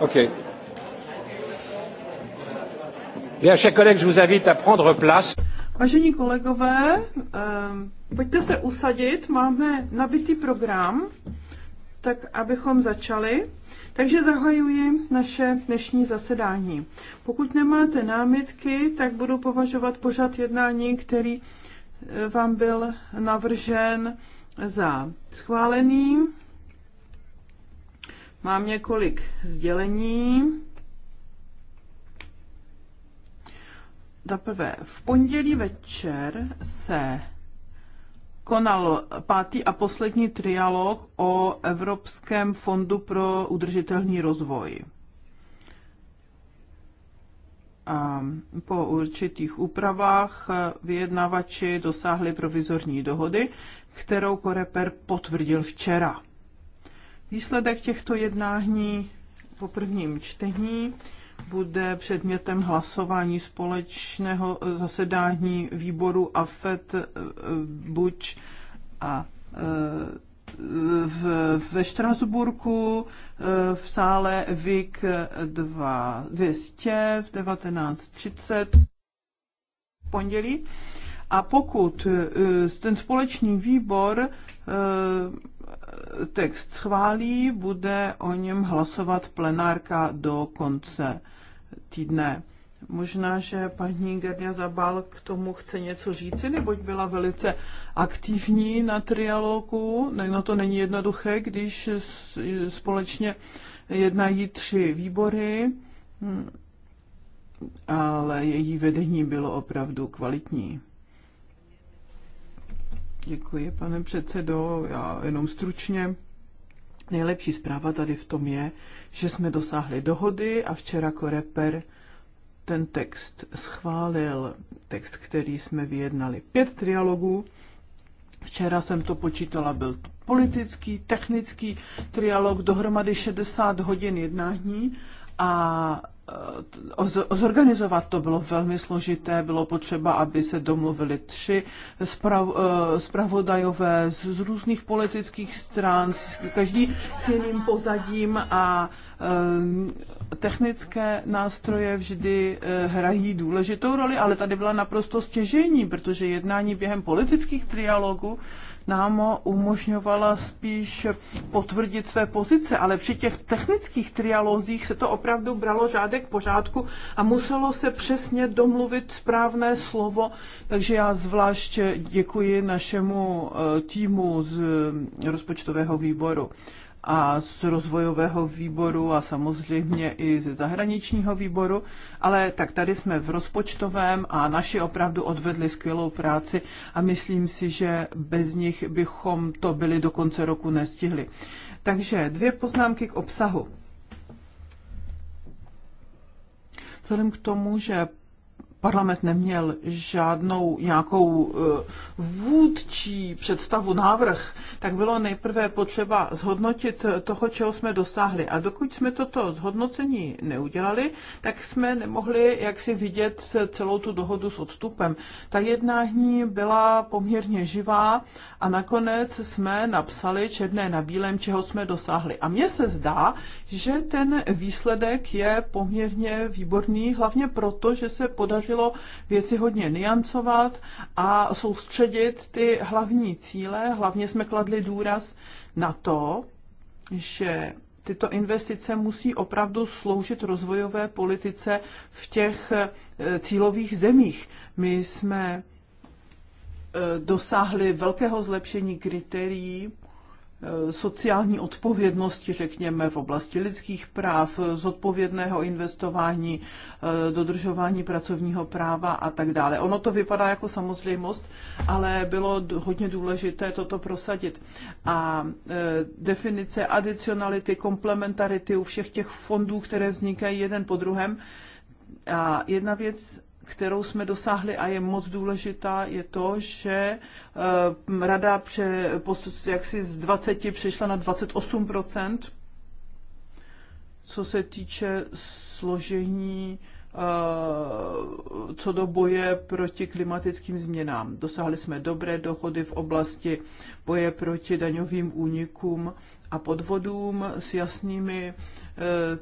OK. Bien, chers collègues, je vous invite à prendre place. Vážení kolegové, um, pojďte se usadit, máme nabitý program, tak abychom začali. Takže zahajuji naše dnešní zasedání. Pokud nemáte námitky, tak budu považovat pořad jednání, který eh, vám byl navržen za schválený. Mám několik sdělení. Za prvé, v pondělí večer se konal pátý a poslední trialog o Evropském fondu pro udržitelný rozvoj. A po určitých úpravách vyjednavači dosáhli provizorní dohody, kterou Koreper potvrdil včera. Výsledek těchto jednání po prvním čtení bude předmětem hlasování společného eh, zasedání výboru AFET eh, Buč a eh, v, ve Štrasburku v sále VIK 200 v 19.30 pondělí. A pokud ten společný výbor text schválí, bude o něm hlasovat plenárka do konce týdne. Možná, že paní Gerdia Zabal k tomu chce něco říci, neboť byla velice aktivní na trialogu. No to není jednoduché, když společně jednají tři výbory, hm, ale její vedení bylo opravdu kvalitní. Děkuji, pane předsedo. Já jenom stručně. Nejlepší zpráva tady v tom je, že jsme dosáhli dohody a včera Koreper ten text schválil, text, který jsme vyjednali. Pět trialogů, včera jsem to počítala, byl to politický, technický trialog, dohromady 60 hodin jednání a Eh, zorganizovat to bylo velmi složité, bylo potřeba, aby se domluvili tři zprav, eh, zpravodajové z, z různých politických stran, každý s jiným pozadím a eh, technické nástroje vždy hrají důležitou roli, ale tady byla naprosto stěžení, protože jednání během politických trialogů nám umožňovala spíš potvrdit své pozice, ale při těch technických trialozích se to opravdu bralo řádek pořádku a muselo se přesně domluvit správné slovo, takže já zvlášť děkuji našemu eh, týmu z eh, rozpočtového výboru a z rozvojového výboru a samozřejmě i ze zahraničního výboru, ale tak tady jsme v rozpočtovém a naši opravdu odvedli skvělou práci a myslím si, že bez nich bychom to byli do konce roku nestihli. Takže dvě poznámky k obsahu. Vzhledem k tomu, že parlament neměl žádnou nějakou eh, vůdčí představu, návrh, tak bylo nejprve potřeba zhodnotit toho, čeho jsme dosáhli. A dokud jsme toto zhodnocení neudělali, tak jsme nemohli jaksi vidět celou tu dohodu s odstupem. Ta jednání byla poměrně živá a nakonec jsme napsali černé na bílém, čeho jsme dosáhli. A mně se zdá, že ten výsledek je poměrně výborný, hlavně proto, že se podařilo věci hodně niancovat a soustředit ty hlavní cíle. Hlavně jsme kladli důraz na to, že tyto investice musí opravdu sloužit rozvojové politice v těch e, cílových zemích. My jsme e, dosáhli velkého zlepšení kritérií Eh, sociální odpovědnosti, řekněme, v oblasti lidských práv, zodpovědného investování, eh, dodržování pracovního práva a tak dále. Ono to vypadá jako samozřejmost, ale bylo hodně důležité toto prosadit. A eh, definice adicionality, komplementarity u všech těch fondů, které vznikají jeden po druhém, a jedna věc kterou jsme dosáhli a je moc důležitá, je to, že eh, rada pře, jaksi z 20 přešla na 28 co se týče složení eh, co do boje proti klimatickým změnám. Dosáhli jsme dobré dochody v oblasti boje proti daňovým únikům a podvodům s jasnými e,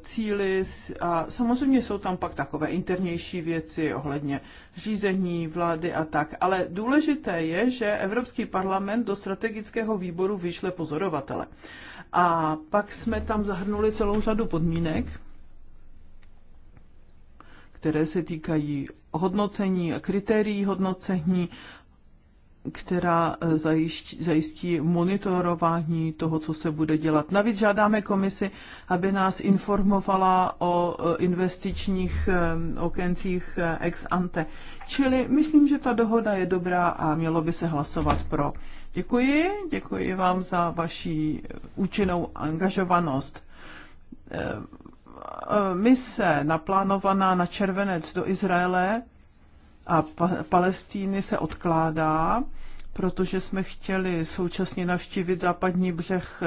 cíly a samozřejmě jsou tam pak takové internější věci ohledně řízení vlády a tak, ale důležité je, že Evropský parlament do strategického výboru vyšle pozorovatele. A pak jsme tam zahrnuli celou řadu podmínek, které se týkají hodnocení a kritérií hodnocení která eh, zajiští, zajistí monitorování toho, co se bude dělat. Navíc žádáme komisi, aby nás informovala o eh, investičních eh, okencích ex ante. Čili myslím, že ta dohoda je dobrá a mělo by se hlasovat pro. Děkuji, děkuji vám za vaši účinnou angažovanost. Mise naplánovaná na červenec do Izraele a pa, Palestíny se odkládá, protože jsme chtěli současně navštívit západní břeh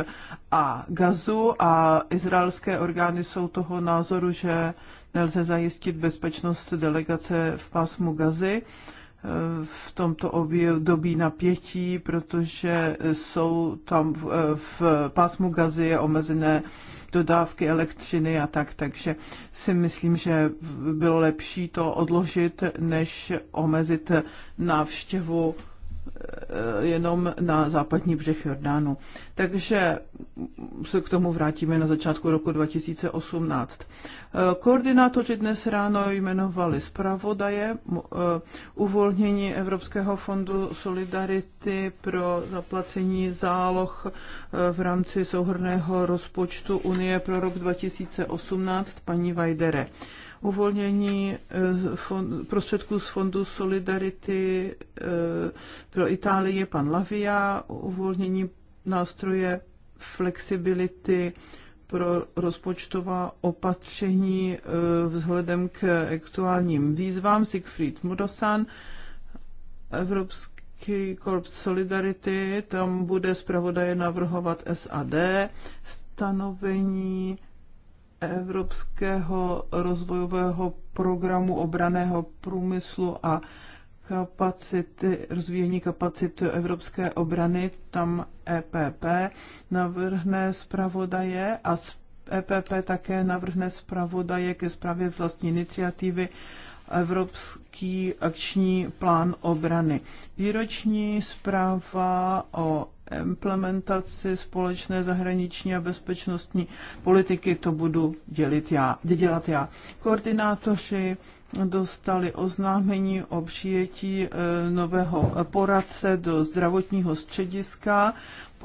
a Gazu a izraelské orgány jsou toho názoru, že nelze zajistit bezpečnost delegace v pásmu Gazy eh, v tomto období napětí, protože jsou tam v, eh, v pásmu Gazy je omezené dodávky elektřiny a tak, takže si myslím, že bylo lepší to odložit, než omezit návštěvu Eh, jenom na západní břeh Jordánu. Takže se k tomu vrátíme na začátku roku 2018. Eh, koordinátoři dnes ráno jmenovali zpravodaje eh, uvolnění Evropského fondu Solidarity pro zaplacení záloh v rámci souhrného rozpočtu Unie pro rok 2018 paní Vajdere uvolnění eh, prostředků z Fondu Solidarity eh, pro Itálii pan Lavia, uvolnění nástroje flexibility pro rozpočtová opatření eh, vzhledem k aktuálním výzvám Siegfried Mudosan, Evropský korps Solidarity, tam bude zpravodaje navrhovat SAD, stanovení Evropského rozvojového programu obraného průmyslu a kapacity, rozvíjení kapacit evropské obrany, tam EPP navrhne zpravodaje a EPP také navrhne zpravodaje ke zprávě vlastní iniciativy Evropský akční plán obrany. Výroční zpráva o implementaci společné zahraniční a bezpečnostní politiky, to budu dělit já, dělat já. Koordinátoři dostali oznámení o přijetí e, nového poradce do zdravotního střediska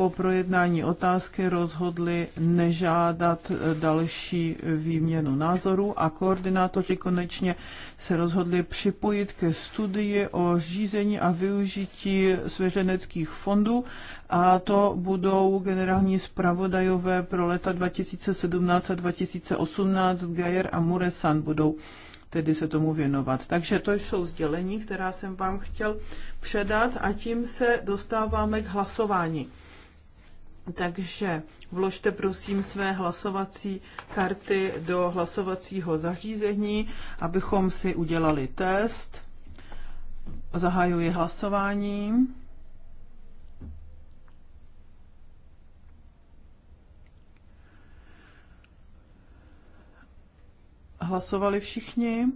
po projednání otázky rozhodli nežádat e, další e, výměnu názorů a koordinátoři konečně se rozhodli připojit ke studii o řízení a využití svěřeneckých fondů a to budou generální zpravodajové pro leta 2017 a 2018 Geyer a Muresan budou tedy se tomu věnovat. Takže to jsou sdělení, která jsem vám chtěl předat a tím se dostáváme k hlasování. Takže vložte prosím své hlasovací karty do hlasovacího zařízení, abychom si udělali test. Zahajuji hlasování. Hlasovali všichni?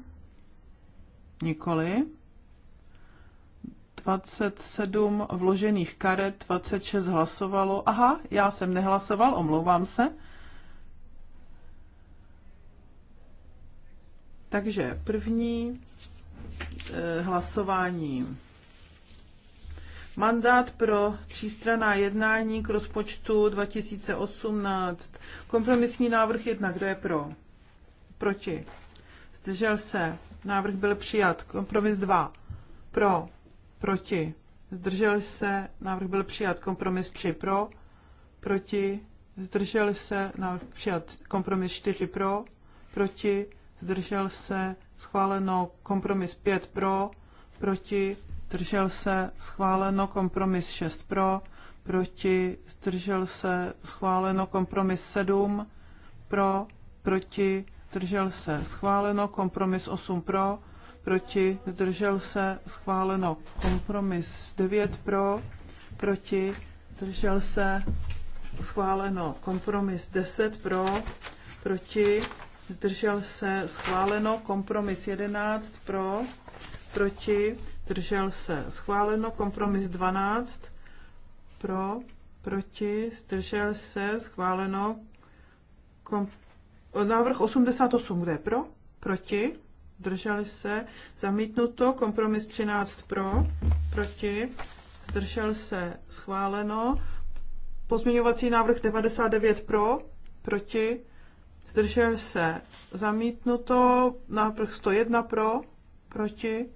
Nikoli. 27 vložených karet, 26 hlasovalo. Aha, já jsem nehlasoval, omlouvám se. Takže první eh, hlasování. Mandát pro třístraná jednání k rozpočtu 2018. Kompromisní návrh jedna. Kdo je pro? Proti? Zdržel se. Návrh byl přijat. Kompromis 2. Pro proti, zdrželi se, návrh byl přijat. Kompromis 3 pro, proti, zdrželi se, návrh přijat. Kompromis 4 pro, proti, zdržel se, schváleno. Kompromis 5 pro, proti, zdržel se, schváleno. Kompromis 6 pro, proti, zdržel se, schváleno. Kompromis 7 pro, proti, zdržel se, schváleno. Kompromis 8 pro, proti, zdržel se, schváleno. Kompromis 9 pro, proti, zdržel se, schváleno. Kompromis 10 pro, proti, zdržel se, schváleno. Kompromis 11 pro, proti, zdržel se, schváleno. Kompromis 12 pro, proti, zdržel se, schváleno. Kom- návrh 88, kde je pro, proti, zdrželi se, zamítnuto, kompromis 13 pro, proti, zdržel se, schváleno, pozměňovací návrh 99 pro, proti, zdržel se, zamítnuto, návrh 101 pro, proti,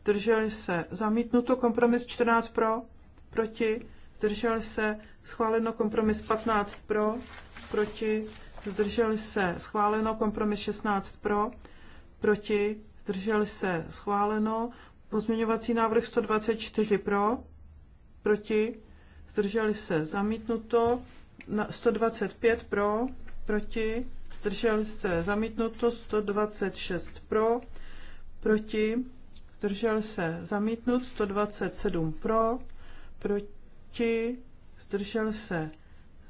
zdrželi se, zamítnuto, kompromis 14 pro, proti, zdržel se, schváleno, kompromis 15 pro, proti, zdrželi se, schváleno, kompromis 16 pro, proti, zdrželi se, schváleno. Pozměňovací návrh 124 pro, proti, zdrželi se, zamítnuto. 125 pro, proti, zdrželi se, zamítnuto. 126 pro, proti, zdrželi se, zamítnut. 127 pro, proti, zdrželi se,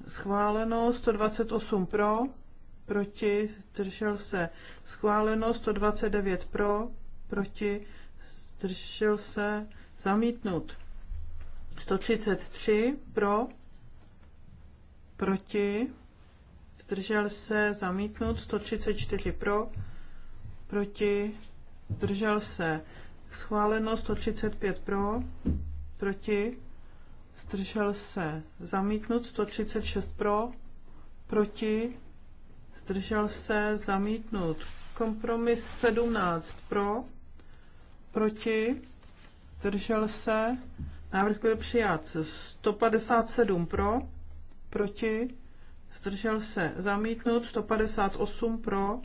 schváleno. 128 pro, proti, zdržel se schváleno, 129 pro, proti, zdržel se zamítnut. 133 pro, proti, zdržel se zamítnut, 134 pro, proti, zdržel se schváleno, 135 pro, proti, zdržel se zamítnut, 136 pro, proti, zdržel se, zamítnut. Kompromis 17 pro, proti, zdržel se, návrh byl přijat. 157 pro, proti, zdržel se, zamítnut. 158 pro,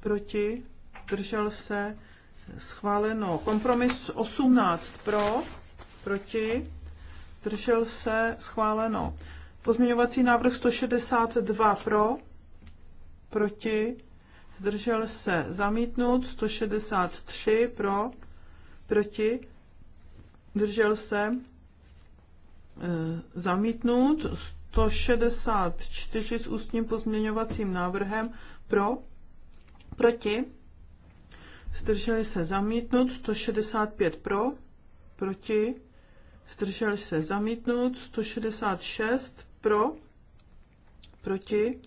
proti, zdržel se, schváleno. Kompromis 18 pro, proti, zdržel se, schváleno. Pozměňovací návrh 162 pro, proti, zdržel se zamítnout, 163 pro, proti, zdržel se eh, zamítnout, 164 s ústním pozměňovacím návrhem pro, proti, zdrželi se zamítnout, 165 pro, proti, zdrželi se zamítnout, 166 pro, proti,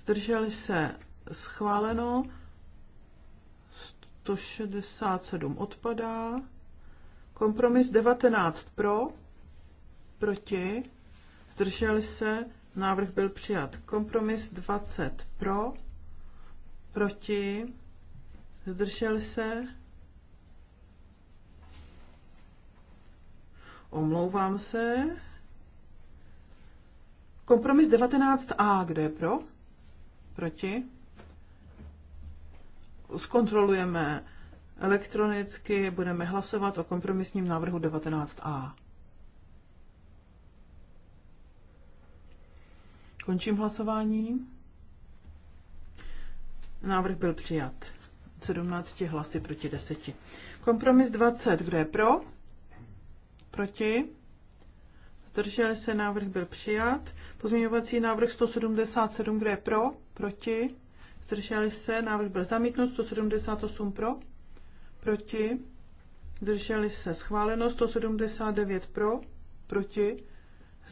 zdrželi se schváleno, 167 odpadá, kompromis 19 pro, proti, zdrželi se, návrh byl přijat. Kompromis 20 pro, proti, zdrželi se, omlouvám se, kompromis 19a, kdo je pro? Proti? Zkontrolujeme elektronicky, budeme hlasovat o kompromisním návrhu 19a. Končím hlasování. Návrh byl přijat. 17 hlasy proti 10. Kompromis 20. Kdo je pro? Proti? Zdrželi se, návrh byl přijat. Pozměňovací návrh 177. Kdo je pro? proti, zdrželi se, návrh byl zamítnut, 178 pro, proti, zdrželi se, schváleno, 179 pro, proti,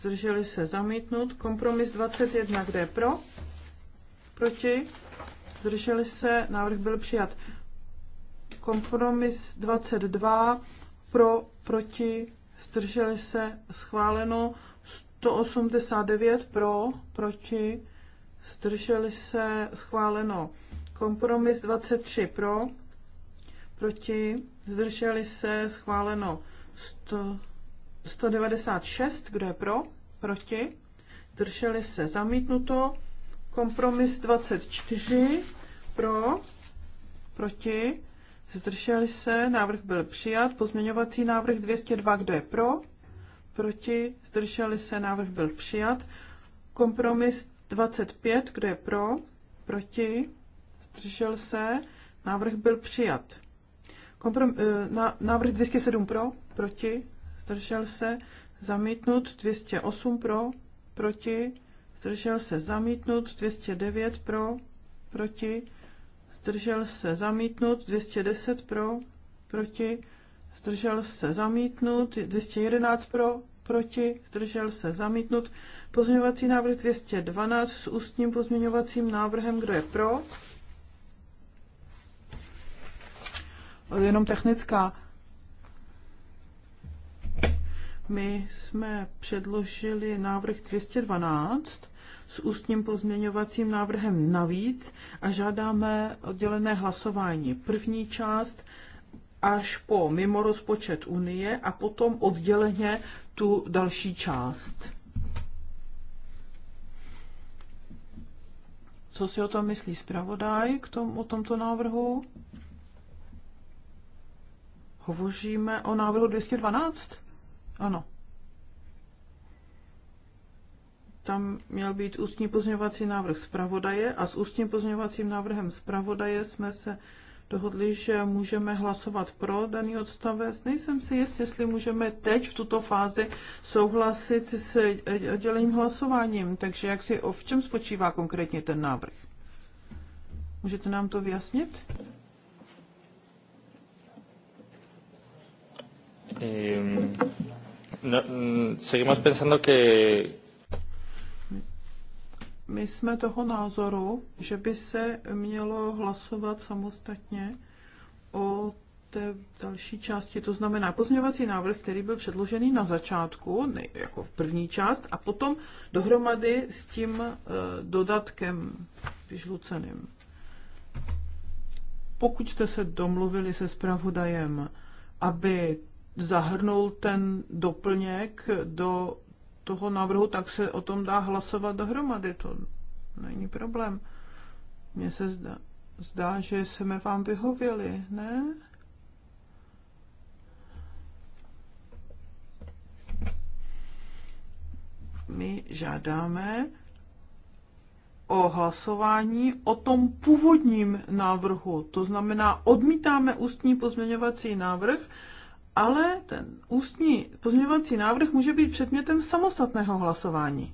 zdrželi se, zamítnut, kompromis 21, kde je pro, proti, zdrželi se, návrh byl přijat. Kompromis 22, pro, proti, zdrželi se, schváleno, 189 pro, proti, zdrželi se, schváleno. Kompromis 23 pro, proti, zdrželi se, schváleno 100, 196, kdo je pro, proti, zdrželi se, zamítnuto. Kompromis 24 pro, proti, zdrželi se, návrh byl přijat. Pozměňovací návrh 202, kdo je pro, proti, zdrželi se, návrh byl přijat. Kompromis 25, kdo je pro, proti, zdržel se, návrh byl přijat. Komprom, eh, na, návrh 207 pro, proti, zdržel se, zamítnut, 208 pro, proti, zdržel se, zamítnut, 209 pro, proti, zdržel se, zamítnut, 210 pro, proti, zdržel se, zamítnut, 211 pro, proti, zdržel se, zamítnut, Pozměňovací návrh 212 s ústním pozměňovacím návrhem, kdo je pro? Jenom technická. My jsme předložili návrh 212 s ústním pozměňovacím návrhem navíc a žádáme oddělené hlasování. První část až po mimo rozpočet Unie a potom odděleně tu další část. Co si o tom myslí zpravodaj k tom, o tomto návrhu? Hovoříme o návrhu 212? Ano. Tam měl být ústní pozměňovací návrh zpravodaje a s ústním pozměňovacím návrhem zpravodaje jsme se dohodli, že můžeme hlasovat pro daný odstavec. Nejsem si jist, jestli můžeme teď v tuto fázi souhlasit s eh, dělením hlasováním. Takže jak si, o v čem spočívá konkrétně ten návrh? Můžete nám to vyjasnit? Um, no, um, seguimos pensando que, my jsme toho názoru, že by se mělo hlasovat samostatně o té další části, to znamená pozměňovací návrh, který byl předložený na začátku, ne, jako v první část, a potom dohromady s tím e, dodatkem vyžluceným. Pokud jste se domluvili se zpravodajem, aby zahrnul ten doplněk do toho návrhu, tak se o tom dá hlasovat dohromady. To není problém. Mně se zdá, zdá že jsme vám vyhověli, ne? My žádáme o hlasování o tom původním návrhu. To znamená, odmítáme ústní pozměňovací návrh, ale ten ústní pozměňovací návrh může být předmětem samostatného hlasování.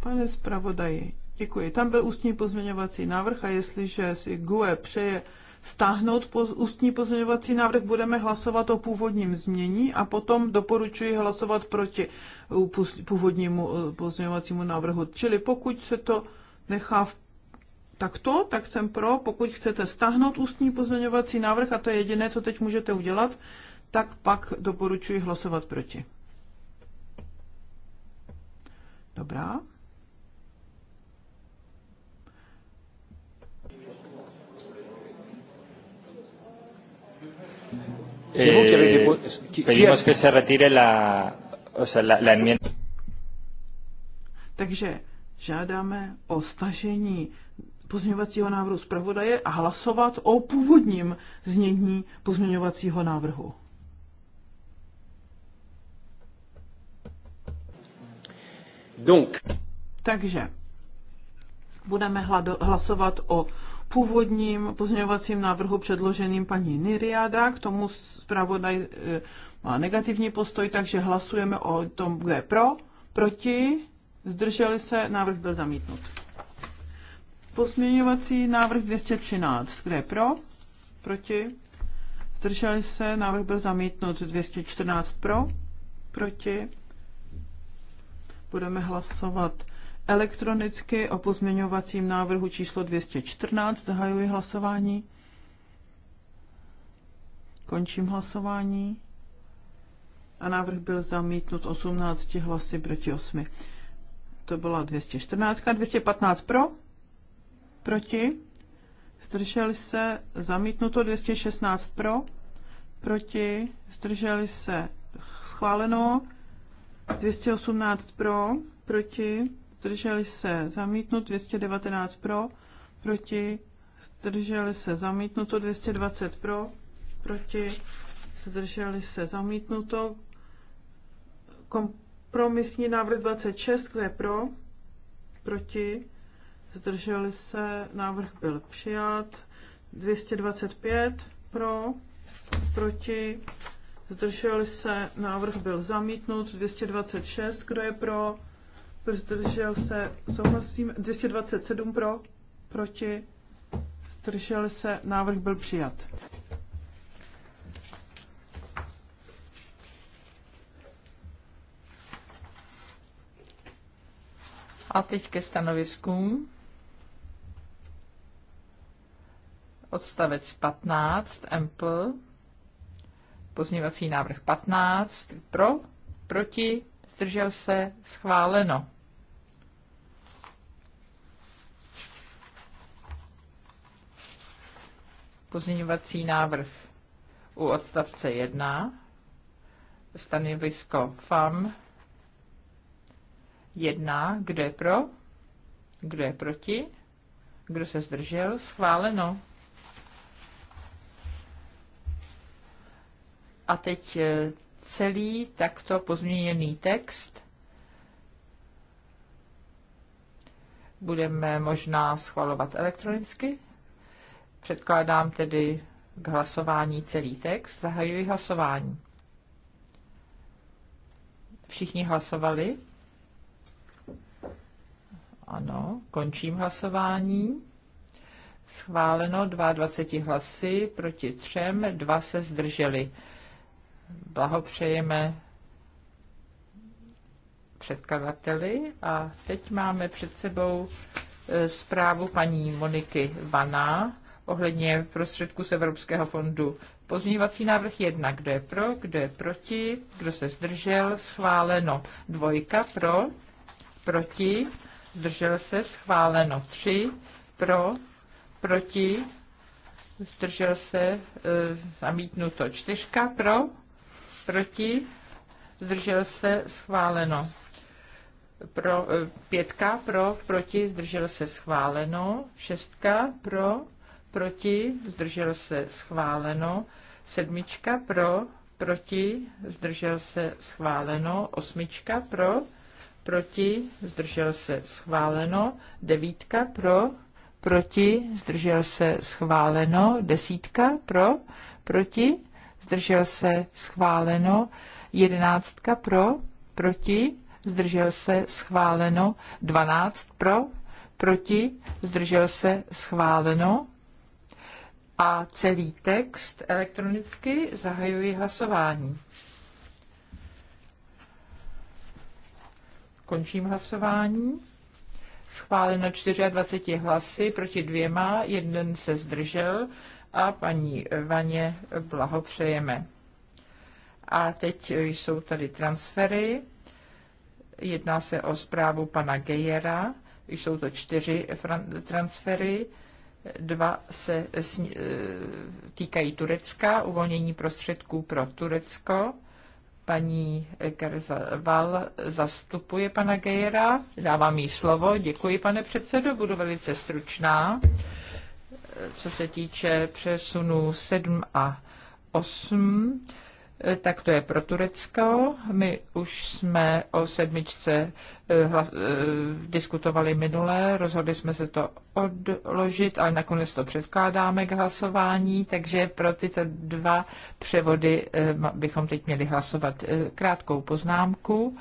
Pane zpravodaji, děkuji. Tam byl ústní pozměňovací návrh a jestliže si GUE přeje stáhnout ústní pozměňovací návrh, budeme hlasovat o původním změní a potom doporučuji hlasovat proti původnímu eh, pozměňovacímu návrhu. Čili pokud se to nechá v takto, tak jsem pro. Pokud chcete stáhnout ústní pozměňovací návrh, a to je jediné, co teď můžete udělat, tak pak doporučuji hlasovat proti. Dobrá. Eh, se Takže žádáme o stažení pozměňovacího návrhu zpravodaje a hlasovat o původním znění pozměňovacího návrhu. Donc. Takže budeme hlasovat o původním pozměňovacím návrhu předloženým paní Niriada. K tomu zpravodaj e, má negativní postoj, takže hlasujeme o tom, kdo je pro, proti, zdrželi se, návrh byl zamítnut. Pozměňovací návrh 213. Kde je pro? Proti? Zdrželi se, návrh byl zamítnut 214 pro, proti. Budeme hlasovat elektronicky o pozměňovacím návrhu číslo 214. Zahajuji hlasování. Končím hlasování. A návrh byl zamítnut 18 hlasy proti 8. To byla 214. 215 pro, proti, zdrželi se, zamítnuto 216 pro, proti, zdrželi se, schváleno 218 pro, proti, zdrželi se, zamítnut 219 pro, proti, zdrželi se, zamítnuto 220 pro, proti, zdrželi se, zamítnuto kompromisní návrh 26, kde je pro, proti, zdrželi se, návrh byl přijat. 225 pro, proti, zdrželi se, návrh byl zamítnut. 226, kdo je pro, zdržel se, souhlasím. 227 pro, proti, zdrželi se, návrh byl přijat. A teď ke stanoviskům. odstavec 15, Empl, pozněvací návrh 15, pro, proti, zdržel se, schváleno. Pozměňovací návrh u odstavce 1, stanovisko FAM 1, kdo je pro, kdo je proti, kdo se zdržel? Schváleno. A teď eh, celý takto pozměněný text budeme možná schvalovat elektronicky. Předkládám tedy k hlasování celý text. Zahajuji hlasování. Všichni hlasovali? Ano, končím hlasování. Schváleno 22 hlasy proti třem, dva se zdrželi blahopřejeme předkladateli a teď máme před sebou e, zprávu paní Moniky Vaná ohledně prostředků z Evropského fondu. Pozměňovací návrh jedna, Kdo je pro, kdo je proti, kdo se zdržel, schváleno. Dvojka pro, proti, zdržel se, schváleno. Tři pro, proti, zdržel se, e, zamítnuto. Čtyřka pro, proti, zdržel se, schváleno. Pro, e, pětka pro, proti, zdržel se, schváleno. Šestka pro, proti, zdržel se, schváleno. Sedmička pro, proti, zdržel se, schváleno. Osmička pro, proti, zdržel se, schváleno. Devítka pro, proti, zdržel se, schváleno. Desítka pro, proti, zdržel se, schváleno. Jedenáctka pro, proti, zdržel se, schváleno. Dvanáct pro, proti, zdržel se, schváleno. A celý text elektronicky zahajuji hlasování. Končím hlasování. Schváleno 24 hlasy proti dvěma, jeden se zdržel a paní Vaně blahopřejeme. A teď jsou tady transfery. Jedná se o zprávu pana Gejera. Jsou to čtyři transfery. Dva se e, týkají Turecka, uvolnění prostředků pro Turecko. Paní Karzaval zastupuje pana Gejera. Dávám jí slovo. Děkuji, pane předsedo, budu velice stručná co se týče přesunu 7 a 8, eh, tak to je pro Turecko. My už jsme o sedmičce eh, hlas, eh, diskutovali minule, rozhodli jsme se to odložit, ale nakonec to předkládáme k hlasování, takže pro tyto dva převody bychom teď měli hlasovat krátkou poznámku.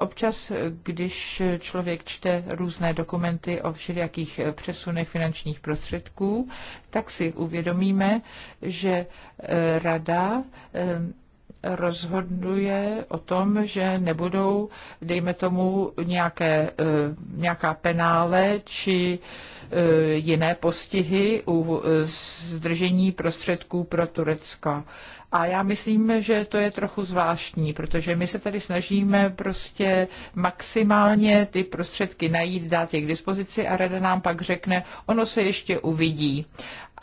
Občas, když člověk čte různé dokumenty o všelijakých přesunech finančních prostředků, tak si uvědomíme, že eh, rada eh, rozhoduje o tom, že nebudou, dejme tomu, nějaké, eh, nějaká penále či jiné postihy u zdržení prostředků pro Turecko. A já myslím, že to je trochu zvláštní, protože my se tady snažíme prostě maximálně ty prostředky najít, dát je k dispozici a rada nám pak řekne, ono se ještě uvidí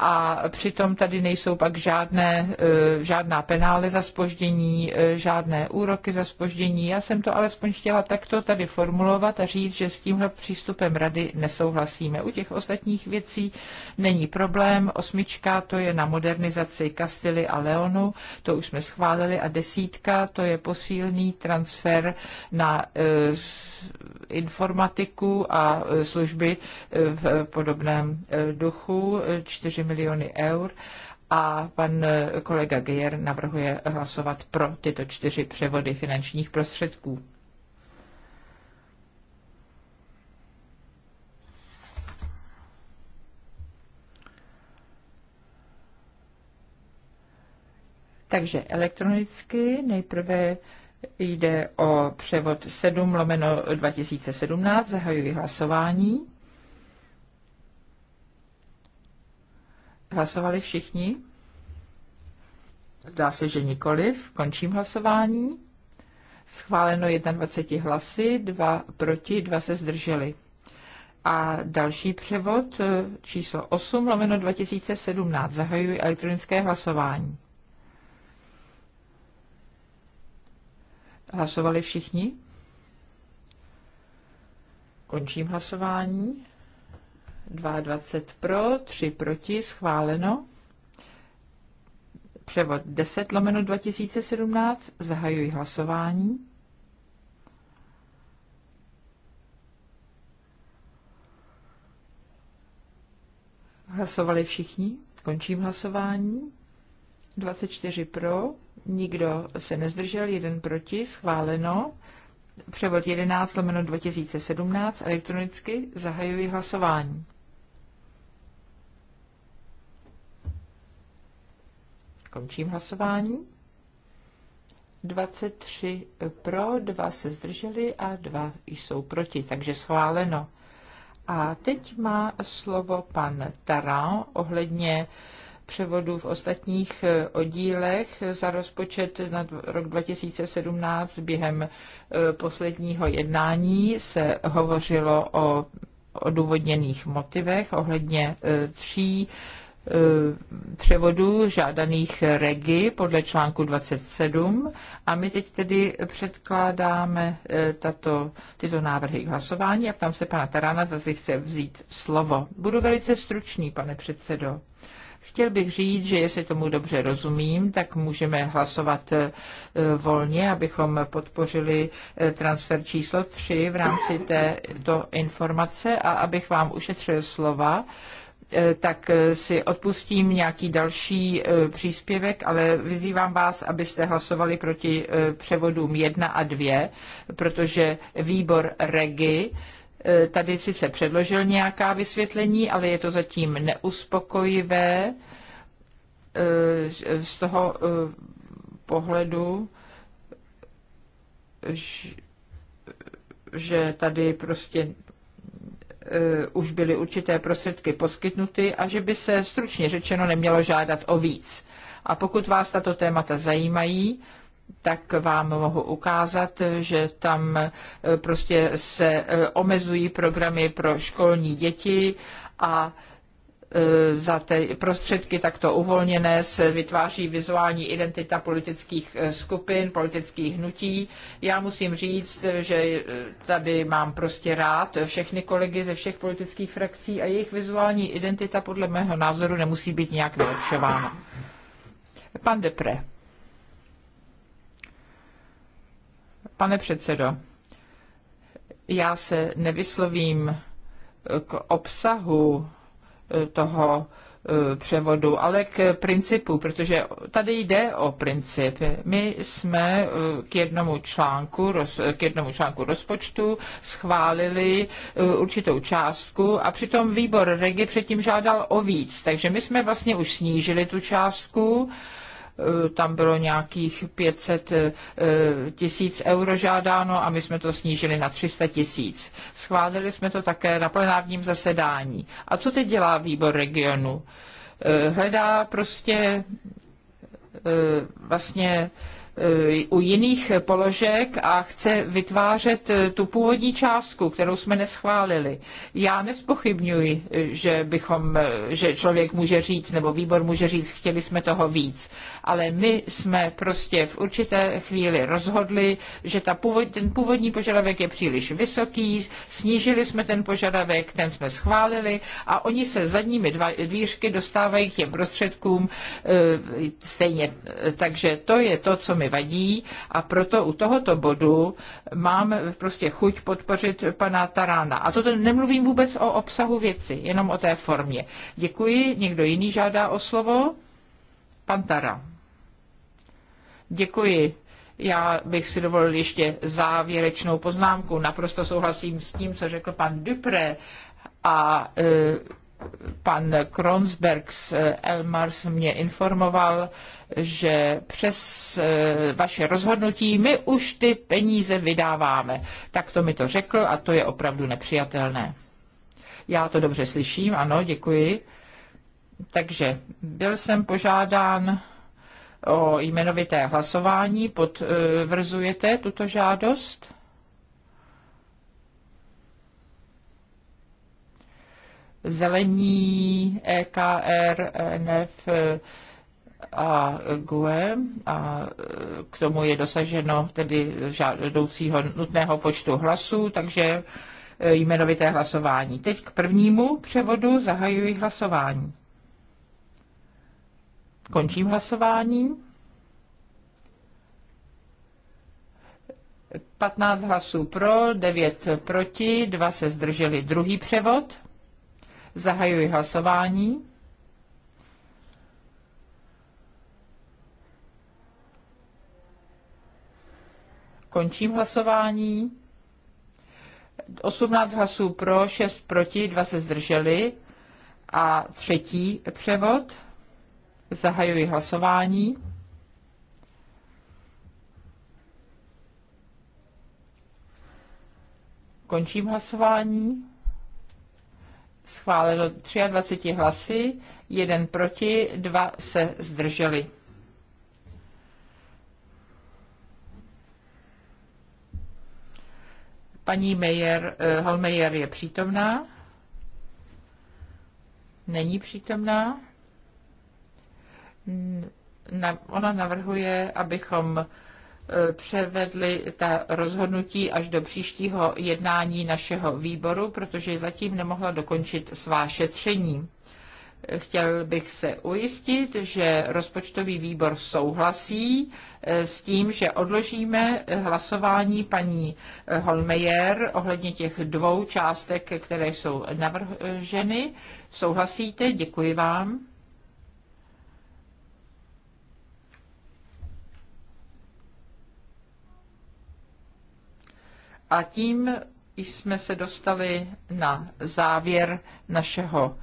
a přitom tady nejsou pak žádné, eh, žádná penále za spoždění, eh, žádné úroky za spoždění. Já jsem to alespoň chtěla takto tady formulovat a říct, že s tímhle přístupem rady nesouhlasíme. U těch ostatních věcí není problém. Osmička to je na modernizaci Kastily a Leonu, to už jsme schválili, a desítka to je posílný transfer na eh, informatiku a služby v podobném duchu 4 miliony eur a pan eh, kolega Geyer navrhuje hlasovat pro tyto čtyři převody finančních prostředků. Takže elektronicky nejprve jde o převod 7 lomeno 2017, zahajuji hlasování. Hlasovali všichni? Zdá se, že nikoliv. Končím hlasování. Schváleno 21 hlasy, dva proti, dva se zdrželi. A další převod eh, číslo 8 lomeno 2017. Zahajuji elektronické hlasování. Hlasovali všichni? Končím hlasování. 22 pro, 3 proti, schváleno. Převod 10 lomeno 2017, zahajuji hlasování. Hlasovali všichni, končím hlasování. 24 pro, nikdo se nezdržel, jeden proti, schváleno. Převod 11 lomeno 2017 elektronicky, zahajuji hlasování. Končím hlasování. 23 pro, 2 se zdrželi a 2 jsou proti, takže schváleno. A teď má slovo pan Taran ohledně převodu v ostatních eh, oddílech za rozpočet na rok 2017 během eh, posledního jednání se hovořilo o odůvodněných motivech ohledně eh, tří Eh, převodu žádaných regi podle článku 27 a my teď tedy předkládáme eh, tato, tyto návrhy k hlasování a ptám se pana Tarana, zase chce vzít slovo. Budu velice stručný, pane předsedo. Chtěl bych říct, že jestli tomu dobře rozumím, tak můžeme hlasovat eh, volně, abychom podpořili transfer číslo 3 v rámci této informace a abych vám ušetřil slova, Eh, tak eh, si odpustím nějaký další eh, příspěvek, ale vyzývám vás, abyste hlasovali proti převodům 1 a 2, protože výbor REGI tady sice předložil nějaká vysvětlení, ale je to zatím neuspokojivé z toho pohledu, že tady prostě Eh, už byly určité prostředky poskytnuty a že by se stručně řečeno nemělo žádat o víc. A pokud vás tato témata zajímají, tak vám mohu ukázat, že tam eh, prostě se eh, omezují programy pro školní děti a E, za ty prostředky takto uvolněné se vytváří vizuální identita politických e, skupin, politických hnutí. Já musím říct, že e, tady mám prostě rád všechny kolegy ze všech politických frakcí a jejich vizuální identita podle mého názoru nemusí být nějak vylepšována. Pan Depre. Pane předsedo, já se nevyslovím k obsahu toho eh, převodu, ale k principu, protože tady jde o princip. My jsme eh, k jednomu článku, eh, k jednomu článku rozpočtu schválili určitou částku a přitom výbor Regi předtím žádal o víc, takže my jsme vlastně už snížili tu částku Eh, tam bylo nějakých 500 eh, tisíc euro žádáno a my jsme to snížili na 300 tisíc. Schválili jsme to také na plenárním zasedání. A co teď dělá výbor regionu? Eh, hledá prostě vlastně u jiných položek a chce vytvářet eh, tu původní částku, kterou jsme neschválili. Já nespochybňuji, že bychom, eh, že člověk může říct, nebo výbor může říct, chtěli jsme toho víc, ale my jsme prostě v určité chvíli rozhodli, že ta původ, ten původní požadavek je příliš vysoký, snížili jsme ten požadavek, ten jsme schválili a oni se zadními dva, dvířky dostávají k těm prostředkům eh, stejně. Takže to je to, co my nevadí a proto u tohoto bodu mám prostě chuť podpořit pana Tarána. A to nemluvím vůbec o obsahu věci, jenom o té formě. Děkuji. Někdo jiný žádá o slovo? Pan Tara. Děkuji. Já bych si dovolil ještě závěrečnou poznámku. Naprosto souhlasím s tím, co řekl pan Dupré a e, pan Kronsberg z eh, Elmars mě informoval, že přes eh, vaše rozhodnutí my už ty peníze vydáváme. Tak to mi to řekl a to je opravdu nepřijatelné. Já to dobře slyším, ano, děkuji. Takže byl jsem požádán o jmenovité hlasování, potvrzujete tuto žádost? zelení, EKR, NF a GUE a e, k tomu je dosaženo tedy žádoucího nutného počtu hlasů, takže e, jmenovité hlasování. Teď k prvnímu převodu zahajuji hlasování. Končím hlasování. 15 hlasů pro, 9 proti, 2 se zdrželi druhý převod. Zahajuji hlasování. Končím hlasování. 18 hlasů pro, 6 proti, 2 se zdrželi. A třetí převod. Zahajuji hlasování. Končím hlasování schválilo 23 hlasy, jeden proti, dva se zdrželi. Paní Meyer, eh, Holmeyer je přítomná? Není přítomná? Ona navrhuje, abychom převedli ta rozhodnutí až do příštího jednání našeho výboru, protože zatím nemohla dokončit svá šetření. Chtěl bych se ujistit, že rozpočtový výbor souhlasí eh, s tím, že odložíme hlasování paní eh, Holmeyer ohledně těch dvou částek, které jsou navrženy. Souhlasíte? Děkuji vám. A tím jsme se dostali na závěr našeho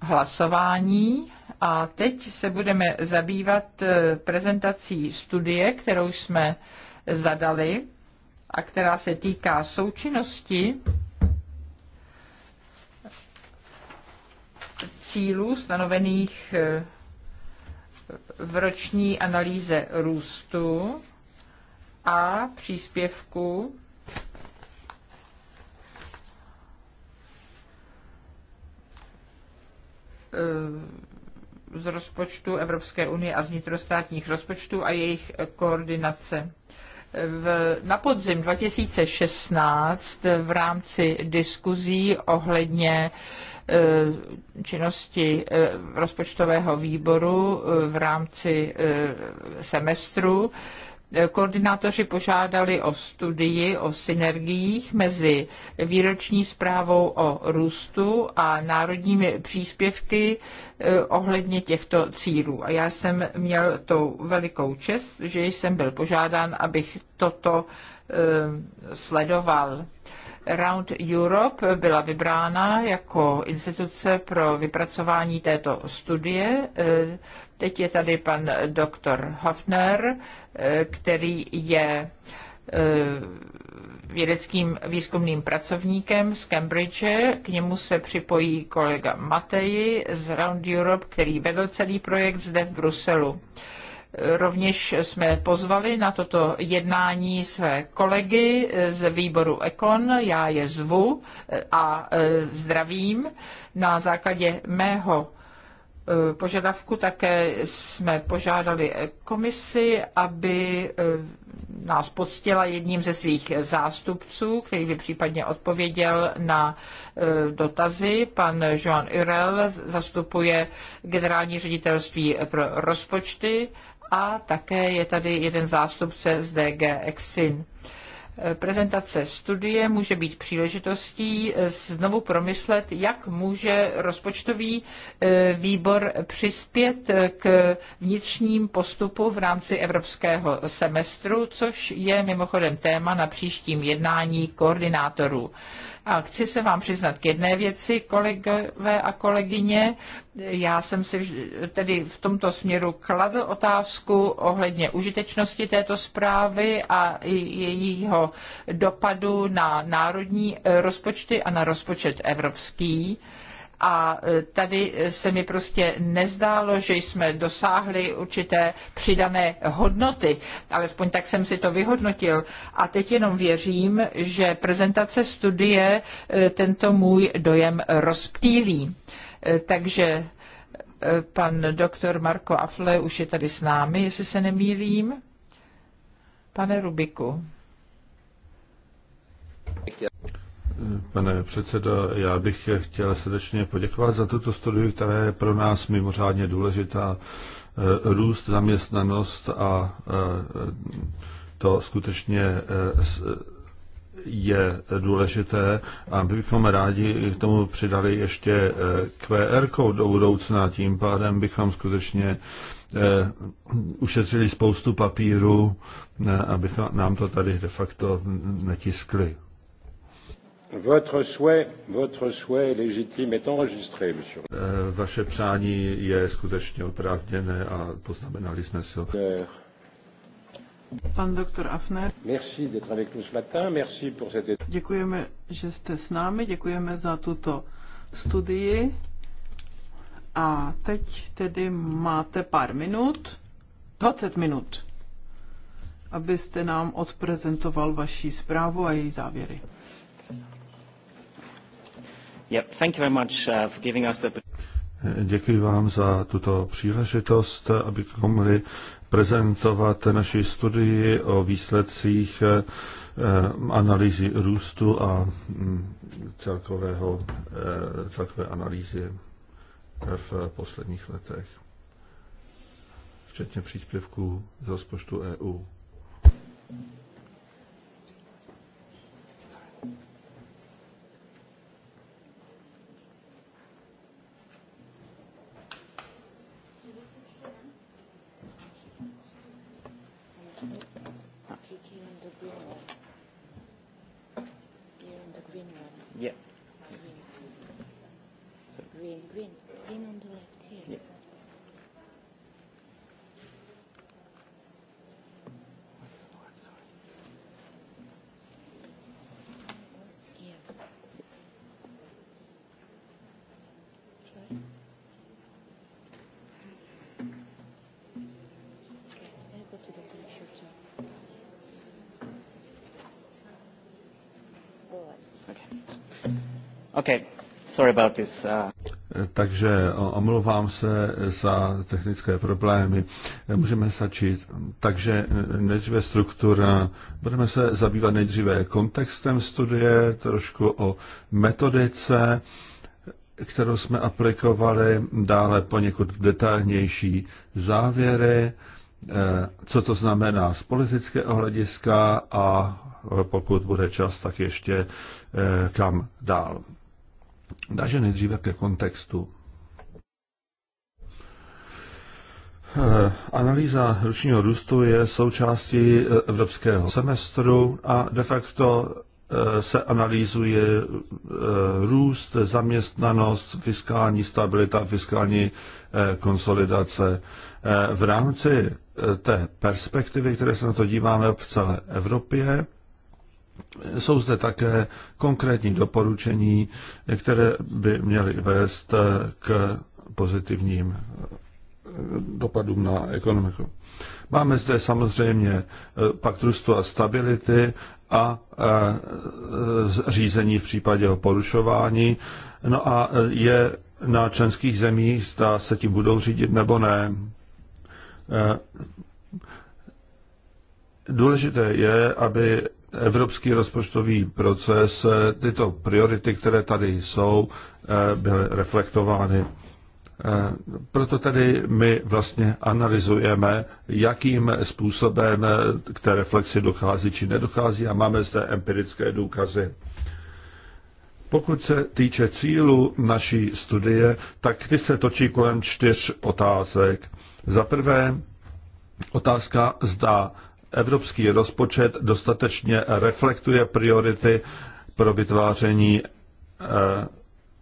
hlasování a teď se budeme zabývat eh, prezentací studie, kterou jsme zadali a která se týká součinnosti cílů stanovených eh, v roční analýze růstu a příspěvku z rozpočtu Evropské unie a z vnitrostátních rozpočtů a jejich koordinace. V, na podzim 2016 v rámci diskuzí ohledně e, činnosti e, rozpočtového výboru e, v rámci semestru Koordinátoři požádali o studii o synergiích mezi výroční zprávou o růstu a národními příspěvky eh, ohledně těchto cílů. A já jsem měl tou velikou čest, že jsem byl požádán, abych toto eh, sledoval. Round Europe byla vybrána jako instituce pro vypracování této studie. Eh, teď je tady pan doktor Hofner, eh, který je eh, vědeckým výzkumným pracovníkem z Cambridge. K němu se připojí kolega Matej z Round Europe, který vedl celý projekt zde v Bruselu. Rovněž jsme pozvali na toto jednání své kolegy z výboru Ekon, já je zvu eh, a eh, zdravím. Na základě mého eh, požadavku také jsme požádali komisi, aby nás poctila jedním ze svých zástupců, který by případně odpověděl na dotazy. Pan Jean Urel zastupuje generální ředitelství pro rozpočty a také je tady jeden zástupce z DG Exfin. Prezentace studie může být příležitostí znovu promyslet, jak může rozpočtový eh, výbor přispět eh, k vnitřním postupu v rámci evropského semestru, což je mimochodem téma na příštím jednání koordinátorů. A chci se vám přiznat k jedné věci, kolegové a kolegyně. Já jsem si tedy v tomto směru kladl otázku ohledně užitečnosti této zprávy a jejího dopadu na národní eh, rozpočty a na rozpočet evropský. A e, tady se mi prostě nezdálo, že jsme dosáhli určité přidané hodnoty, alespoň tak jsem si to vyhodnotil. A teď jenom věřím, že prezentace studie e, tento můj dojem rozptýlí. E, takže pan doktor Marko Afle už je tady s námi, jestli se nemýlím. Pane Rubiku pane předsedo. Já bych chtěl srdečně poděkovat za tuto studii, která je pro nás mimořádně důležitá. E, růst, zaměstnanost a e, to skutečně e, je důležité a my bychom rádi k tomu přidali ještě QR kód do budoucna, tím pádem bychom skutečně ušetřili spoustu papíru, aby nám to tady de facto netiskli. Votre souhait, votre souhait légitime est enregistré, monsieur. Eh, vaše přání je skutečně oprávněné a poznamenali jsme se. Pan doktor Afner. Merci d'être avec nous ce matin. Merci pour cette... Děkujeme, že jste s námi, děkujeme za tuto studii. A teď tedy máte pár minut, 20 minut, abyste nám odprezentoval vaši zprávu a její závěry. Děkuji vám za tuto příležitost, abychom mohli prezentovat naši studii o výsledcích eh, analýzy růstu a mm, celkového, eh, celkové analýzy eh, v posledních letech, včetně příspěvků z rozpočtu EU. to the okay. Sorry about this. Uh... Takže omlouvám se za technické problémy. Můžeme začít. Takže nejdříve struktura. Budeme se zabývat nejdříve kontextem studie, trošku o metodice, kterou jsme aplikovali, dále poněkud detailnější závěry, Eh, co to znamená z politického hlediska a eh, pokud bude čas, tak ještě eh, kam dál. Takže nejdříve ke kontextu. Analýza ročního růstu je součástí evropského semestru a de facto Eh, se analýzuje eh, růst, zaměstnanost, fiskální stabilita, fiskální eh, konsolidace. V rámci té perspektivy, které se na to díváme v celé Evropě, jsou zde také konkrétní doporučení, které by měly vést k pozitivním dopadům na ekonomiku. Máme zde samozřejmě pakt růstu a stability a e, řízení v případě o porušování. No a e, je na členských zemích, zda se tím budou řídit nebo ne. E, důležité je, aby evropský rozpočtový proces tyto priority, které tady jsou, byly reflektovány. Eh, proto tedy my vlastně analyzujeme, jakým způsobem eh, k té reflexi dochází či nedochází a máme zde empirické důkazy. Pokud se týče cílu naší studie, tak ty se točí kolem čtyř otázek. Za prvé, otázka zda evropský rozpočet dostatečně reflektuje priority pro vytváření eh,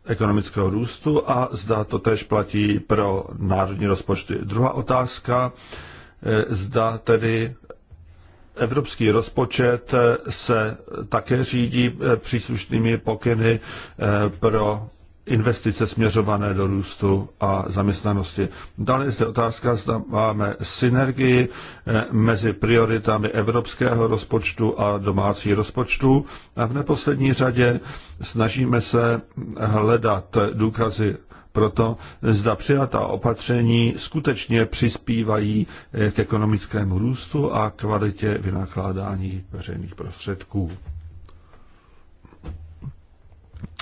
ekonomického růstu a zda to tež platí pro národní rozpočty. Druhá otázka, eh, zda tedy evropský rozpočet eh, se také řídí eh, příslušnými pokyny pro investice směřované do růstu a zaměstnanosti. Dále je zde otázka, zda máme synergii eh, mezi prioritami evropského rozpočtu a domácí rozpočtu. A v neposlední řadě snažíme se hledat důkazy proto, zda přijatá opatření skutečně přispívají eh, k ekonomickému růstu a kvalitě vynakládání veřejných prostředků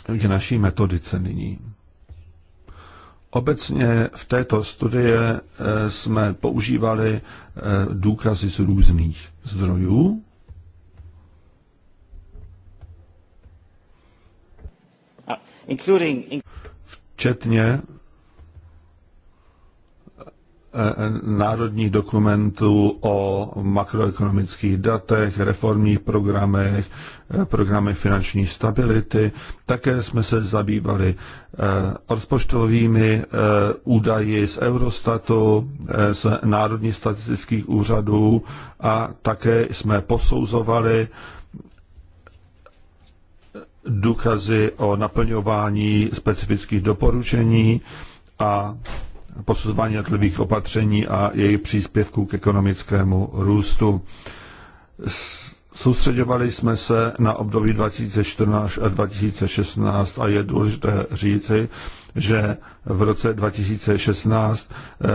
k naší metodice nyní. Obecně v této studie eh, jsme používali eh, důkazy z různých zdrojů. Ah, Včetně Eh, národních dokumentů o makroekonomických datech, reformních programech, eh, programech finanční stability. Také jsme se zabývali eh, rozpočtovými údaji z Eurostatu, z Národních statistických úřadů a také jsme posouzovali důkazy o naplňování specifických doporučení a posuzování jednotlivých opatření a jejich příspěvku k ekonomickému růstu. Soustředovali jsme se na období 2014 a 2016 a je důležité říci, že v roce 2016 eh,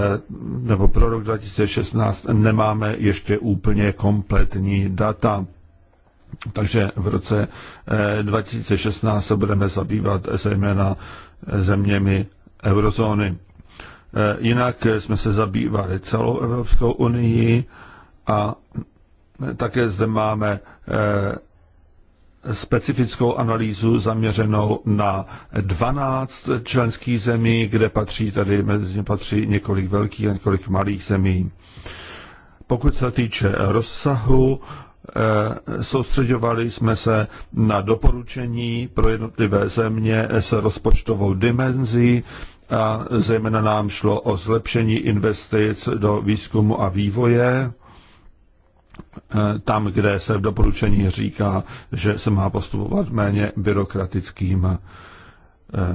nebo pro rok 2016 nemáme ještě úplně kompletní data. Takže v roce 2016 eh, se budeme zabývat zejména eh, zeměmi eurozóny. Eh, jinak eh, jsme se zabývali celou Evropskou unii a eh, také zde máme specifickou analýzu zaměřenou na 12 členských zemí, kde patří tady mezi ně patří několik velkých a několik malých zemí. Pokud se týče rozsahu, soustředovali jsme se na doporučení pro jednotlivé země s rozpočtovou dimenzí, a zejména nám šlo o zlepšení investic do výzkumu a vývoje, e, tam, kde se v doporučení říká, že se má postupovat méně byrokratickým e,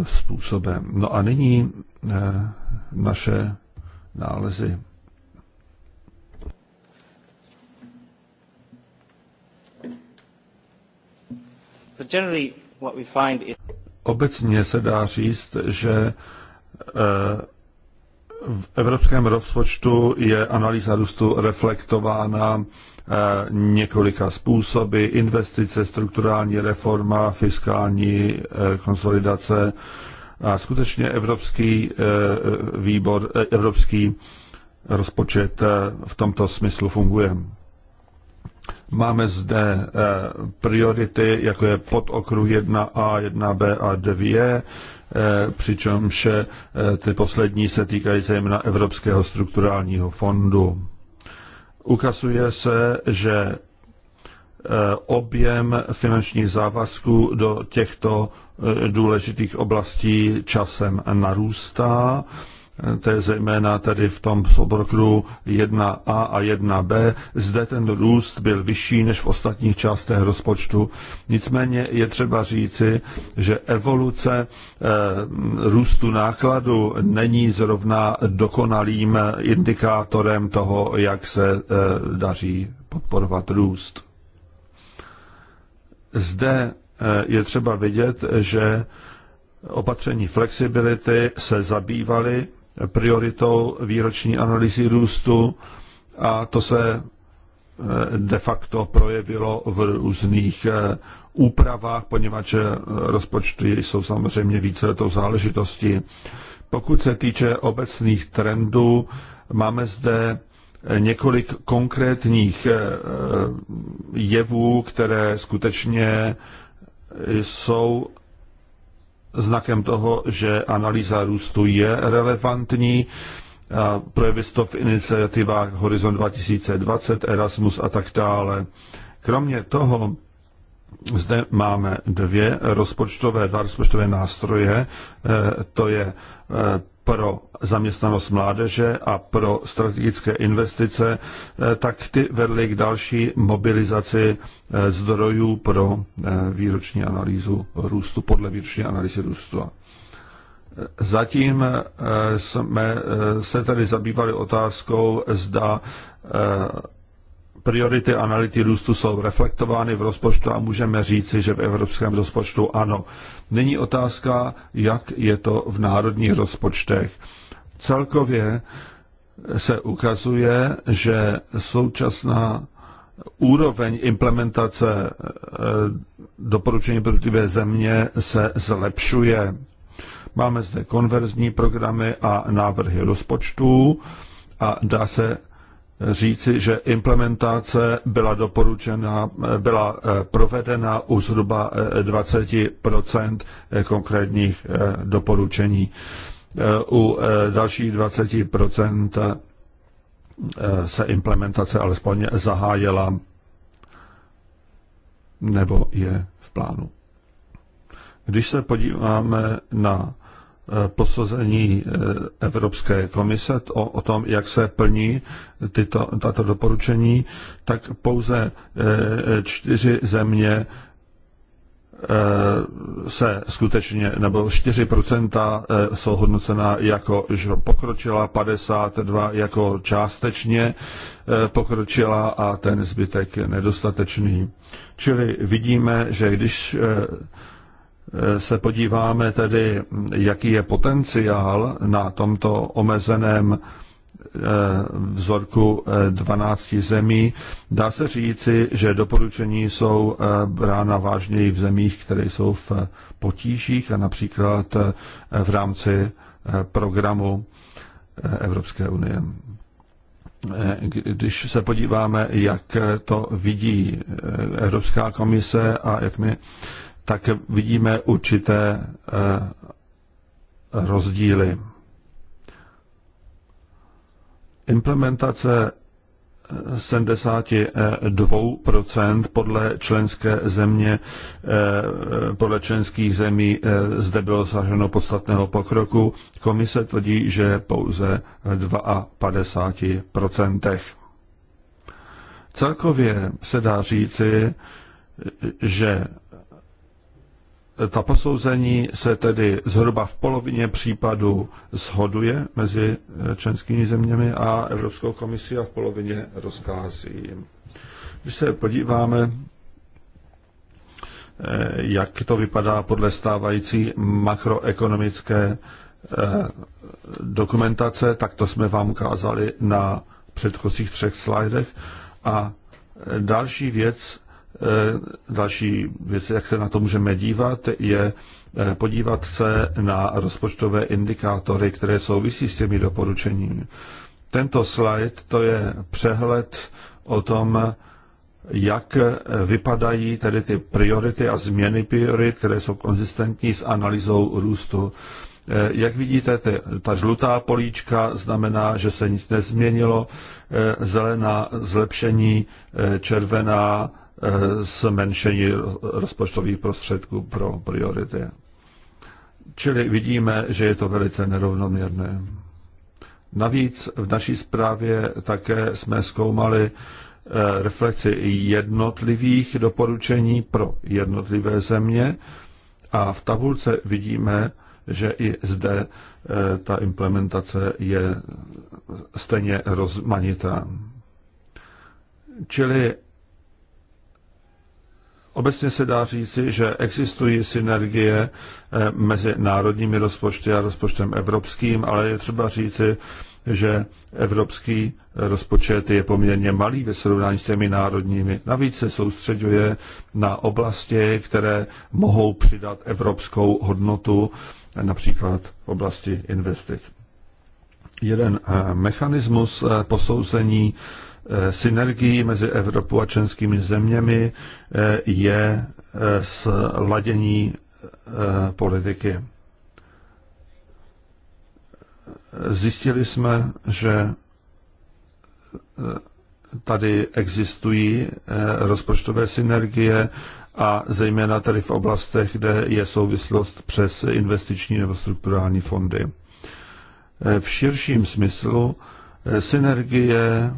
způsobem. No a nyní e, naše nálezy. Obecně se dá říct, že Eh, v evropském rozpočtu je analýza růstu reflektována eh, několika způsoby. Investice, strukturální reforma, fiskální eh, konsolidace. A skutečně Evropský výbor, Evropský rozpočet v tomto smyslu funguje. Máme zde priority, jako je podokruh 1A, 1B a 2, Eh, přičemž eh, ty poslední se týkají zejména Evropského strukturálního fondu. Ukazuje se, že eh, objem finančních závazků do těchto důležitých oblastí časem narůstá to je zejména tady v tom sobrokru 1a a 1b. Zde ten růst byl vyšší než v ostatních částech rozpočtu. Nicméně je třeba říci, že evoluce eh, růstu nákladu není zrovna dokonalým indikátorem toho, jak se eh, daří podporovat růst. Zde eh, je třeba vidět, že opatření flexibility se zabývaly prioritou výroční analýzy růstu a to se eh, de facto projevilo v různých eh, úpravách, poněvadž eh, rozpočty jsou samozřejmě více, víceletou záležitosti. Pokud se týče obecných trendů, máme zde několik konkrétních jevů, které skutečně jsou znakem toho, že analýza růstu je relevantní. Projevy to v iniciativách Horizon 2020, Erasmus a tak dále. Kromě toho zde máme dvě rozpočtové, dva rozpočtové nástroje. Eh, to je eh, pro zaměstnanost mládeže a pro strategické investice, eh, tak ty vedly k další mobilizaci eh, zdrojů pro eh, výroční analýzu růstu, podle výroční analýzy růstu. Zatím jsme se tady zabývali otázkou, zda Priority anality růstu jsou reflektovány v rozpočtu a můžeme říci, že v evropském rozpočtu ano. Není otázka, jak je to v národních rozpočtech. Celkově se ukazuje, že současná úroveň implementace eh, doporučení pro jednotlivé země se zlepšuje. Máme zde konverzní programy a návrhy rozpočtů a dá se říci, že implementace byla doporučena, byla eh, provedena u zhruba 20 eh, eh, konkrétních doporučení. U dalších 20 se implementace alespoň zahájela nebo je v plánu. Když se podíváme na posouzení eh, Evropské komise o, o tom, jak se plní tyto, tato doporučení, tak pouze eh, čtyři země eh, se skutečně, nebo 4% jsou hodnocená jako pokročila, 52 jako částečně pokročila a ten zbytek je nedostatečný. Čili vidíme, že když se podíváme tedy, jaký je potenciál na tomto omezeném eh, vzorku 12 eh, zemí. Dá se říci, že doporučení jsou eh, brána vážněji v zemích, které jsou v potížích a například v rámci programu Evropské unie. Když se podíváme, jak to vidí Evropská komise a jak my, tak vidíme určité eh, rozdíly. Implementace 72% eh, podle členské země, eh, podle členských zemí zde bylo zaženo podstatného pokroku. Komise tvrdí, že pouze 52%. Celkově se dá říci, že ta posouzení se tedy zhruba v polovině případů shoduje mezi eh, členskými zeměmi a Evropskou komisí a v polovině rozkází. Když se podíváme, eh, jak to vypadá podle stávající makroekonomické eh, dokumentace, tak to jsme vám ukázali na předchozích třech slajdech. A další věc, Eh, další věc, jak se na to můžeme dívat, je eh, podívat se na rozpočtové indikátory, které souvisí s těmi doporučeními. Tento slide to je přehled o tom, jak vypadají tedy ty priority a změny priorit, které jsou konzistentní s analýzou růstu. Eh, jak vidíte, ta žlutá políčka znamená, že se nic nezměnilo, zelená zlepšení, červená zmenšení rozpočtových prostředků pro priority. Čili vidíme, že je to velice nerovnoměrné. Navíc v naší zprávě také jsme zkoumali eh, reflexi jednotlivých doporučení pro jednotlivé země a v tabulce vidíme, že i zde eh, ta implementace je stejně rozmanitá. Čili Obecně se dá říci, že existují synergie eh, mezi národními rozpočty a rozpočtem evropským, ale je třeba říci, že evropský rozpočet je poměrně malý ve srovnání s těmi národními. Navíc se soustředuje na oblasti, které mohou přidat evropskou hodnotu, eh, například v oblasti investic. Jeden eh, mechanismus posouzení Eh, synergií mezi Evropou a členskými zeměmi eh, je eh, sladění politiky. Zjistili jsme, že tady existují rozpočtové synergie a zejména tady v oblastech, kde je souvislost přes investiční nebo strukturální fondy. V širším smyslu synergie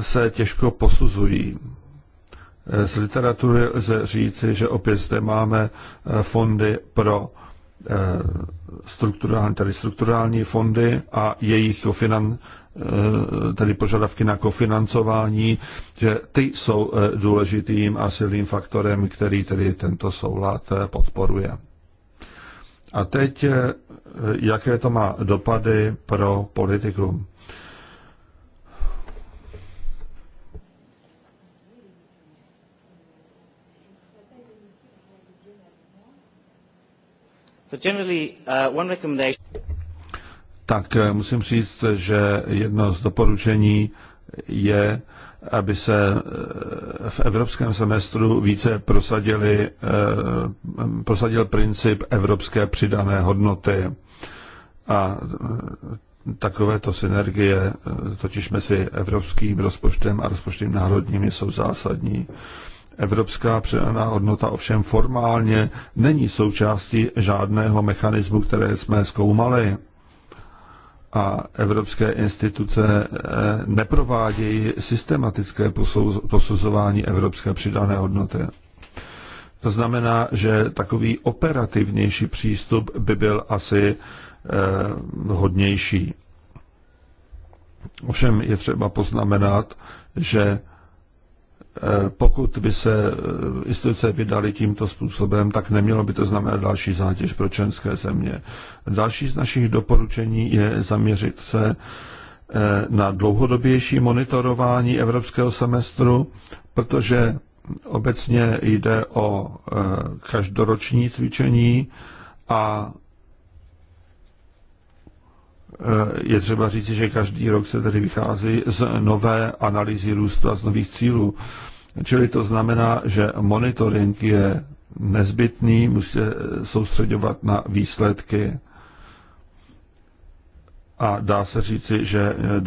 se těžko posuzují. Z literatury lze říci, že opět zde máme e, fondy pro e, strukturální, tedy strukturální fondy a jejich kofinan, e, tedy požadavky na kofinancování, že ty jsou důležitým a silným faktorem, který tedy tento soulad podporuje. A teď, jaké to má dopady pro politiku? Uh, tak eh, musím říct, že jedno z doporučení je, aby se eh, v evropském semestru více prosadili, eh, prosadil princip evropské přidané hodnoty. A takovéto synergie, totiž mezi evropským rozpočtem a rozpočtem národním, jsou zásadní. Evropská přidaná hodnota ovšem formálně není součástí žádného mechanismu, které jsme zkoumali. A evropské instituce eh, neprovádějí systematické posuzování evropské přidané hodnoty. To znamená, že takový operativnější přístup by byl asi eh, hodnější. Ovšem je třeba poznamenat, že Eh, pokud by se eh, instituce vydaly tímto způsobem, tak nemělo by to znamenat další zátěž pro členské země. Další z našich doporučení je zaměřit se eh, na dlouhodobější monitorování evropského semestru, protože obecně jde o každoroční cvičení a Eh, je třeba říci, že každý rok se tedy vychází z nové analýzy růstu a z nových cílů. Čili to znamená, že monitoring je nezbytný, musí se soustředovat na výsledky. A dá se říci, že eh,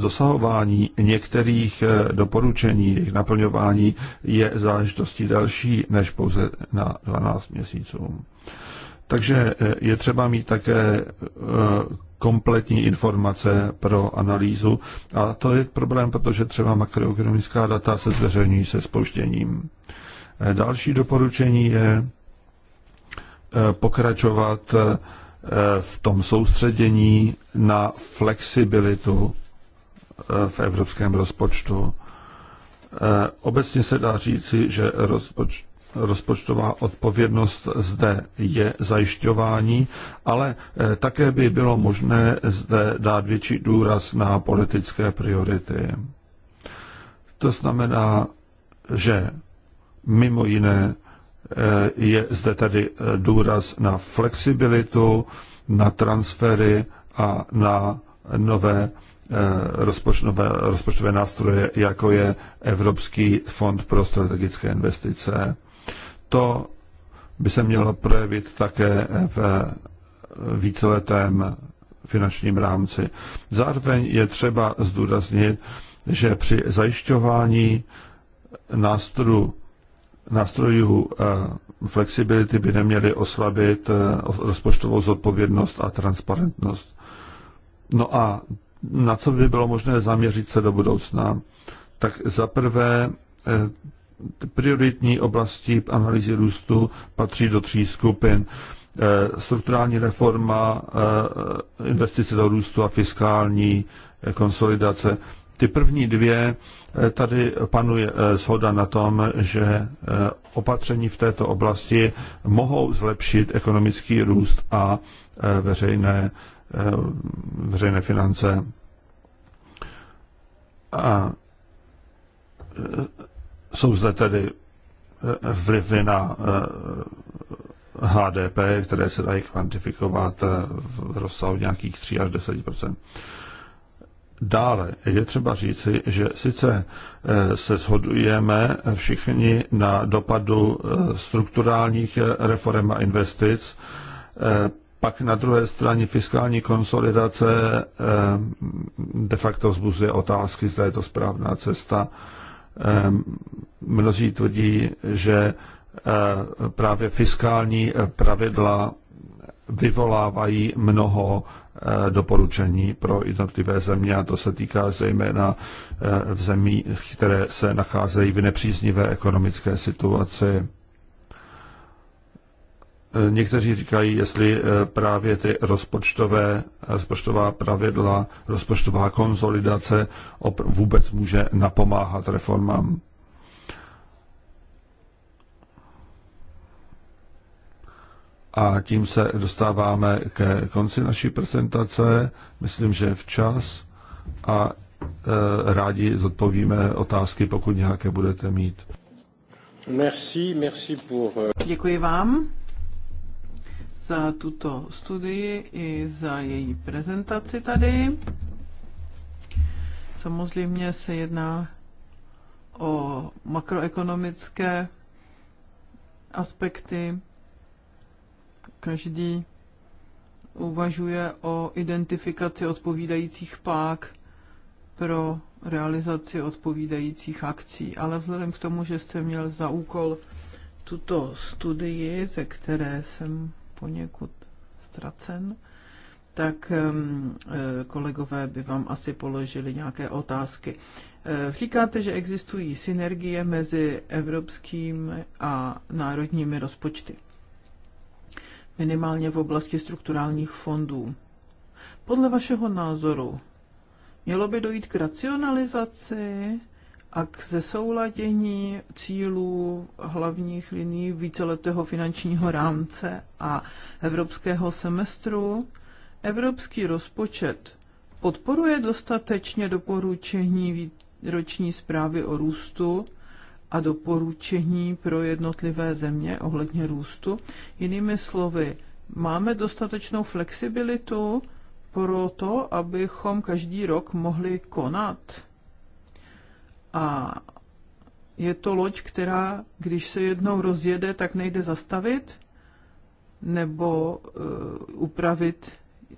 dosahování některých eh, doporučení, jejich naplňování je záležitostí další než pouze na 12 měsíců. Takže je třeba mít také kompletní informace pro analýzu. A to je problém, protože třeba makroekonomická data se zveřejňují se spouštěním. Eh, další doporučení je eh, pokračovat eh, v tom soustředění na flexibilitu v evropském rozpočtu. Obecně se dá říci, že rozpočt, rozpočtová odpovědnost zde je zajišťování, ale eh, také by bylo možné zde dát větší důraz na politické priority. To znamená, že mimo jiné eh, je zde tedy eh, důraz na flexibilitu, na transfery a na nové rozpočtové, rozpočtové nástroje, jako je Evropský fond pro strategické investice to by se mělo projevit také v víceletém finančním rámci. Zároveň je třeba zdůraznit, že při zajišťování nástrojů, nástrojů eh, flexibility by neměly oslabit eh, rozpočtovou zodpovědnost a transparentnost. No a na co by bylo možné zaměřit se do budoucna? Tak za prvé eh, prioritní oblasti analýzy růstu patří do tří skupin. Eh, strukturální reforma, eh, investice do růstu a fiskální eh, konsolidace. Ty první dvě, tady panuje shoda na tom, že opatření v této oblasti mohou zlepšit ekonomický růst a veřejné, veřejné finance. A jsou zde tedy eh, vlivy na HDP, eh, které se dají kvantifikovat eh, v rozsahu nějakých 3 až 10 Dále je třeba říci, že sice se shodujeme všichni na dopadu strukturálních reform a investic, pak na druhé straně fiskální konsolidace de facto vzbuzuje otázky, zda je to správná cesta Ehm, mnozí tvrdí, že eh, právě fiskální eh, pravidla vyvolávají mnoho eh, doporučení pro jednotlivé země a to se týká zejména v zemí, které se nacházejí v nepříznivé ekonomické situaci. Eh, někteří říkají, jestli eh, právě ty rozpočtové, rozpočtová pravidla, rozpočtová konsolidace vůbec může napomáhat reformám. A tím se dostáváme ke konci naší prezentace, myslím, že včas, a e, rádi zodpovíme otázky, pokud nějaké budete mít. Merci, merci pour... Děkuji vám za tuto studii i za její prezentaci tady. Samozřejmě se jedná o makroekonomické aspekty. Každý uvažuje o identifikaci odpovídajících pák pro realizaci odpovídajících akcí. Ale vzhledem k tomu, že jste měl za úkol tuto studii, ze které jsem poněkud ztracen, tak e, kolegové by vám asi položili nějaké otázky. E, říkáte, že existují synergie mezi evropským a národními rozpočty. Minimálně v oblasti strukturálních fondů. Podle vašeho názoru mělo by dojít k racionalizaci a k zesouladění cílů hlavních liní víceletého finančního rámce a evropského semestru evropský rozpočet podporuje dostatečně doporučení roční zprávy o růstu a doporučení pro jednotlivé země ohledně růstu. Jinými slovy, máme dostatečnou flexibilitu pro to, abychom každý rok mohli konat a je to loď, která, když se jednou rozjede, tak nejde zastavit nebo uh, upravit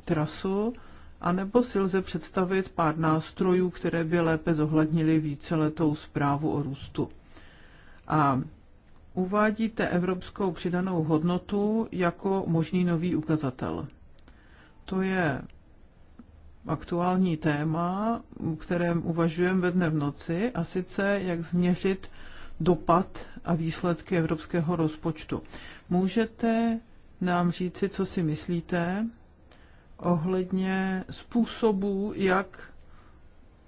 trasu, anebo si lze představit pár nástrojů, které by lépe zohlednily víceletou zprávu o růstu. A uvádíte evropskou přidanou hodnotu jako možný nový ukazatel. To je aktuální téma, o kterém uvažujeme ve dne v noci, a sice jak změřit dopad a výsledky evropského rozpočtu. Můžete nám říci, co si myslíte ohledně způsobů, jak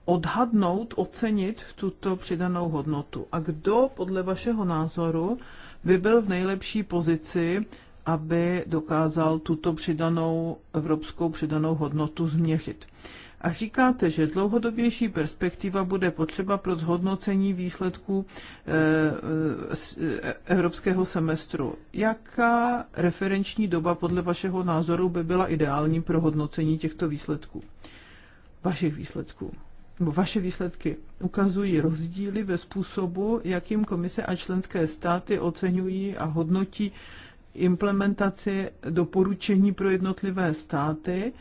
odhadnout, ocenit tuto přidanou hodnotu. A kdo podle vašeho názoru by byl v nejlepší pozici aby dokázal tuto přidanou evropskou přidanou hodnotu změřit. A říkáte, že dlouhodobější perspektiva bude potřeba pro zhodnocení výsledků eh, eh, eh, evropského semestru. Jaká referenční doba podle vašeho názoru by byla ideální pro hodnocení těchto výsledků? Vašich výsledků. Vaše výsledky ukazují rozdíly ve způsobu, jakým komise a členské státy oceňují a hodnotí implementaci doporučení pro jednotlivé státy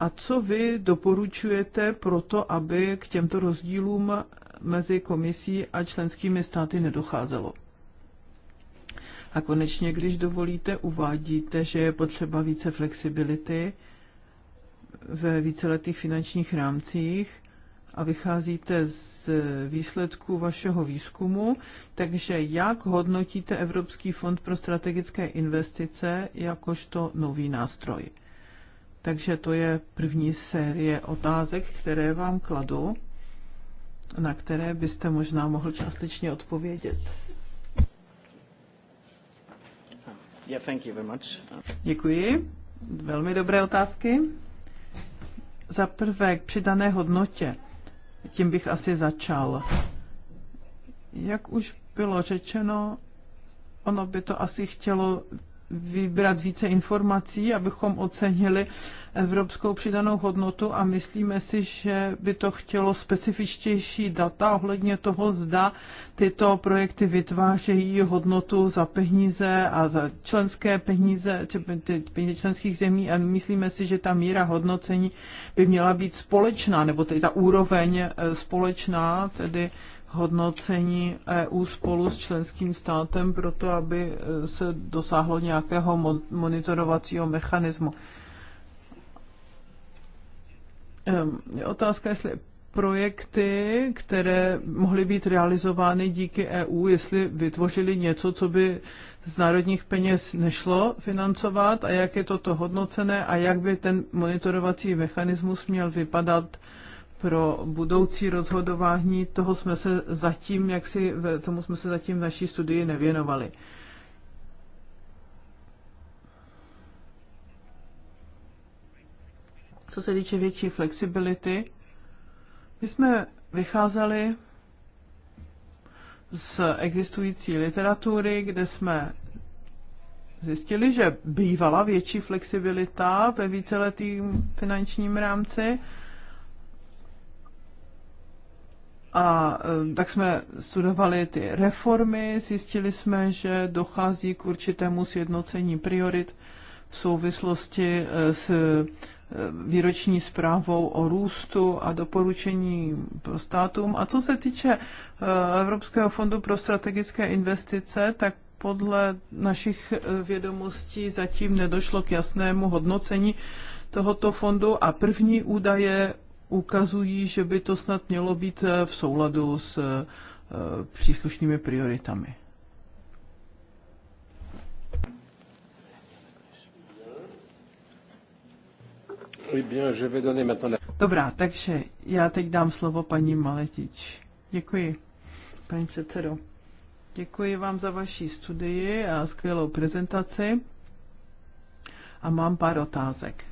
a co vy doporučujete pro to, aby k těmto rozdílům mezi komisí a členskými státy nedocházelo. A konečně, když dovolíte, uvádíte, že je potřeba více flexibility ve víceletých finančních rámcích a vycházíte z výsledků vašeho výzkumu. Takže jak hodnotíte Evropský fond pro strategické investice jakožto nový nástroj? Takže to je první série otázek, které vám kladu, na které byste možná mohl částečně odpovědět. Yeah, thank you very much. Děkuji. Velmi dobré otázky. Za prvé k přidané hodnotě tím bych asi začal. Jak už bylo řečeno, ono by to asi chtělo vybrat více informací, abychom ocenili evropskou přidanou hodnotu a myslíme si, že by to chtělo specifičtější data ohledně toho, zda tyto projekty vytvářejí hodnotu za peníze a za členské peníze, ty peníze členských zemí a myslíme si, že ta míra hodnocení by měla být společná, nebo tedy ta úroveň eh, společná, tedy hodnocení EU spolu s členským státem pro to, aby e, se dosáhlo nějakého monitorovacího mechanismu. Ehm, je otázka, jestli projekty, které mohly být realizovány díky EU, jestli vytvořili něco, co by z národních peněz nešlo financovat a jak je toto hodnocené a jak by ten monitorovací mechanismus měl vypadat pro budoucí rozhodování, toho jsme se zatím, jak si, tomu jsme se zatím v naší studii nevěnovali. Co se týče větší flexibility, my jsme vycházeli z existující literatury, kde jsme zjistili, že bývala větší flexibilita ve víceletým finančním rámci, a eh, tak jsme studovali ty reformy, zjistili jsme, že dochází k určitému sjednocení priorit v souvislosti eh, s eh, výroční zprávou o růstu a doporučení pro státům. A co se týče Evropského fondu pro strategické investice, tak podle našich vědomostí zatím nedošlo k jasnému hodnocení tohoto fondu a první údaje ukazují, že by to snad mělo být eh, v souladu s eh, příslušnými prioritami. Dobrá, takže já teď dám slovo paní Maletič. Děkuji, paní předsedo. Děkuji vám za vaši studii a skvělou prezentaci. A mám pár otázek.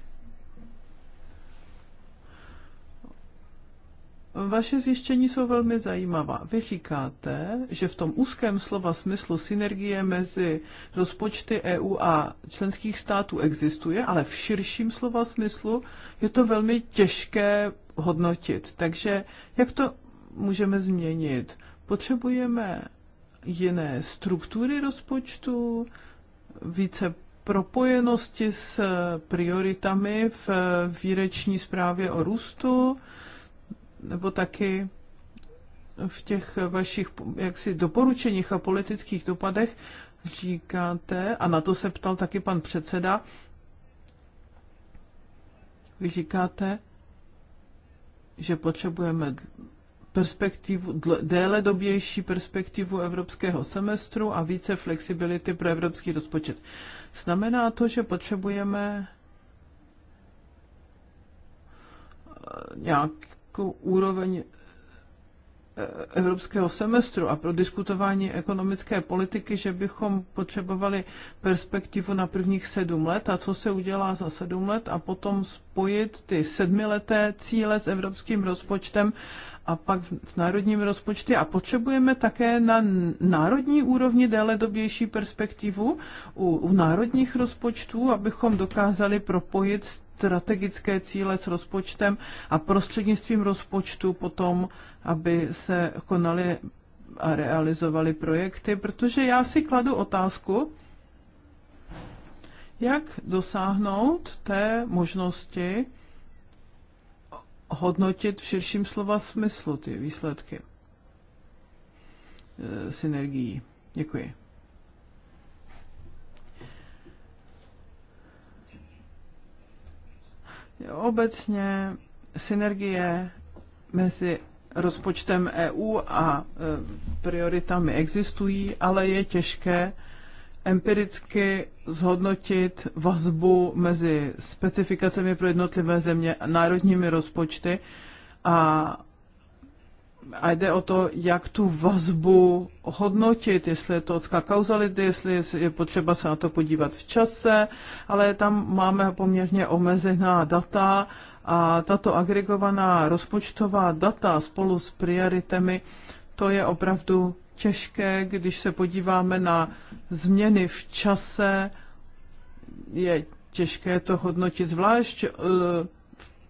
Vaše zjištění jsou velmi zajímavá. Vy říkáte, že v tom úzkém slova smyslu synergie mezi rozpočty EU a členských států existuje, ale v širším slova smyslu je to velmi těžké hodnotit. Takže jak to můžeme změnit? Potřebujeme jiné struktury rozpočtu, více propojenosti s prioritami v výreční zprávě o růstu, nebo taky v těch vašich jaksi doporučeních a politických dopadech říkáte, a na to se ptal taky pan předseda, vy říkáte, že potřebujeme perspektivu, déle dobější perspektivu evropského semestru a více flexibility pro evropský rozpočet. Znamená to, že potřebujeme eh, nějak evropskou úroveň eh, evropského semestru a pro diskutování ekonomické politiky, že bychom potřebovali perspektivu na prvních sedm let a co se udělá za sedm let a potom spojit ty sedmileté cíle s evropským rozpočtem a pak v národním rozpočtu a potřebujeme také na národní úrovni déle dobější perspektivu u, u národních rozpočtů, abychom dokázali propojit strategické cíle s rozpočtem a prostřednictvím rozpočtu potom, aby se konaly a realizovaly projekty, protože já si kladu otázku, jak dosáhnout té možnosti, hodnotit v širším slova smyslu ty výsledky e, synergií. Děkuji. Obecně synergie mezi rozpočtem EU a e, prioritami existují, ale je těžké empiricky zhodnotit vazbu mezi specifikacemi pro jednotlivé země a národními rozpočty a, a jde o to, jak tu vazbu hodnotit, jestli je to odská kauzality, jestli je potřeba se na to podívat v čase, ale tam máme poměrně omezená data a tato agregovaná rozpočtová data spolu s prioritami, to je opravdu těžké, když se podíváme na změny v čase, je těžké to hodnotit, zvlášť eh,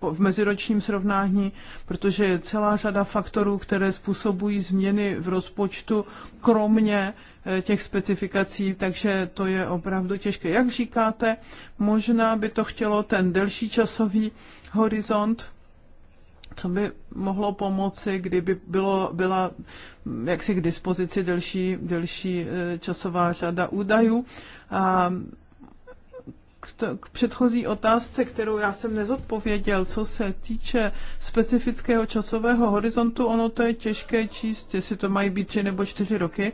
v meziročním srovnání, protože je celá řada faktorů, které způsobují změny v rozpočtu, kromě eh, těch specifikací, takže to je opravdu těžké. Jak říkáte, možná by to chtělo ten delší časový horizont, co by mohlo pomoci, kdyby bylo, byla jaksi k dispozici delší, delší e, časová řada údajů. A k, to, k předchozí otázce, kterou já jsem nezodpověděl, co se týče specifického časového horizontu, ono to je těžké číst, jestli to mají být tři nebo čtyři roky,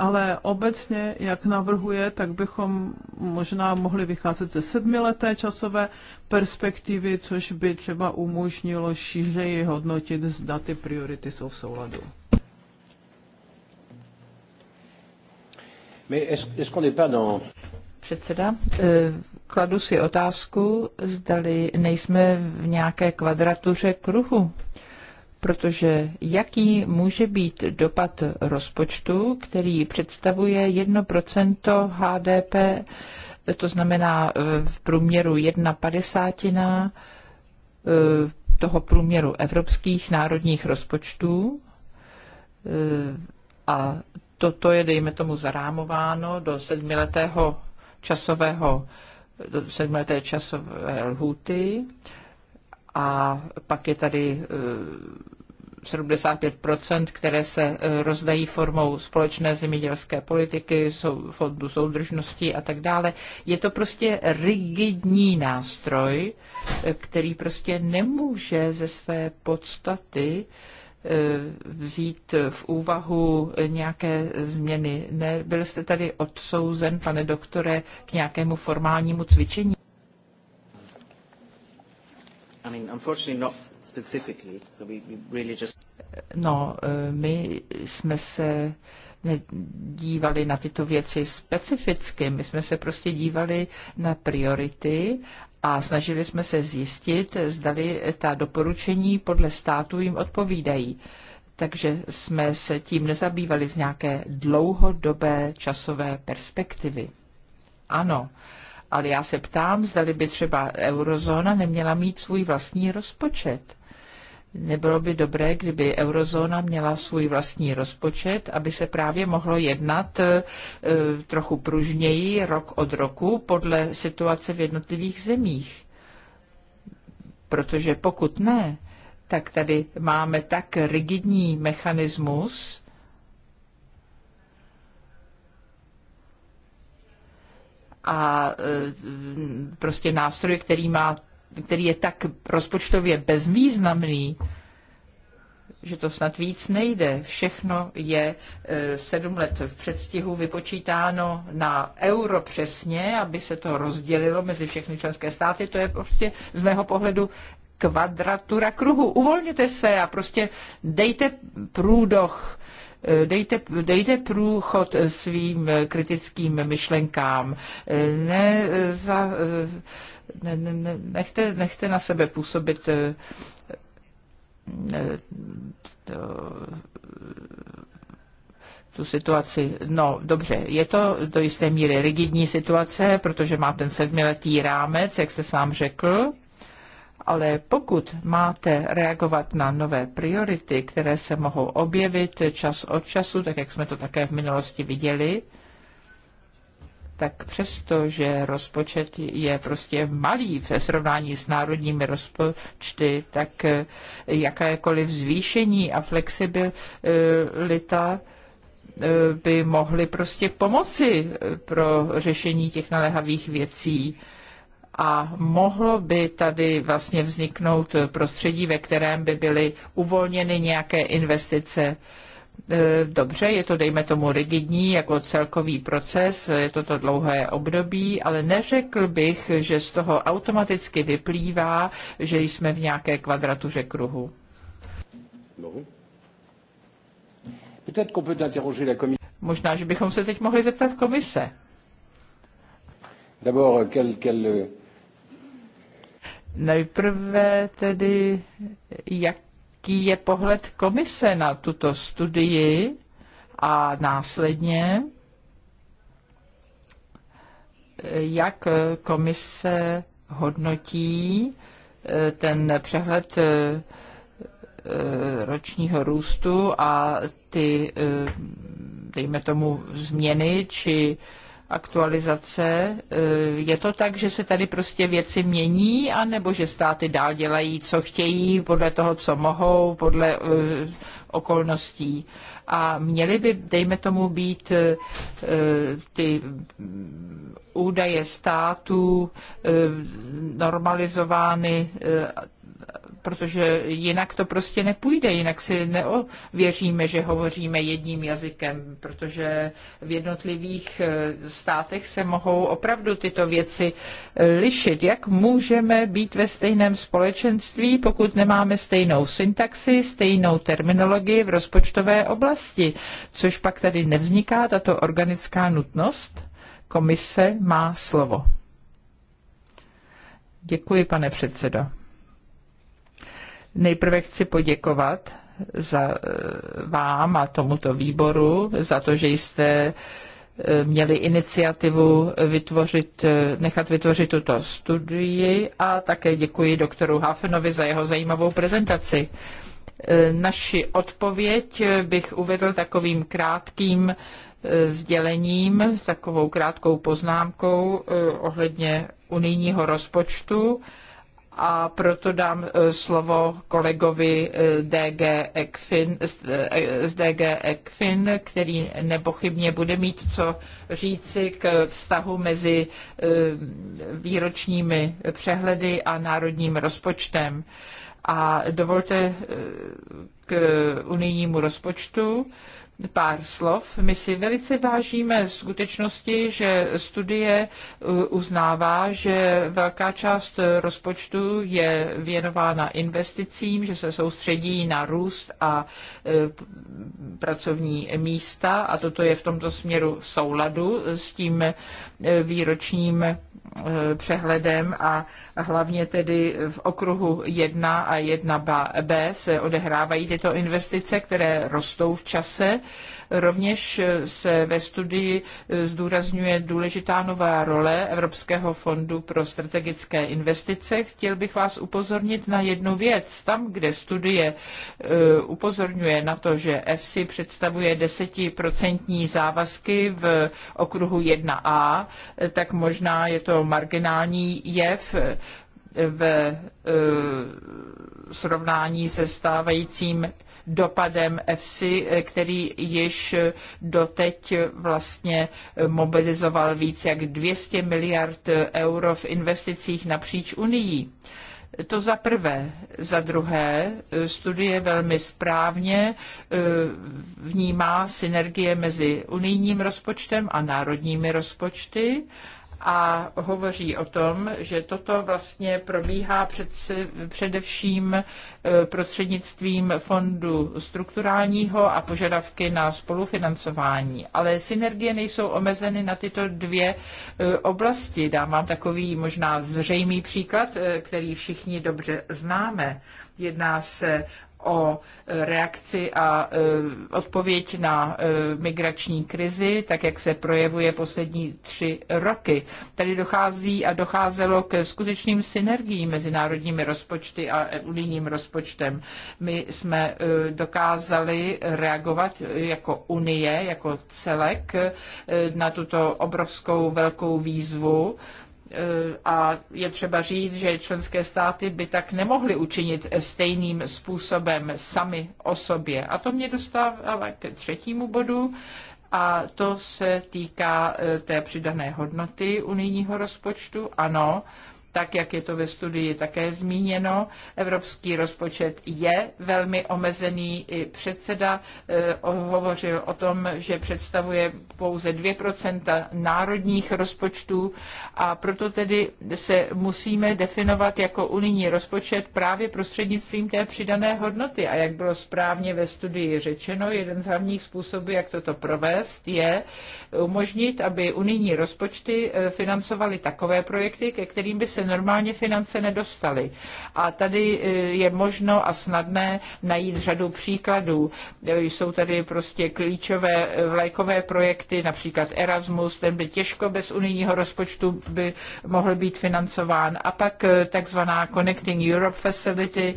ale obecně, jak navrhuje, tak bychom možná mohli vycházet ze sedmileté časové perspektivy, což by třeba umožnilo šířeji hodnotit, zda ty priority jsou v souladu. Předseda, eh, kladu si otázku, zdali nejsme v nějaké kvadratuře kruhu protože jaký může být dopad rozpočtu, který představuje 1% HDP, to znamená e, v průměru 1,50 e, toho průměru evropských národních rozpočtů. E, a toto je, dejme tomu, zarámováno do sedmiletého časového do sedmileté časové lhuty a pak je tady 75 eh, které se eh, rozdají formou společné zemědělské politiky, fondu soudržnosti a tak dále. Je to prostě rigidní nástroj, eh, který prostě nemůže ze své podstaty vzít v úvahu nějaké změny. byl jste tady odsouzen, pane doktore, k nějakému formálnímu cvičení? I mean, unfortunately not specifically, so we, we really just... No, eh, my jsme se nedívali na tyto věci specificky, my jsme se prostě dívali na priority a snažili jsme se zjistit, zdali ta doporučení podle státu jim odpovídají. Takže jsme se tím nezabývali z nějaké dlouhodobé časové perspektivy. Ano, ale já se ptám, zda by třeba eurozóna neměla mít svůj vlastní rozpočet. Nebylo by dobré, kdyby eurozóna měla svůj vlastní rozpočet, aby se právě mohlo jednat e, trochu pružněji rok od roku podle situace v jednotlivých zemích. Protože pokud ne, tak tady máme tak rigidní mechanismus, a e, prostě nástroj, který, má, který je tak rozpočtově bezvýznamný, že to snad víc nejde. Všechno je e, sedm let v předstihu vypočítáno na euro přesně, aby se to rozdělilo mezi všechny členské státy. To je prostě z mého pohledu kvadratura kruhu. Uvolněte se a prostě dejte průdoch Dejte, dejte průchod svým kritickým myšlenkám. Ne za, ne, ne, nechte, nechte na sebe působit eh, to, tu situaci. No, dobře, je to do jisté míry rigidní situace, protože má ten sedmiletý rámec, jak jste sám řekl, ale pokud máte reagovat na nové priority, které se mohou objevit čas od času, tak jak jsme to také v minulosti viděli, tak přesto, že rozpočet je prostě malý ve srovnání s národními rozpočty, tak eh, jakékoliv zvýšení a flexibilita eh, by mohly prostě pomoci eh, pro řešení těch naléhavých věcí a mohlo by tady vlastně vzniknout prostředí, ve kterém by byly uvolněny nějaké investice. E, dobře, je to, dejme tomu, rigidní jako celkový proces, je to to dlouhé období, ale neřekl bych, že z toho automaticky vyplývá, že jsme v nějaké kvadratuře kruhu. No. Možná, že bychom se teď mohli zeptat komise. D'abord, quel, quel, Nejprve tedy, jaký je pohled komise na tuto studii a následně, jak komise hodnotí eh, ten přehled eh, eh, ročního růstu a ty, dejme tomu, změny či aktualizace. Eh, je to tak, že se tady prostě věci mění, anebo že státy dál dělají, co chtějí, podle toho, co mohou, podle eh, okolností. A měly by, dejme tomu, být eh, ty mm, údaje států normalizovány protože jinak to prostě nepůjde, jinak si neověříme, že hovoříme jedním jazykem, protože v jednotlivých eh, státech se mohou opravdu tyto věci eh, lišit. Jak můžeme být ve stejném společenství, pokud nemáme stejnou syntaxi, stejnou terminologii v rozpočtové oblasti, což pak tady nevzniká tato organická nutnost? Komise má slovo. Děkuji, pane předsedo. Nejprve chci poděkovat za eh, vám a tomuto výboru za to, že jste eh, měli iniciativu vytvořit, eh, nechat vytvořit tuto studii a také děkuji doktoru Hafenovi za jeho zajímavou prezentaci. Naši odpověď bych uvedl takovým krátkým sdělením, takovou krátkou poznámkou ohledně unijního rozpočtu a proto dám e, slovo kolegovi e, DG Ekfin, z e, DG Ekfin, který nepochybně bude mít co říci k vztahu mezi výročními přehledy a národním rozpočtem. A dovolte k unijnímu rozpočtu pár slov. My si velice vážíme skutečnosti, že studie uh, uznává, že velká část rozpočtu je věnována investicím, že se soustředí na růst a uh, pracovní místa a toto je v tomto směru v souladu s tím uh, výročním přehledem a hlavně tedy v okruhu 1 a 1b se odehrávají tyto investice, které rostou v čase Rovněž se ve studii zdůrazňuje důležitá nová role Evropského fondu pro strategické investice. Chtěl bych vás upozornit na jednu věc. Tam, kde studie eh, upozorňuje na to, že EFSI představuje desetiprocentní závazky v okruhu 1A, eh, tak možná je to marginální jev eh, ve srovnání se stávajícím dopadem EFSI, který již doteď vlastně mobilizoval více jak 200 miliard euro v investicích napříč Unii. To za prvé. Za druhé, studie velmi správně eh, vnímá synergie mezi unijním rozpočtem a národními rozpočty a hovoří o tom, že toto vlastně probíhá předsi, především e, prostřednictvím fondu strukturálního a požadavky na spolufinancování. Ale synergie nejsou omezeny na tyto dvě e, oblasti. Dám vám takový možná zřejmý příklad, e, který všichni dobře známe. Jedná se o e, reakci a e, odpověď na e, migrační krizi, tak jak se projevuje poslední tři roky. Tady dochází a docházelo k skutečným synergiím mezi národními rozpočty a unijním rozpočtem. My jsme dokázali reagovat jako Unie, jako celek na tuto obrovskou velkou výzvu Eh, a je třeba říct, že členské státy by tak nemohly učinit stejným způsobem sami o sobě. A to mě dostává k třetímu bodu, a to se týká eh, té přidané hodnoty unijního rozpočtu. Ano, tak jak je to ve studii také zmíněno. Evropský rozpočet je velmi omezený. I předseda eh, hovořil o tom, že představuje pouze 2% národních rozpočtů a proto tedy se musíme definovat jako unijní rozpočet právě prostřednictvím té přidané hodnoty. A jak bylo správně ve studii řečeno, jeden z hlavních způsobů, jak toto provést, je umožnit, aby unijní rozpočty eh, financovaly takové projekty, ke kterým by se se normálně finance nedostaly. A tady e, je možno a snadné najít řadu příkladů. E, jsou tady prostě klíčové e, vlajkové projekty, například Erasmus, ten by těžko bez unijního rozpočtu by mohl být financován. A pak takzvaná Connecting Europe Facility,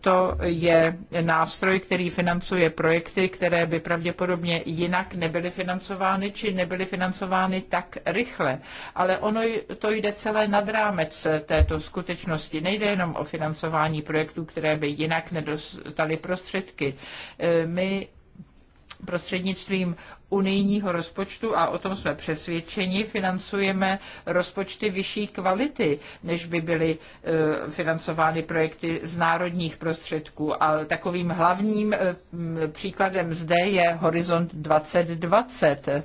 to je nástroj, který financuje projekty, které by pravděpodobně jinak nebyly financovány či nebyly financovány tak rychle. Ale ono to jde celé nad rámec rámec této skutečnosti. Nejde jenom o financování projektů, které by jinak nedostaly prostředky. E, my prostřednictvím unijního rozpočtu a o tom jsme přesvědčeni, financujeme rozpočty vyšší kvality, než by byly e, financovány projekty z národních prostředků. A takovým hlavním e, příkladem zde je Horizont 2020. E,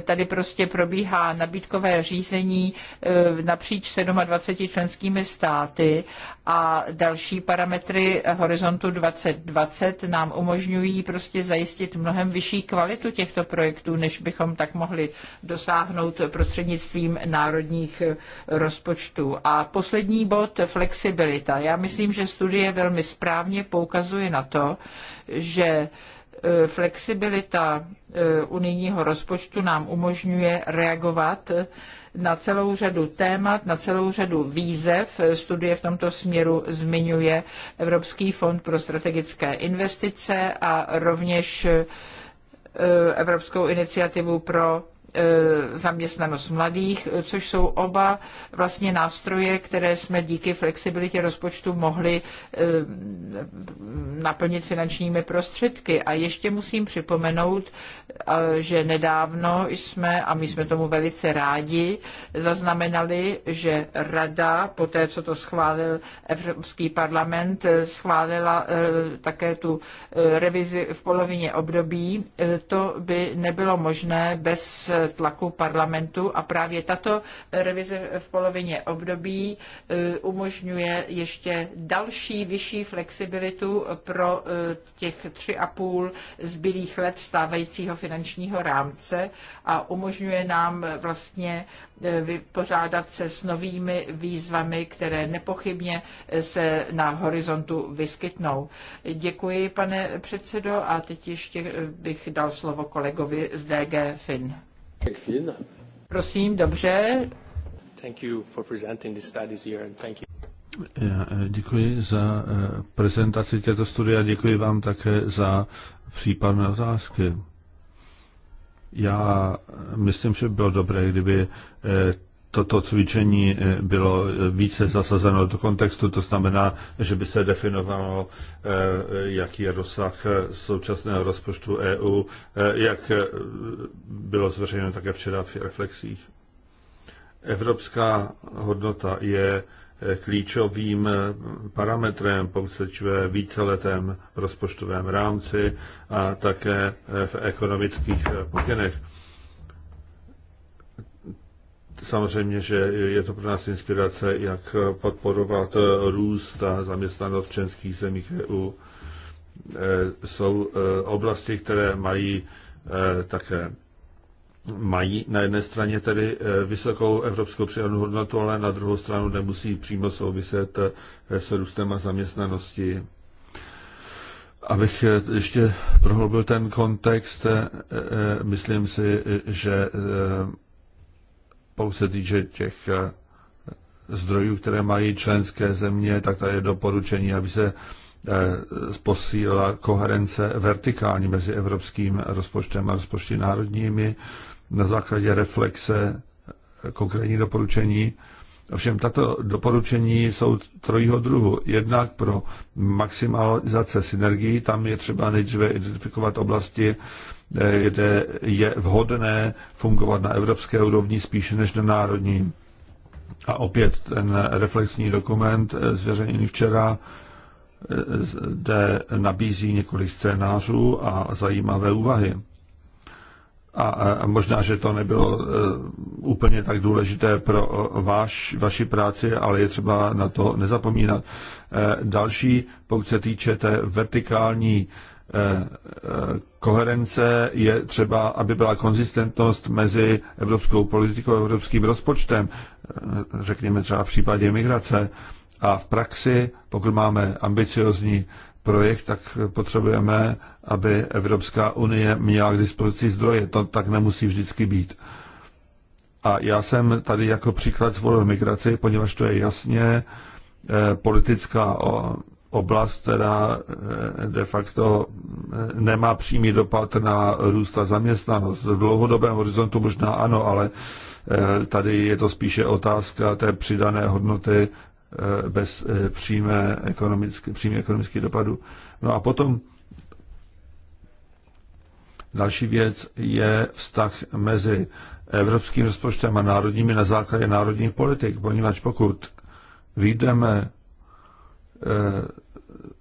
tady prostě probíhá nabídkové řízení napříč 27 členskými státy a další parametry Horizontu 2020 nám umožňují prostě zajistit mnohem vyšší kvalitu těchto projektů projektů, než bychom tak mohli dosáhnout prostřednictvím národních rozpočtů. A poslední bod, flexibilita. Já myslím, že studie velmi správně poukazuje na to, že eh, flexibilita eh, unijního rozpočtu nám umožňuje reagovat na celou řadu témat, na celou řadu výzev. Studie v tomto směru zmiňuje Evropský fond pro strategické investice a rovněž eh, E, evropskou iniciativu pro Eh, zaměstnanost mladých, což jsou oba vlastně nástroje, které jsme díky flexibilitě rozpočtu mohli eh, naplnit finančními prostředky. A ještě musím připomenout, eh, že nedávno jsme, a my jsme tomu velice rádi, zaznamenali, že Rada, po té, co to schválil Evropský parlament, schválila také tu revizi v polovině období. To by nebylo možné bez tlaku parlamentu a právě tato revize v polovině období e, umožňuje ještě další vyšší flexibilitu pro e, těch tři a půl zbylých let stávajícího finančního rámce a umožňuje nám vlastně e, vypořádat se s novými výzvami, které nepochybně se na horizontu vyskytnou. Děkuji, pane předsedo, a teď ještě bych dal slovo kolegovi z DG Fin. Kalfin. Prosím, dobře. Thank you for presenting the studies here and thank you. Já eh, děkuji za eh, prezentaci této studie a děkuji vám také za případné otázky. Já eh, myslím, že by bylo dobré, kdyby toto cvičení eh, bylo eh, více zasazeno do kontextu, to znamená, že by se definovalo, eh, jaký je rozsah současného rozpočtu EU, jak bylo zveřejněno také včera v reflexích. Evropská hodnota je klíčovým parametrem, pokud pokřečuje víceletém rozpočtovém rámci a také v ekonomických pokynech. Samozřejmě, že je to pro nás inspirace, jak podporovat růst a zaměstnanost v členských zemích EU. E, jsou e, oblasti, které mají e, také mají na jedné straně tedy vysokou evropskou přidanou hodnotu, ale na druhou stranu nemusí přímo souviset s růstem a zaměstnanosti. Abych ještě prohloubil ten kontext, myslím si, že pouze týče těch eh, zdrojů, které mají členské země, tak tady je doporučení, aby se eh, posílila koherence vertikální mezi evropským rozpočtem a rozpočty národními na základě reflexe eh, konkrétní doporučení. Ovšem tato doporučení jsou trojího druhu. Jednak pro maximalizace synergií, tam je třeba nejdříve identifikovat oblasti, kde je vhodné fungovat na evropské úrovni spíše než na národní. A opět ten reflexní dokument zveřejněný včera zde nabízí několik scénářů a zajímavé úvahy. A možná, že to nebylo e, úplně tak důležité pro vaš, vaši práci, ale je třeba na to nezapomínat. E, další, pokud se týče té vertikální Eh, eh, koherence je třeba, aby byla konzistentnost mezi evropskou politikou a evropským rozpočtem, eh, řekněme třeba v případě migrace. A v praxi, pokud máme ambiciozní projekt, tak potřebujeme, aby Evropská unie měla k dispozici zdroje. To tak nemusí vždycky být. A já jsem tady jako příklad zvolil migraci, poněvadž to je jasně politická oblast, která eh, de facto eh, nemá přímý dopad na růst a zaměstnanost. V dlouhodobém horizontu možná ano, ale eh, tady je to spíše otázka té přidané hodnoty bez přímé ekonomické, přímé ekonomické dopadu. No a potom další věc je vztah mezi evropským rozpočtem a národními na základě národních politik, poněvadž pokud výjdeme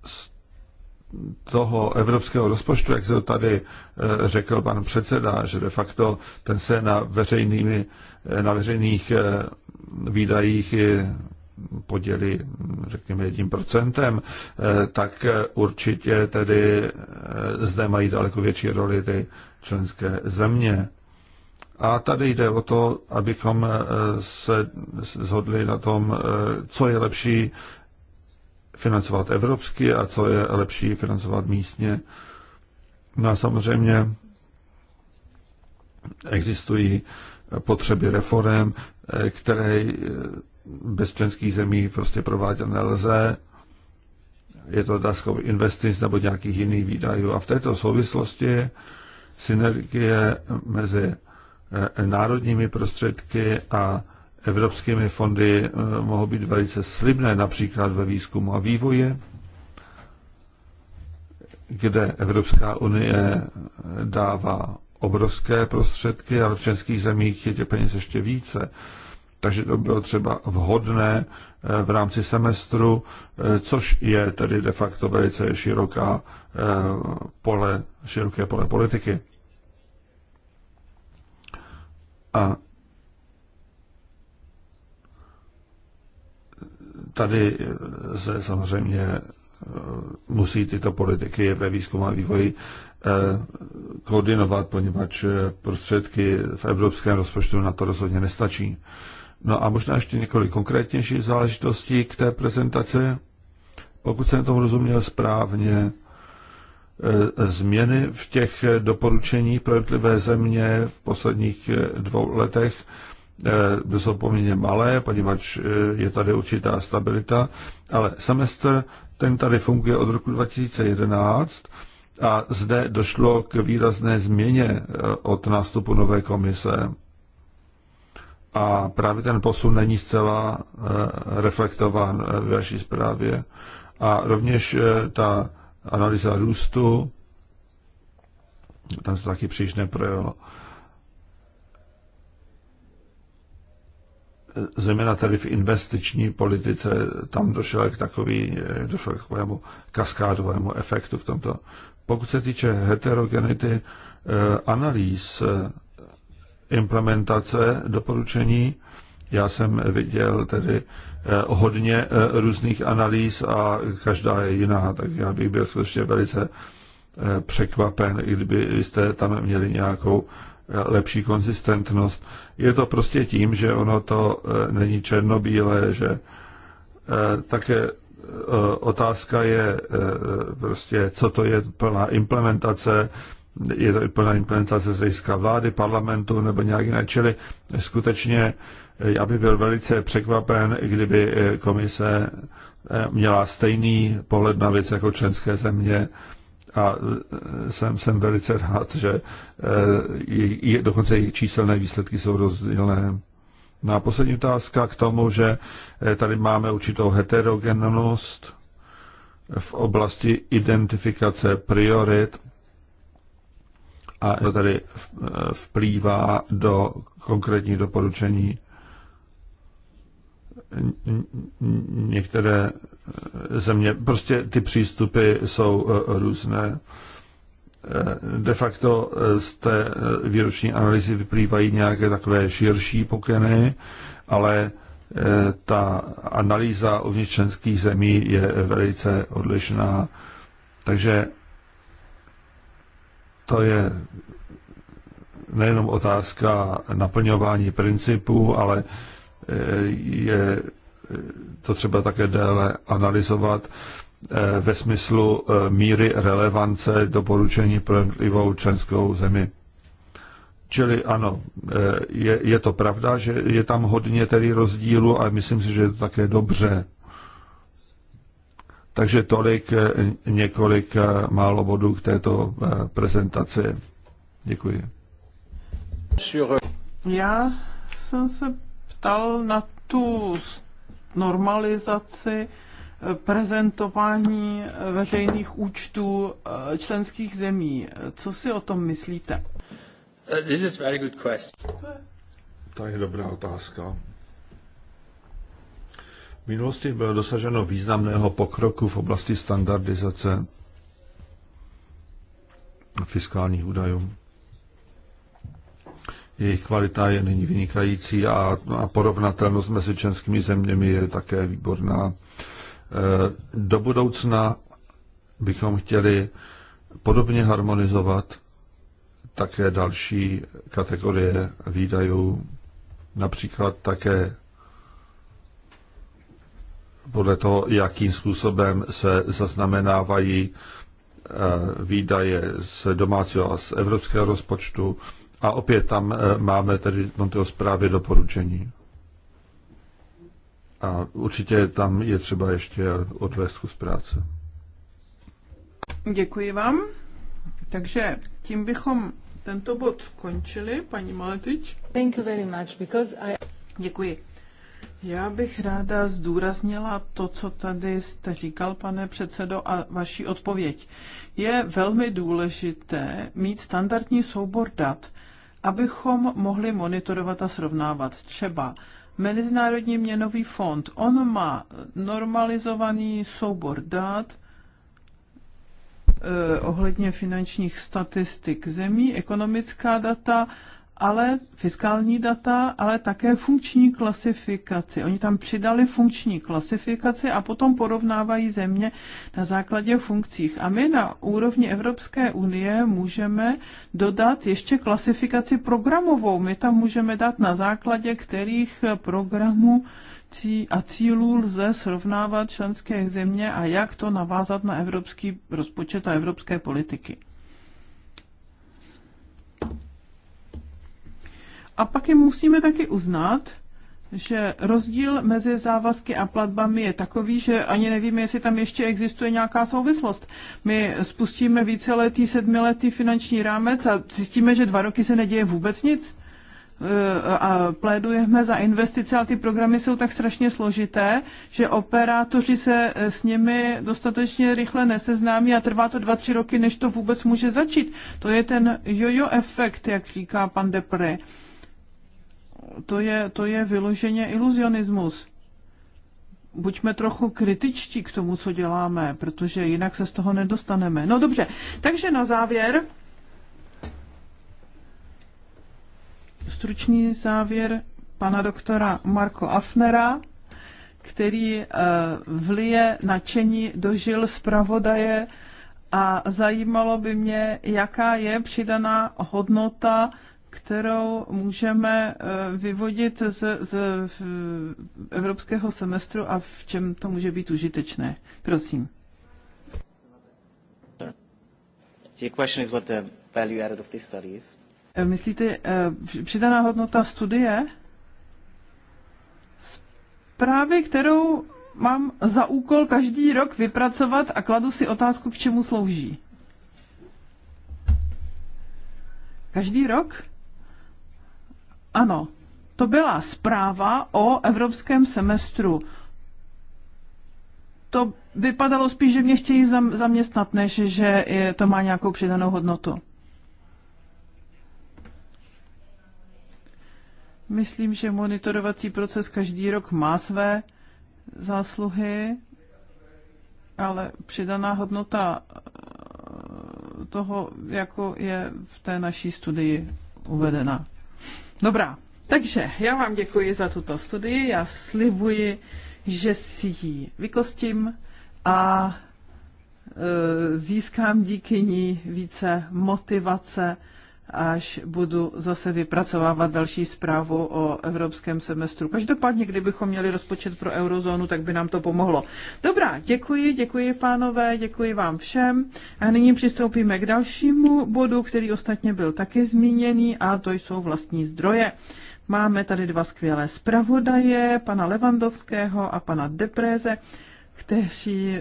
z toho evropského rozpočtu, jak to tady eh, řekl pan předseda, že de facto ten se na, veřejnými, eh, na veřejných eh, výdajích podělí, řekněme, jedním procentem, tak určitě tedy zde mají daleko větší roli ty členské země. A tady jde o to, abychom se zhodli na tom, co je lepší financovat evropsky a co je lepší financovat místně. No a samozřejmě existují potřeby reform, které bez členských zemí prostě provádět nelze. Je to otázka investic nebo nějakých jiných výdajů. A v této souvislosti synergie mezi eh, národními prostředky a evropskými fondy eh, mohou být velice slibné, například ve výzkumu a vývoji, kde Evropská unie dává obrovské prostředky, ale v českých zemích je těch peněz ještě více. Takže to bylo třeba vhodné eh, v rámci semestru, eh, což je tedy de facto velice široká pole, široké pole politiky. A tady eh, se samozřejmě eh, musí tyto politiky ve výzkumu a vývoji eh, koordinovat, poněvadž prostředky v evropském rozpočtu na to rozhodně nestačí. No a možná ještě několik konkrétnějších záležitostí k té prezentaci. Pokud jsem tomu rozuměl správně, změny v těch doporučení pro jednotlivé země v posledních dvou letech Eh, jsou poměrně malé, poněvadž eh, je tady určitá stabilita, ale semestr ten tady funguje od roku 2011 a zde došlo k výrazné změně eh, od nástupu nové komise. A právě ten posun není zcela reflektován v vaší zprávě. A rovněž ta analýza růstu, tam se taky příliš neprojevilo. zejména tedy v investiční politice, tam došlo k, takový, došlo k takovému kaskádovému efektu v tomto. Pokud se týče heterogenity eh, analýz eh, implementace doporučení, já jsem viděl tedy eh, hodně různých analýz a každá je jiná, tak já bych byl skutečně velice překvapen, i kdyby jste tam měli nějakou lepší konzistentnost. Je to prostě tím, že ono to e, není černobílé, že e, také e, otázka je prostě, co to je plná implementace, je to plná implementace z hlediska vlády, parlamentu nebo nějak jiné. Čili skutečně já bych byl velice překvapen, kdyby komise měla stejný pohled na věc jako členské země a e, jsem, jsem velice rád, že e, je, je, dokonce jejich číselné výsledky jsou rozdílné. No a poslední otázka k tomu, že e, tady máme určitou heterogenost v oblasti identifikace priorit a to tady vplývá do konkrétních doporučení. Některé země. Prostě ty přístupy jsou e, různé. E, de facto e, z té výroční analýzy vyplývají nějaké takové širší pokyny, ale ta analýza uvnitř členských zemí je velice odlišná. Takže to je nejenom otázka naplňování principů, ale je to třeba také déle analyzovat eh, ve smyslu eh, míry relevance doporučení pro jednotlivou členskou zemi. Čili ano, eh, je, je to pravda, že je tam hodně tedy rozdílu, ale myslím si, že je to také dobře. Takže tolik několik málo bodů k této prezentaci. Děkuji. Já jsem se ptal na tu normalizaci eh, prezentování eh, veřejných účtů eh, členských zemí. Co si o tom myslíte? Uh, this is very good question. To je dobrá otázka. V minulosti bylo dosaženo významného pokroku v oblasti standardizace fiskálních údajů. Jejich kvalita je nyní vynikající a, a porovnatelnost mezi členskými zeměmi je také výborná. E, do budoucna bychom chtěli podobně harmonizovat také další kategorie výdajů, například také podle toho, jakým způsobem se zaznamenávají e, výdaje z domácího a z evropského rozpočtu, a opět tam eh, máme tedy v této zprávě doporučení. A určitě tam je třeba ještě odvést kus práce. Děkuji vám. Takže tím bychom tento bod skončili, paní Maletič. Thank you very much, because I... Děkuji. Já bych ráda zdůraznila to, co tady jste říkal, pane předsedo, a vaší odpověď. Je velmi důležité mít standardní soubor dat, abychom mohli monitorovat a srovnávat. Třeba Mezinárodní měnový fond, on má normalizovaný soubor dat eh, ohledně finančních statistik zemí, ekonomická data, ale fiskální data, ale také funkční klasifikaci. Oni tam přidali funkční klasifikaci a potom porovnávají země na základě funkcích. A my na úrovni Evropské unie můžeme dodat ještě klasifikaci programovou. My tam můžeme dát na základě kterých programů a cílů lze srovnávat členské země a jak to navázat na evropský rozpočet a evropské politiky. A pak je musíme taky uznat, že rozdíl mezi závazky a platbami je takový, že ani nevíme, jestli tam ještě existuje nějaká souvislost. My spustíme víceletý, sedmiletý finanční rámec a zjistíme, že dva roky se neděje vůbec nic. E, a plédujeme za investice, ale ty programy jsou tak strašně složité, že operátoři se e, s nimi dostatečně rychle neseznámí a trvá to dva, tři roky, než to vůbec může začít. To je ten jojo efekt, jak říká pan Depre to je, to je vyloženě iluzionismus. Buďme trochu kritičtí k tomu, co děláme, protože jinak se z toho nedostaneme. No dobře, takže na závěr. Stručný závěr pana doktora Marko Afnera, který eh, vlije nadšení do žil zpravodaje a zajímalo by mě, jaká je přidaná hodnota kterou můžeme eh, vyvodit z, z evropského semestru a v čem to může být užitečné. Prosím. Eh, myslíte, eh, přidaná hodnota studie? Zprávy, kterou mám za úkol každý rok vypracovat a kladu si otázku, k čemu slouží. Každý rok? Ano, to byla zpráva o evropském semestru. To vypadalo spíš, že mě chtějí zaměstnat, než že to má nějakou přidanou hodnotu. Myslím, že monitorovací proces každý rok má své zásluhy, ale přidaná hodnota eh, toho, jako je v té naší studii uvedena. Dobrá, takže já vám děkuji za tuto studii, já slibuji, že si ji vykostím a e, získám díky ní více motivace až budu zase vypracovávat další zprávu o evropském semestru. Každopádně, kdybychom měli rozpočet pro eurozónu, tak by nám to pomohlo. Dobrá, děkuji, děkuji pánové, děkuji vám všem. A nyní přistoupíme k dalšímu bodu, který ostatně byl taky zmíněný, a to jsou vlastní zdroje. Máme tady dva skvělé zpravodaje, pana Levandovského a pana Depréze kteří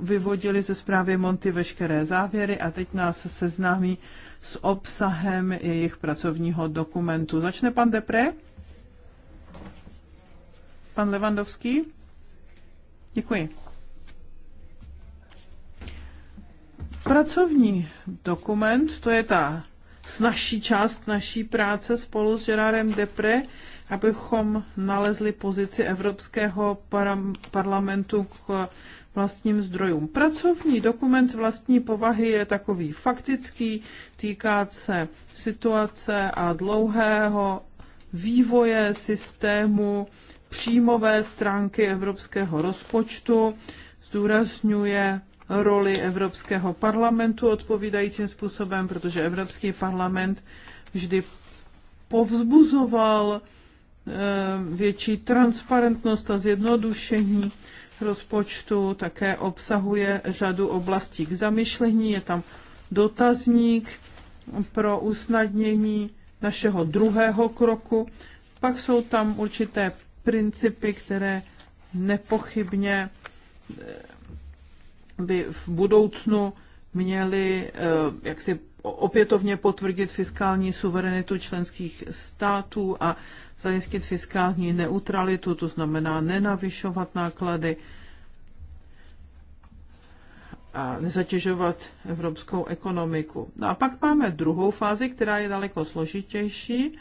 vyvodili ze zprávy Monty veškeré závěry a teď nás seznámí s obsahem jejich pracovního dokumentu. Začne pan Depre? Pan Levandovský? Děkuji. Pracovní dokument, to je ta snažší část naší práce spolu s Gerardem Depre, abychom nalezli pozici Evropského parlamentu k vlastním zdrojům. Pracovní dokument vlastní povahy je takový faktický, týká se situace a dlouhého vývoje systému příjmové stránky evropského rozpočtu, zdůrazňuje roli Evropského parlamentu odpovídajícím způsobem, protože Evropský parlament vždy povzbuzoval eh, větší transparentnost a zjednodušení rozpočtu také obsahuje řadu oblastí k zamyšlení. Je tam dotazník pro usnadnění našeho druhého kroku. Pak jsou tam určité principy, které nepochybně eh, by v budoucnu měly eh, jaksi opětovně potvrdit fiskální suverenitu členských států a zajistit fiskální neutralitu, to znamená nenavyšovat náklady a nezatěžovat evropskou ekonomiku. No a pak máme druhou fázi, která je daleko složitější.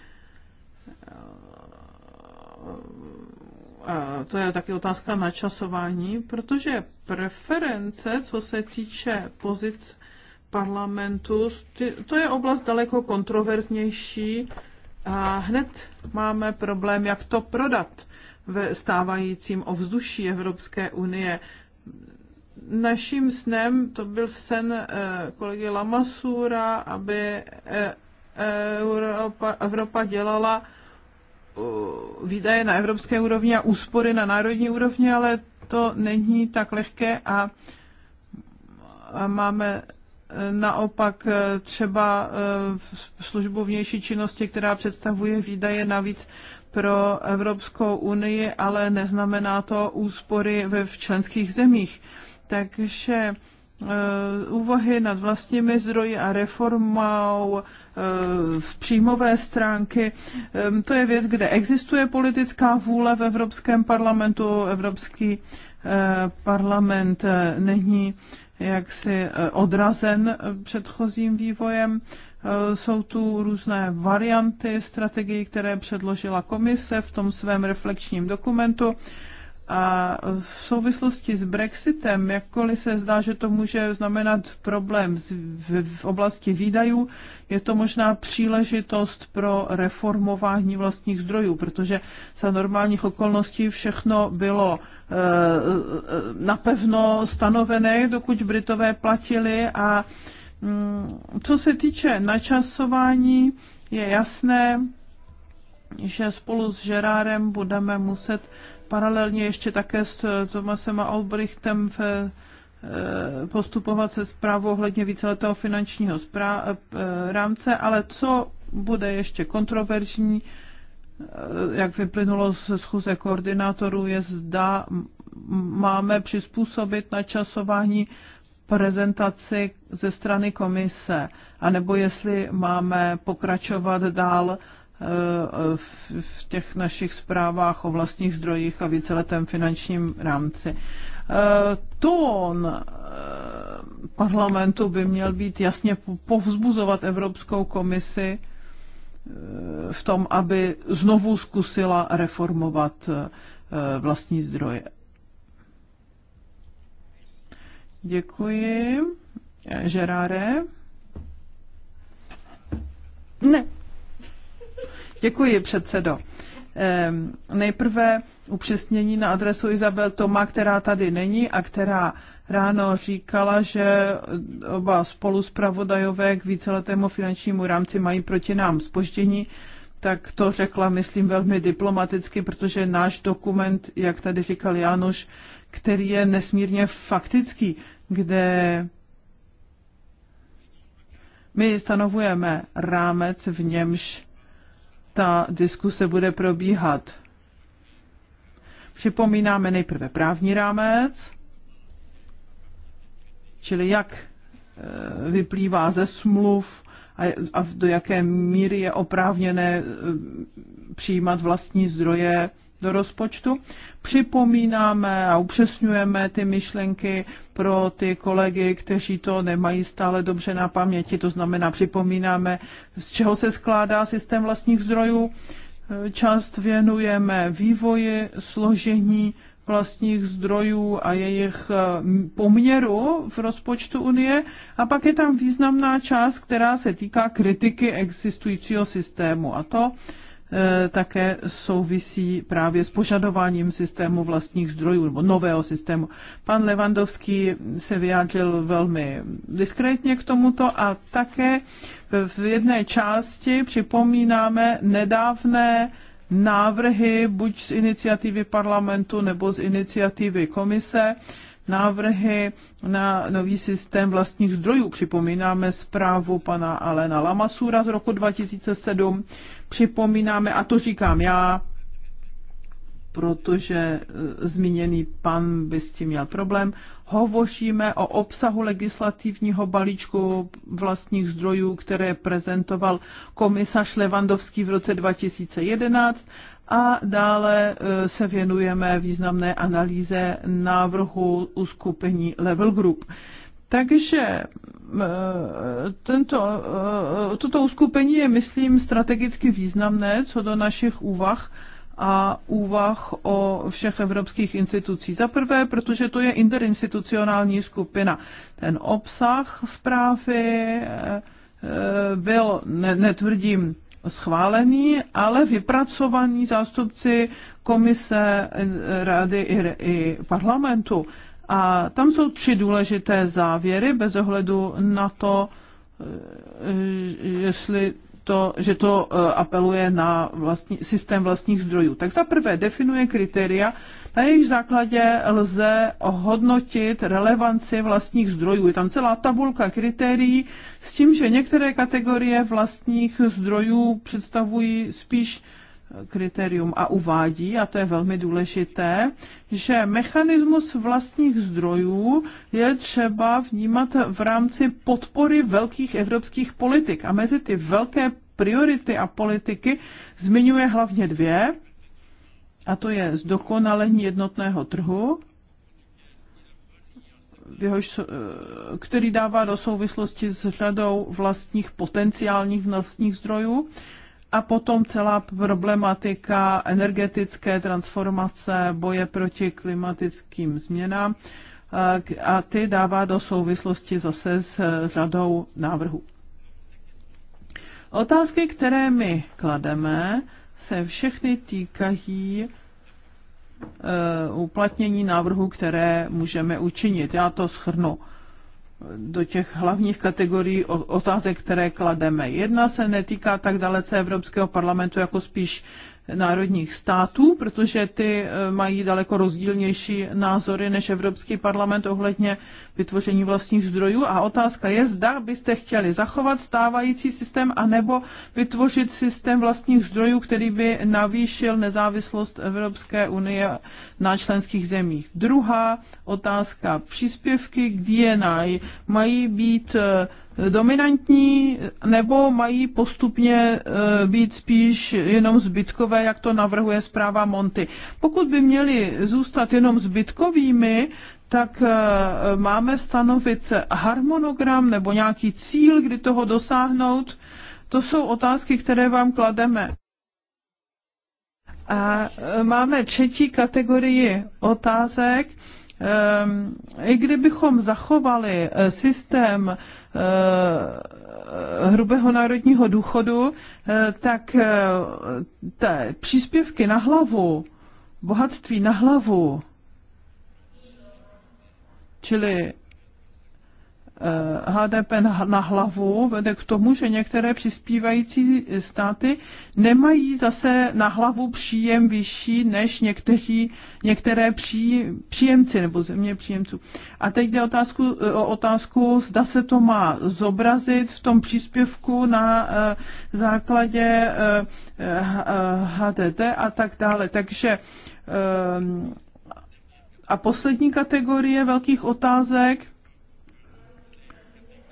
A to je taky otázka načasování, protože preference, co se týče pozic parlamentu, to je oblast daleko kontroverznější a hned máme problém, jak to prodat ve stávajícím ovzduší Evropské unie naším snem, to byl sen eh, kolegy Lamasura, aby eh, Evropa, Evropa dělala eh, výdaje na evropské úrovni a úspory na národní úrovni, ale to není tak lehké a, a máme naopak třeba službu vnější činnosti, která představuje výdaje navíc pro Evropskou unii, ale neznamená to úspory ve v členských zemích. Takže eh, úvahy nad vlastními zdroji a reformou eh, v příjmové stránky. Ehm, to je věc, kde existuje politická vůle v Evropském parlamentu. Evropský eh, parlament není jaksi odrazen předchozím vývojem. Jsou tu různé varianty strategií, které předložila komise v tom svém reflekčním dokumentu a v souvislosti s Brexitem, jakkoliv se zdá, že to může znamenat problém v oblasti výdajů, je to možná příležitost pro reformování vlastních zdrojů, protože za normálních okolností všechno bylo eh, eh, napevno stanovené, dokud Britové platili a mm, co se týče načasování, je jasné, že spolu s Žerárem budeme muset paralelně ještě také s eh, Tomasem a Albrechtem v eh, postupovat se zprávou ohledně víceletého finančního eh, rámce, ale co bude ještě kontroverzní, jak vyplynulo ze schůze koordinátorů, je zda máme přizpůsobit načasování prezentaci ze strany komise, anebo jestli máme pokračovat dál Eh, v těch našich zprávách o vlastních zdrojích a víceletém finančním rámci. Eh, tón eh, parlamentu by měl být jasně povzbuzovat Evropskou komisi v tom, aby znovu zkusila reformovat vlastní zdroje. Děkuji. Žeráre? Ne, Děkuji, předsedo. Nejprve upřesnění na adresu Izabel Toma, která tady není a která ráno říkala, že oba spolu zpravodajové k víceletému finančnímu rámci mají proti nám spoždění, tak to řekla, myslím, velmi diplomaticky, protože náš dokument, jak tady říkal Jánoš, který je nesmírně faktický, kde my stanovujeme rámec, v němž ta diskuse bude probíhat. Připomínáme nejprve právní rámec, čili jak e, vyplývá ze smluv a do jaké míry je oprávněné e, přijímat vlastní zdroje do rozpočtu. Připomínáme a upřesňujeme ty myšlenky pro ty kolegy, kteří to nemají stále dobře na paměti. To znamená, připomínáme, z čeho se skládá systém vlastních zdrojů. Část věnujeme vývoji, složení vlastních zdrojů a jejich poměru v rozpočtu Unie. A pak je tam významná část, která se týká kritiky existujícího systému. A to Eh, také souvisí právě s požadováním systému vlastních zdrojů nebo nového systému. Pan Levandovský se vyjádřil velmi diskrétně k tomuto a také v jedné části připomínáme nedávné návrhy buď z iniciativy parlamentu nebo z iniciativy komise, návrhy na nový systém vlastních zdrojů. Připomínáme zprávu pana Alena Lamasura z roku 2007. Připomínáme, a to říkám já, protože e, zmíněný pan by s tím měl problém. Hovoříme o obsahu legislativního balíčku vlastních zdrojů, které prezentoval komisař Levandovský v roce 2011 a dále e, se věnujeme významné analýze návrhu uskupení Level Group. Takže e, tento, e, toto uskupení je, myslím, strategicky významné co do našich úvah a úvah o všech evropských institucí. Za prvé, protože to je interinstitucionální skupina. Ten obsah zprávy byl, ne, netvrdím, schválený, ale vypracovaný zástupci komise, eh, rady i, i parlamentu. A tam jsou tři důležité závěry bez ohledu na to, eh, jestli to, že to eh, apeluje na vlastní, systém vlastních zdrojů. Tak za prvé definuje kritéria, na jejich základě lze hodnotit relevanci vlastních zdrojů. Je tam celá tabulka kritérií s tím, že některé kategorie vlastních zdrojů představují spíš kritérium a uvádí, a to je velmi důležité, že mechanismus vlastních zdrojů je třeba vnímat v rámci podpory velkých evropských politik. A mezi ty velké priority a politiky zmiňuje hlavně dvě, a to je zdokonalení jednotného trhu, jehož, který dává do souvislosti s řadou vlastních potenciálních vlastních zdrojů, a potom celá problematika energetické transformace, boje proti klimatickým změnám eh, a ty dává do souvislosti zase s eh, řadou návrhů. Otázky, které my klademe, se všechny týkají eh, uplatnění návrhů, které můžeme učinit. Já to schrnu do těch hlavních kategorií otázek, které klademe. Jedna se netýká tak dalece Evropského parlamentu, jako spíš národních států, protože ty eh, mají daleko rozdílnější názory než Evropský parlament ohledně vytvoření vlastních zdrojů. A otázka je, zda byste chtěli zachovat stávající systém anebo vytvořit systém vlastních zdrojů, který by navýšil nezávislost Evropské unie na členských zemích. Druhá otázka, příspěvky k DNI mají být eh, dominantní nebo mají postupně e, být spíš jenom zbytkové, jak to navrhuje zpráva Monty. Pokud by měly zůstat jenom zbytkovými, tak e, máme stanovit harmonogram nebo nějaký cíl, kdy toho dosáhnout. To jsou otázky, které vám klademe. A e, máme třetí kategorii otázek Ehm, I kdybychom zachovali eh, systém eh, hrubého národního důchodu, eh, tak te příspěvky na hlavu, bohatství na hlavu, čili Eh, HDP na hlavu vede k tomu, že některé přispívající státy nemají zase na hlavu příjem vyšší než někteří, některé pří, příjemci nebo země příjemců. A teď jde otázku, eh, o otázku, zda se to má zobrazit v tom příspěvku na eh, základě HDT a tak dále. Takže a poslední kategorie velkých otázek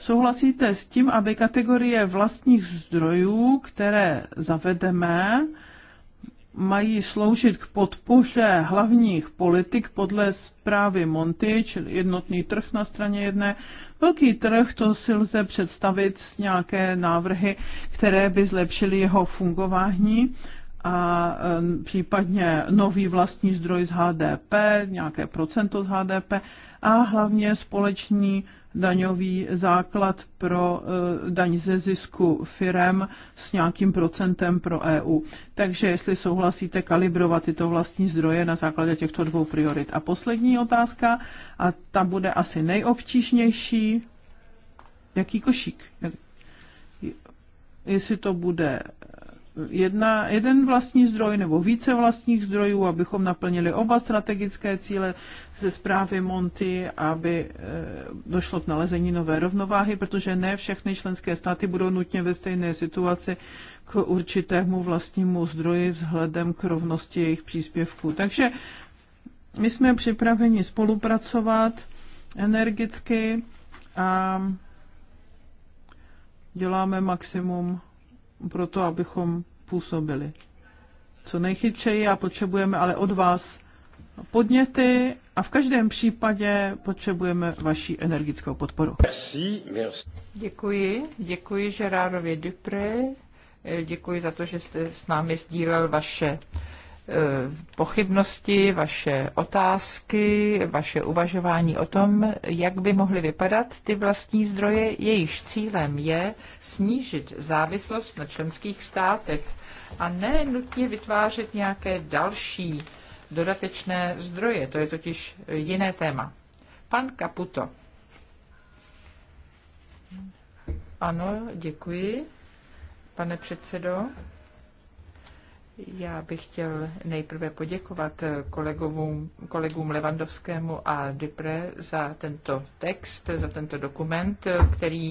Souhlasíte s tím, aby kategorie vlastních zdrojů, které zavedeme, mají sloužit k podpoře hlavních politik podle zprávy Monty, čili jednotný trh na straně jedné. Velký trh, to si lze představit s nějaké návrhy, které by zlepšily jeho fungování a e, případně nový vlastní zdroj z HDP, nějaké procento z HDP a hlavně společný daňový základ pro eh, daň ze zisku firem s nějakým procentem pro EU. Takže jestli souhlasíte kalibrovat tyto vlastní zdroje na základě těchto dvou priorit. A poslední otázka, a ta bude asi nejobtížnější. Jaký košík? Jestli to bude jedna, jeden vlastní zdroj nebo více vlastních zdrojů, abychom naplnili oba strategické cíle ze zprávy Monty, aby eh, došlo k nalezení nové rovnováhy, protože ne všechny členské státy budou nutně ve stejné situaci k určitému vlastnímu zdroji vzhledem k rovnosti jejich příspěvků. Takže my jsme připraveni spolupracovat energicky a děláme maximum pro to, abychom působili. Co nejchytřeji a potřebujeme ale od vás podněty a v každém případě potřebujeme vaši energickou podporu. Merci, merci. Děkuji, děkuji Žerárově Dupré, děkuji za to, že jste s námi sdílel vaše Eh, pochybnosti, vaše otázky, vaše uvažování o tom, jak by mohly vypadat ty vlastní zdroje. Jejíž cílem je snížit závislost na členských státech a ne nutně vytvářet nějaké další dodatečné zdroje. To je totiž jiné téma. Pan Kaputo. Ano, děkuji, pane předsedo. Já bych chtěl nejprve poděkovat kolegům, kolegům Levandovskému a Dipre za tento text, za tento dokument, který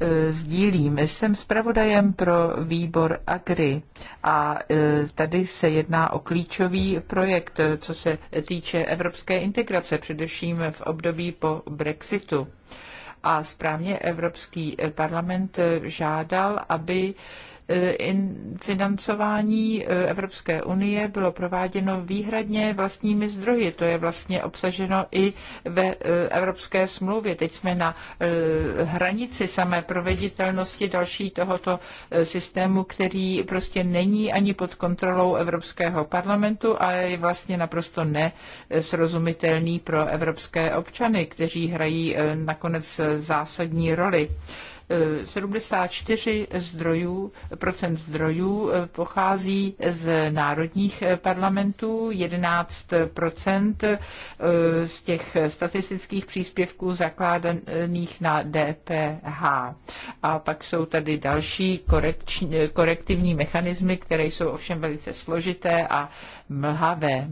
e, sdílím. Jsem zpravodajem pro výbor Agri a e, tady se jedná o klíčový projekt, co se týče evropské integrace, především v období po Brexitu. A správně Evropský e, parlament žádal, aby E, financování e, Evropské unie bylo prováděno výhradně vlastními zdroji. To je vlastně obsaženo i ve e, Evropské smlouvě. Teď jsme na hranici samé proveditelnosti další tohoto systému, který prostě není ani pod kontrolou Evropského parlamentu a je vlastně naprosto nesrozumitelný pro evropské občany, kteří hrají nakonec zásadní roli. 74 zdrojů, procent zdrojů eh, pochází z národních eh, parlamentů, 11 eh, z těch statistických příspěvků zakládaných na DPH. A pak jsou tady další korekční, korektivní mechanismy, které jsou ovšem velice složité a mlhavé.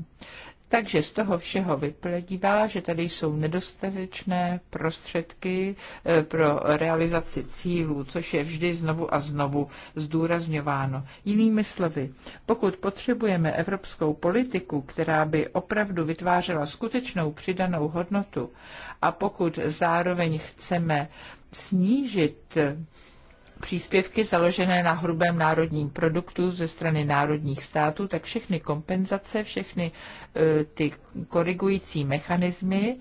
Takže z toho všeho vyplývá, že tady jsou nedostatečné prostředky eh, pro realizaci cílů, což je vždy znovu a znovu zdůrazňováno. Jinými slovy, pokud potřebujeme evropskou politiku, která by opravdu vytvářela skutečnou přidanou hodnotu a pokud zároveň chceme snížit příspěvky založené na hrubém národním produktu ze strany národních států, tak všechny kompenzace, všechny e, ty korigující mechanismy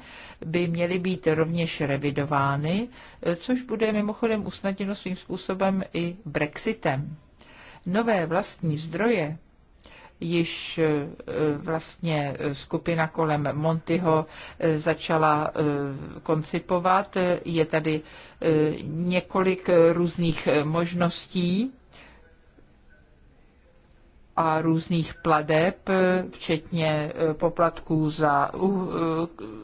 by měly být rovněž revidovány, e, což bude mimochodem usnadněno svým způsobem i Brexitem. Nové vlastní zdroje již eh, vlastně skupina kolem Montyho eh, začala eh, koncipovat. Je tady několik různých možností a různých pladeb, eh, včetně eh, poplatků za eh,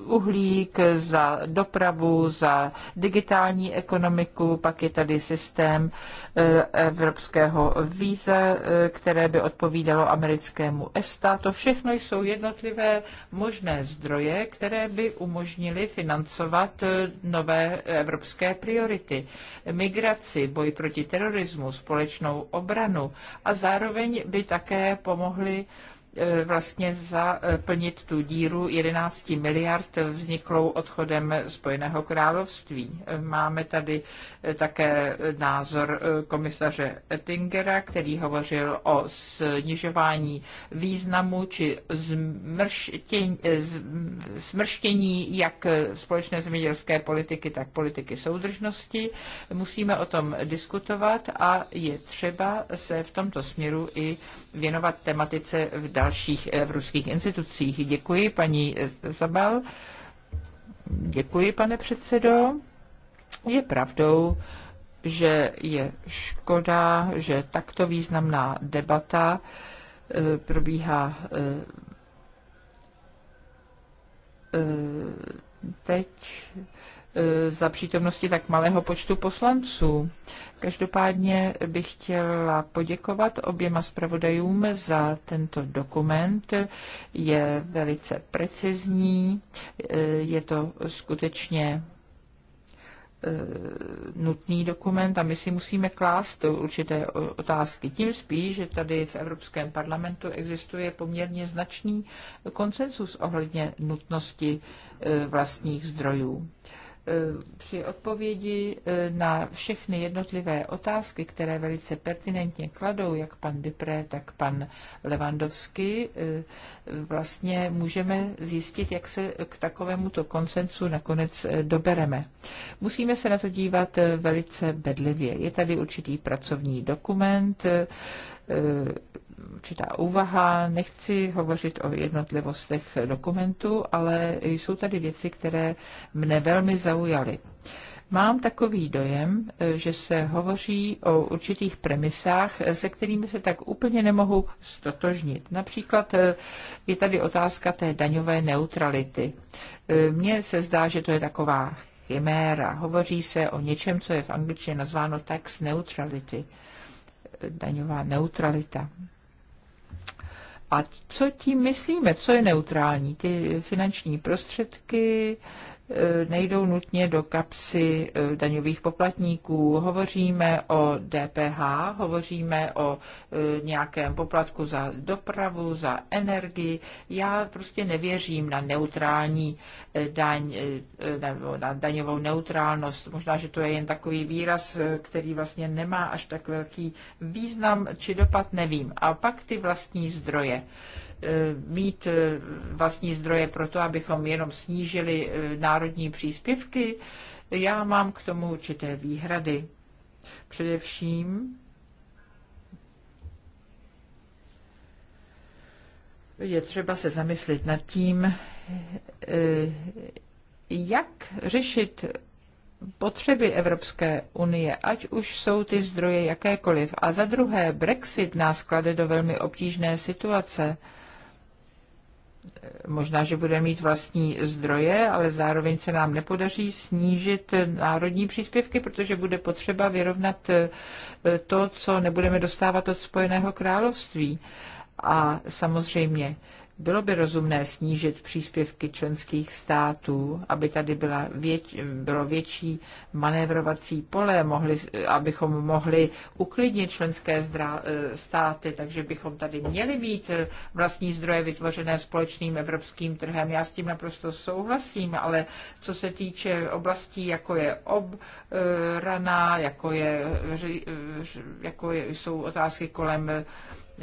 uhlík, za dopravu, za digitální ekonomiku, pak je tady systém evropského víza, které by odpovídalo americkému ESTA. To všechno jsou jednotlivé možné zdroje, které by umožnily financovat nové evropské priority. Migraci, boj proti terorismu, společnou obranu a zároveň by tak také pomohly Eh, vlastně zaplnit tu díru 11 miliard vzniklou odchodem Spojeného království. Máme tady eh, také názor eh, komisaře Ettingera, který hovořil o snižování významu či zmrštění, smrštění jak společné zemědělské politiky, tak politiky soudržnosti. Musíme o tom diskutovat a je třeba se v tomto směru i věnovat tematice v dalších dalších evropských institucích. Děkuji, paní Zabal. Děkuji, pane předsedo. Je pravdou, že je škoda, že takto významná debata eh, probíhá eh, eh, teď Eh, za přítomnosti tak malého počtu poslanců. Každopádně bych chtěla poděkovat oběma zpravodajům za tento dokument. Je velice precizní, eh, je to skutečně eh, nutný dokument a my si musíme klást určité otázky. Tím spíš, že tady v Evropském parlamentu existuje poměrně značný konsensus ohledně nutnosti vlastních zdrojů. E, při odpovědi e, na všechny jednotlivé otázky, které velice pertinentně kladou jak pan Dupré, tak pan Levandovský, e, vlastně můžeme zjistit, jak se k takovémuto koncensu nakonec dobereme. Musíme se na to dívat velice bedlivě. Je tady určitý pracovní dokument, určitá úvaha. Nechci hovořit o jednotlivostech dokumentu, ale jsou tady věci, které mne velmi zaujaly. Mám takový dojem, že se hovoří o určitých premisách, se kterými se tak úplně nemohu stotožnit. Například eh, je tady otázka té daňové neutrality. Eh, mně se zdá, že to je taková chiméra. Hovoří se o něčem, co je v angličtině nazváno tax neutrality, eh, daňová neutralita. A co tím myslíme? Co je neutrální? Ty finanční prostředky, Eh, nejdou nutně do kapsy eh, daňových poplatníků. Hovoříme o DPH, hovoříme o eh, nějakém poplatku za dopravu, za energii. Já prostě nevěřím na neutrální daň, na daňovou neutrálnost. Možná, že to je jen takový výraz, který vlastně nemá až tak velký význam či dopad, nevím. A pak ty vlastní zdroje. E, mít e, vlastní zdroje pro to, abychom jenom snížili e, národní příspěvky, já mám k tomu určité výhrady. Především je třeba se zamyslet nad tím, jak řešit potřeby Evropské unie, ať už jsou ty zdroje jakékoliv. A za druhé, Brexit nás klade do velmi obtížné situace. Možná, že budeme mít vlastní zdroje, ale zároveň se nám nepodaří snížit národní příspěvky, protože bude potřeba vyrovnat eh, to, co nebudeme dostávat od Spojeného království. A samozřejmě bylo by rozumné snížit příspěvky členských států, aby tady byla věč, bylo větší manévrovací pole, mohli, abychom mohli uklidnit členské zdra, e, státy, takže bychom tady měli mít e, vlastní zdroje vytvořené společným evropským trhem. Já s tím naprosto souhlasím, ale co se týče oblastí, jako je obrana, jako, je, e, jako je, jsou otázky kolem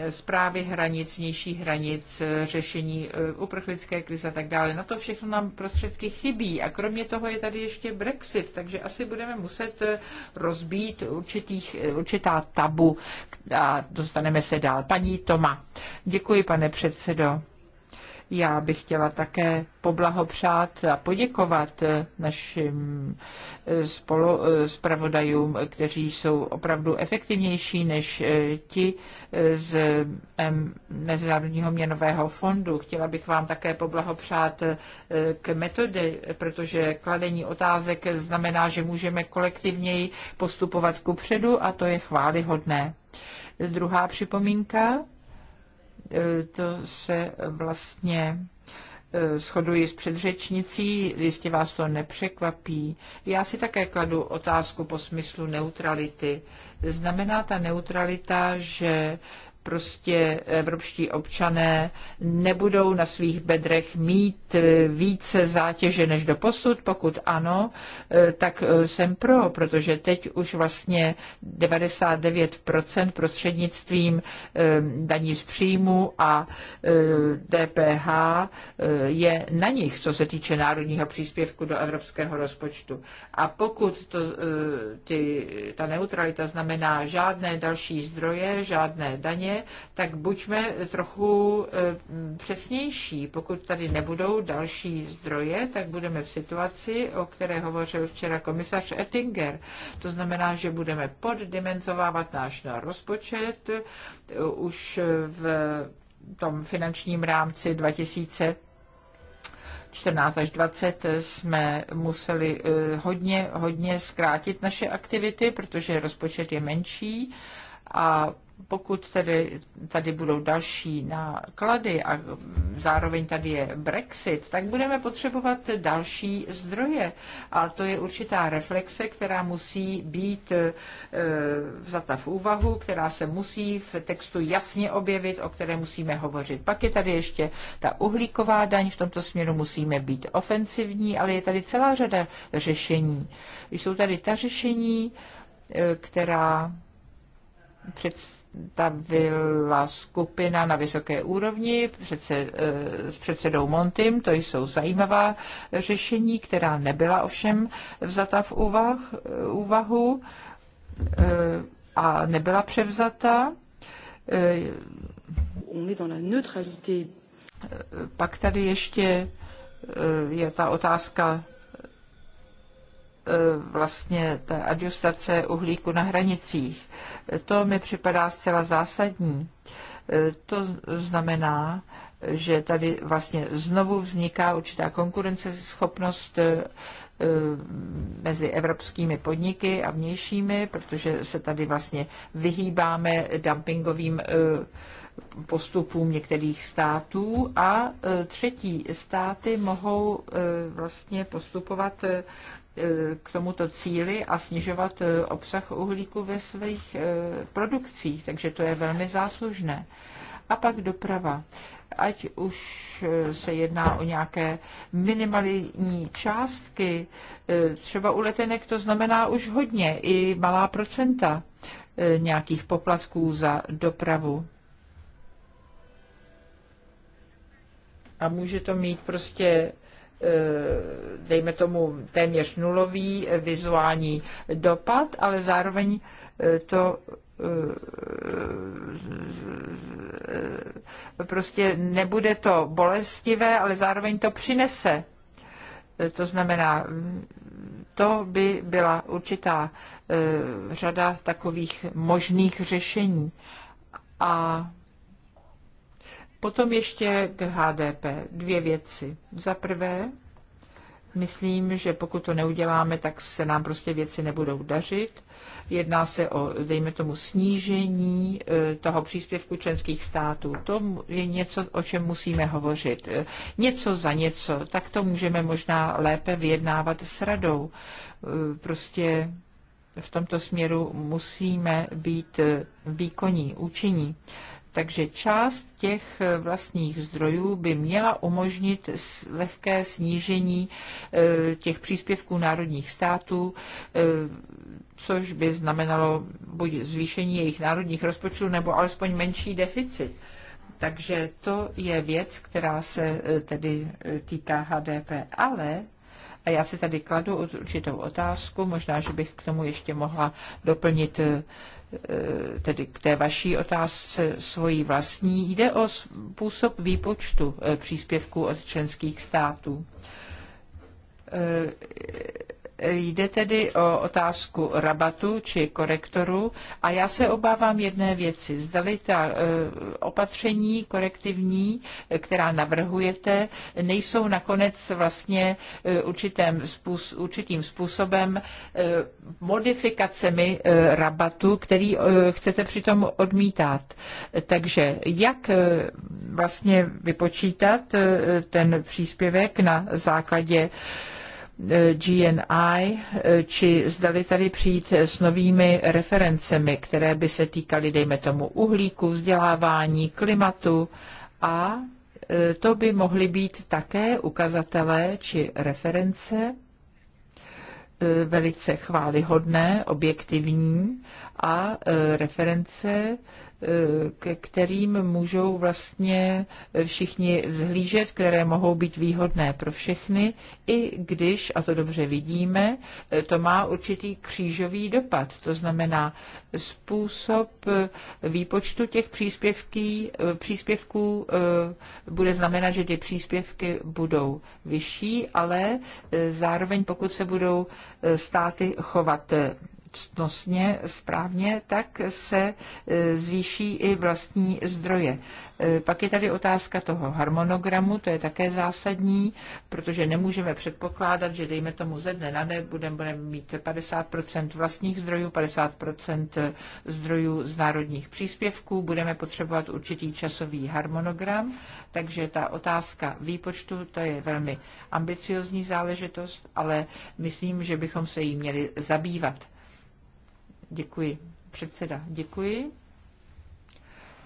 zprávy hranic, vnějších hranic, eh, řešení eh, uprchlické krize a tak dále. Na to všechno nám prostředky chybí. A kromě toho je tady ještě Brexit, takže asi budeme muset eh, rozbít určitých, určitá tabu a dostaneme se dál. Paní Toma, děkuji, pane předsedo. Já bych chtěla také poblahopřát a poděkovat našim eh, spolu, spravodajům, eh, kteří jsou opravdu efektivnější než eh, ti z Mezinárodního měnového fondu. Chtěla bych vám také poblahopřát k metodě, protože kladení otázek znamená, že můžeme kolektivněji postupovat ku předu a to je chválihodné. Druhá připomínka E, to se vlastně e, shoduji s předřečnicí, jistě vás to nepřekvapí. Já si také kladu otázku po smyslu neutrality. Znamená ta neutralita, že prostě evropští občané nebudou na svých bedrech mít eh, více zátěže než do posud? Pokud ano, eh, tak eh, jsem pro, protože teď už vlastně 99% prostřednictvím daní z příjmu a DPH je na nich, co se týče národního příspěvku do evropského rozpočtu. A pokud to, ty, ta neutralita znamená žádné další zdroje, žádné daně, tak buďme trochu eh, přesnější. Pokud tady nebudou další zdroje, tak budeme v situaci, o které hovořil včera komisař Ettinger. To znamená, že budeme poddimenzovávat náš rozpočet eh, už eh, v tom finančním rámci 2000 14 až 20 jsme museli hodně, hodně zkrátit naše aktivity, protože rozpočet je menší a pokud tedy tady budou další náklady a zároveň tady je Brexit, tak budeme potřebovat další zdroje. A to je určitá reflexe, která musí být e, vzata v úvahu, která se musí v textu jasně objevit, o které musíme hovořit. Pak je tady ještě ta uhlíková daň, v tomto směru musíme být ofensivní, ale je tady celá řada řešení. Jsou tady ta řešení, eh, která představují byla skupina na vysoké úrovni přece, eh, s předsedou Montym. To jsou zajímavá řešení, která nebyla ovšem vzata v úvah, eh, úvahu eh, a nebyla převzata. Pak tady ještě je ta otázka vlastně ta adjustace uhlíku na hranicích. To mi připadá zcela zásadní. E, to znamená, že tady vlastně znovu vzniká určitá konkurenceschopnost e, e, mezi evropskými podniky a vnějšími, protože se tady vlastně vyhýbáme dumpingovým postupům některých států a třetí státy mohou vlastně postupovat E, k tomuto cíli a snižovat e, obsah uhlíku ve svých e, produkcích, takže to je velmi záslužné. A pak doprava ať už se jedná o nějaké minimální částky, třeba u letenek to znamená už hodně, i malá procenta nějakých poplatků za dopravu. A může to mít prostě Eh, dejme tomu, téměř nulový vizuální dopad, ale zároveň eh, to eh, prostě nebude to bolestivé, ale zároveň to přinese. To znamená, to by byla určitá řada takových možných řešení. A Potom ještě k HDP. Dvě věci. Za prvé, myslím, že pokud to neuděláme, tak se nám prostě věci nebudou dařit. Jedná se o, dejme tomu, snížení e, toho příspěvku členských států. To je něco, o čem musíme hovořit. E, něco za něco. Tak to můžeme možná lépe vyjednávat s radou. E, prostě v tomto směru musíme být výkonní, účinní. Takže část těch eh, vlastních zdrojů by měla umožnit lehké snížení eh, těch příspěvků národních států, eh, což by znamenalo buď zvýšení jejich národních rozpočtů nebo alespoň menší deficit. Takže to je věc, která se tedy týká HDP. Ale a já si tady kladu určitou otázku, možná, že bych k tomu ještě mohla doplnit Eh, tedy k té vaší otázce svojí vlastní, jde o způsob výpočtu eh, příspěvků od členských států eh, Jde tedy o otázku rabatu či korektoru a já se obávám jedné věci. Zdali ta e, opatření korektivní, e, která navrhujete, nejsou nakonec vlastně e, určitým způsobem modifikacemi rabatu, který chcete přitom odmítat. Takže jak vlastně vypočítat ten příspěvek na základě Eh, GNI, eh, či zdali tady přijít s novými referencemi, které by se týkaly, dejme tomu, uhlíku, vzdělávání, klimatu a eh, to by mohly být také ukazatele či reference velice chválihodné, objektivní a reference, ke kterým můžou vlastně všichni vzhlížet, které mohou být výhodné pro všechny, i když, a to dobře vidíme, to má určitý křížový dopad. To znamená, způsob výpočtu těch příspěvky, příspěvků eh, bude znamenat, že ty příspěvky budou vyšší, ale eh, zároveň pokud se budou eh, státy chovat ctnostně správně, tak se e, zvýší i vlastní zdroje. E, pak je tady otázka toho harmonogramu, to je také zásadní, protože nemůžeme předpokládat, že dejme tomu ze dne na den budeme mít 50 vlastních zdrojů, 50 e, zdrojů z národních příspěvků, budeme potřebovat určitý časový harmonogram, takže ta otázka výpočtu, to je velmi ambiciozní záležitost, ale myslím, že bychom se jí měli zabývat. Děkuji. Předseda, děkuji.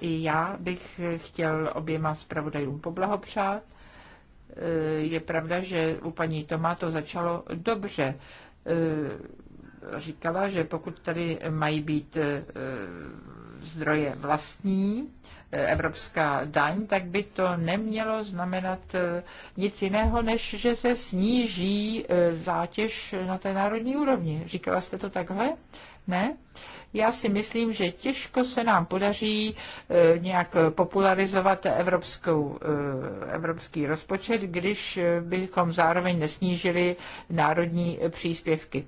I já bych chtěl oběma zpravodajům poblahopřát. Eh, je pravda, že u paní Tomá to začalo dobře. Eh, říkala, že pokud tady mají být eh, zdroje vlastní, evropská daň, tak by to nemělo znamenat nic jiného, než že se sníží zátěž na té národní úrovni. Říkala jste to takhle? Ne? Já si myslím, že těžko se nám podaří eh, nějak popularizovat evropskou, eh, evropský rozpočet, když eh, bychom zároveň nesnížili národní příspěvky.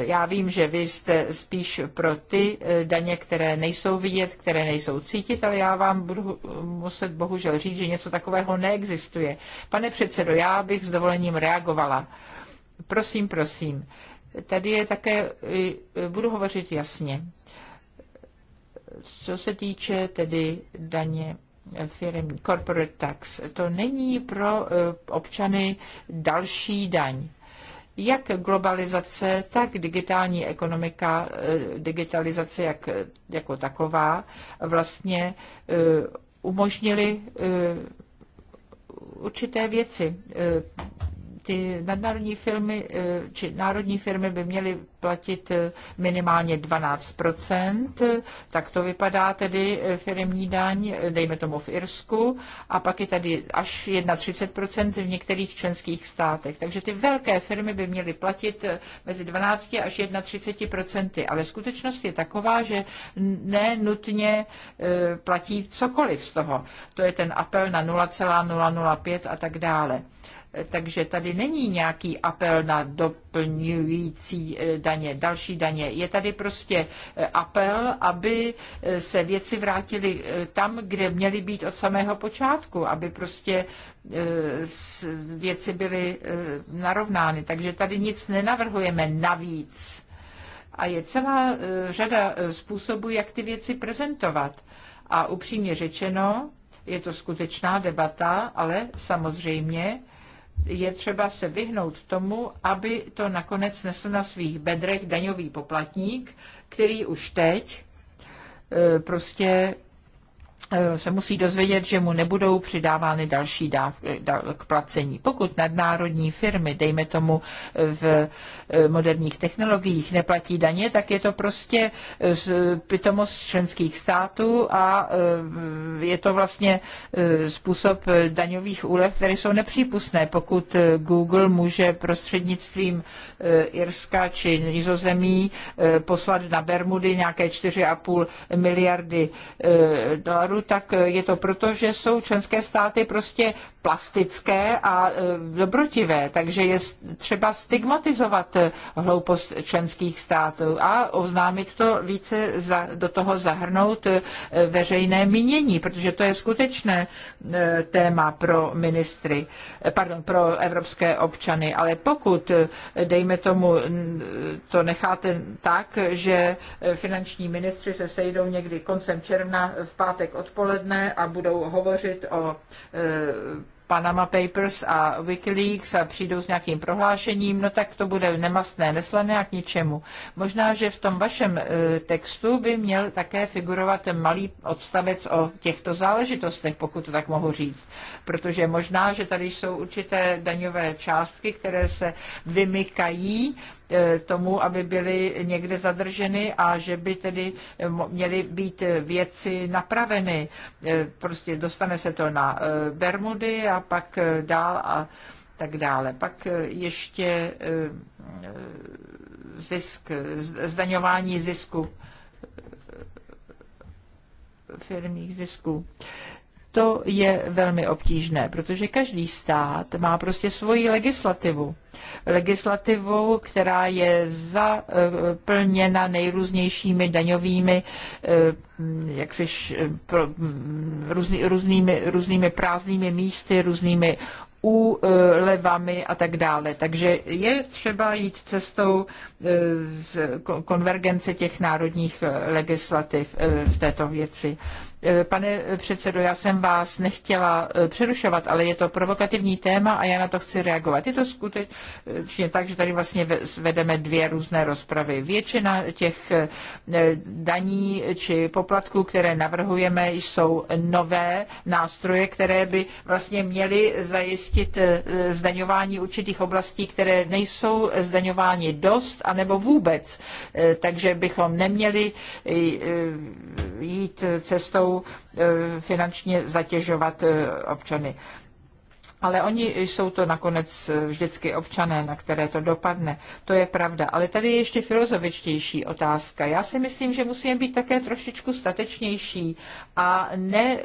Já vím, že vy jste spíš pro ty daně, které nejsou vidět, které nejsou cítit, ale já vám budu muset bohužel říct, že něco takového neexistuje. Pane předsedo, já bych s dovolením reagovala. Prosím, prosím. Tady je také, e, budu hovořit jasně, co se týče tedy daně firm, corporate tax, to není pro e, občany další daň. Jak globalizace, tak digitální ekonomika, e, digitalizace jak, jako taková vlastně umožnili určité věci ty nadnárodní firmy eh, či národní firmy by měly platit eh, minimálně 12 tak to vypadá tedy eh, firmní daň, dejme tomu v Irsku, a pak je tady až 31 v některých členských státech. Takže ty velké firmy by měly platit mezi 12 až 31 ale skutečnost je taková, že ne nutně platí cokoliv z toho. To je ten apel na 0,005 a tak dále. Takže tady není nějaký apel na doplňující eh, daně, další daně. Je tady prostě eh, apel, aby eh, se věci vrátily tam, kde měly být od samého počátku, aby prostě věci byly narovnány. Takže tady nic nenavrhujeme navíc. A je celá řada způsobů, jak ty věci prezentovat. A upřímně řečeno, je to skutečná debata, ale samozřejmě je třeba se vyhnout tomu, aby to nakonec nesl na svých bedrech daňový poplatník, který už teď e, prostě Eh, se musí dozvědět, že mu nebudou přidávány další dávky eh, k placení. Pokud nadnárodní firmy, dejme tomu eh, v moderních technologiích, neplatí daně, tak je to prostě pitomost členských států a je to vlastně způsob daňových úlev, které jsou nepřípustné. Pokud Google může prostřednictvím Eh, Irska či Nizozemí eh, poslat na Bermudy nějaké 4,5 miliardy eh, dolarů, tak je to proto, že jsou členské státy prostě plastické a e, dobrotivé, takže je třeba stigmatizovat e, hloupost členských států a oznámit to více za, do toho zahrnout e, veřejné mínění, protože to je skutečné téma pro ministry, pardon, pro evropské občany, ale pokud, dejme tomu, to necháte tak, že finanční ministři se sejdou někdy koncem června v pátek odpoledne a budou hovořit o Panama Papers a Wikileaks a přijdou s nějakým prohlášením, no tak to bude nemastné, neslané a k ničemu. Možná, že v tom vašem e, textu by měl také figurovat malý odstavec o těchto záležitostech, pokud to tak mohu říct. Protože možná, že tady jsou určité daňové částky, které se vymykají e, tomu, aby byly někde zadrženy a že by tedy e, měly být věci napraveny. Prostě dostane se to na Bermudy a pak eh, dál a tak dále. Pak eh, ještě eh, zisk, zdaňování zisku, firmních zisků to je velmi obtížné, protože každý stát má prostě svoji legislativu. Legislativu, která je zaplněna nejrůznějšími daňovými eh, jak si, eh, pro, mm, různý, různými, různými prázdnými místy, různými úlevami a tak dále. Takže je třeba jít cestou eh, z konvergence těch národních legislativ v této věci. Eh, pane předsedo, já jsem vás nechtěla eh, přerušovat, ale je to provokativní téma a já na to chci reagovat. Je to skutečně tak, že tady vlastně vedeme dvě různé rozpravy. Většina těch eh, daní či poplatků, které navrhujeme, jsou nové nástroje, které by vlastně měly zajistit zdaňování určitých oblastí, které nejsou zdaňovány dost anebo vůbec. Takže bychom neměli jít cestou Eh, finančně zatěžovat eh, občany ale oni jsou to nakonec eh, vždycky občané, na které to dopadne. To je pravda. Ale tady je ještě filozofičtější otázka. Já si myslím, že musíme být také trošičku statečnější a ne eh,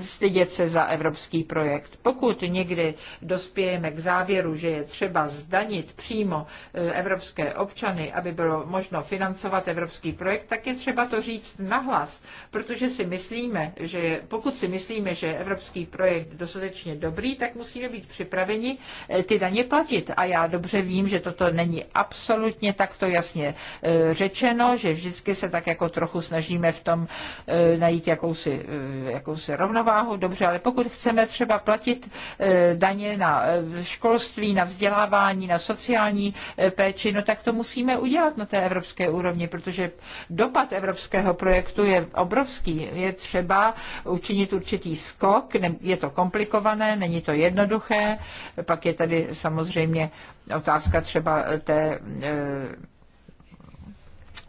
stydět se za evropský projekt. Pokud někdy dospějeme k závěru, že je třeba zdanit přímo eh, evropské občany, aby bylo možno financovat evropský projekt, tak je třeba to říct nahlas, protože si myslíme, že pokud si myslíme, že je evropský projekt dostatečně dobrý, tak tak musíme být připraveni eh, ty daně platit. A já dobře vím, že toto není absolutně takto jasně eh, řečeno, že vždycky se tak jako trochu snažíme v tom eh, najít jakousi, jakousi rovnováhu. Dobře, ale pokud chceme třeba platit daně na školství, na vzdělávání, na sociální péči, no tak to musíme udělat na té evropské úrovni, protože dopad evropského projektu je obrovský. Je třeba učinit určitý skok, je to komplikované, není to jednoduché. Pak je tady samozřejmě otázka třeba té e,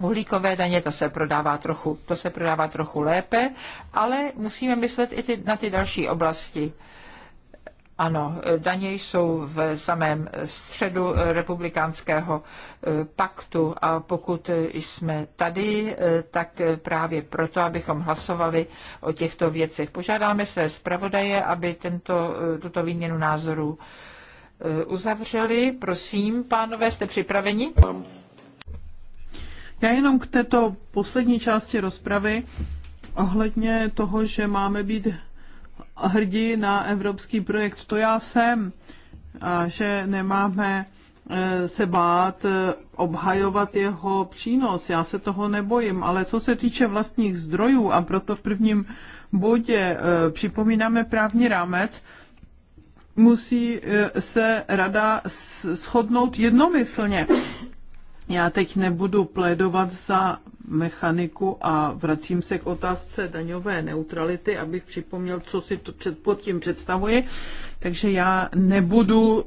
uhlíkové daně, to se prodává trochu, to se prodává trochu lépe, ale musíme myslet i ty, na ty další oblasti. Ano, daně jsou v samém středu republikánského eh, paktu a pokud jsme tady, eh, tak právě proto, abychom hlasovali o těchto věcech. Požádáme své zpravodaje, aby tento, eh, tuto výměnu názorů uzavřeli. Prosím, pánové, jste připraveni? Já jenom k této poslední části rozpravy ohledně toho, že máme být hrdí na evropský projekt. To já jsem. A že nemáme e, se bát e, obhajovat jeho přínos. Já se toho nebojím, ale co se týče vlastních zdrojů, a proto v prvním bodě e, připomínáme právní rámec, musí se rada shodnout jednomyslně já teď nebudu plédovat za mechaniku a vracím se k otázce daňové neutrality, abych připomněl, co si to před, pod tím představuji. Takže já nebudu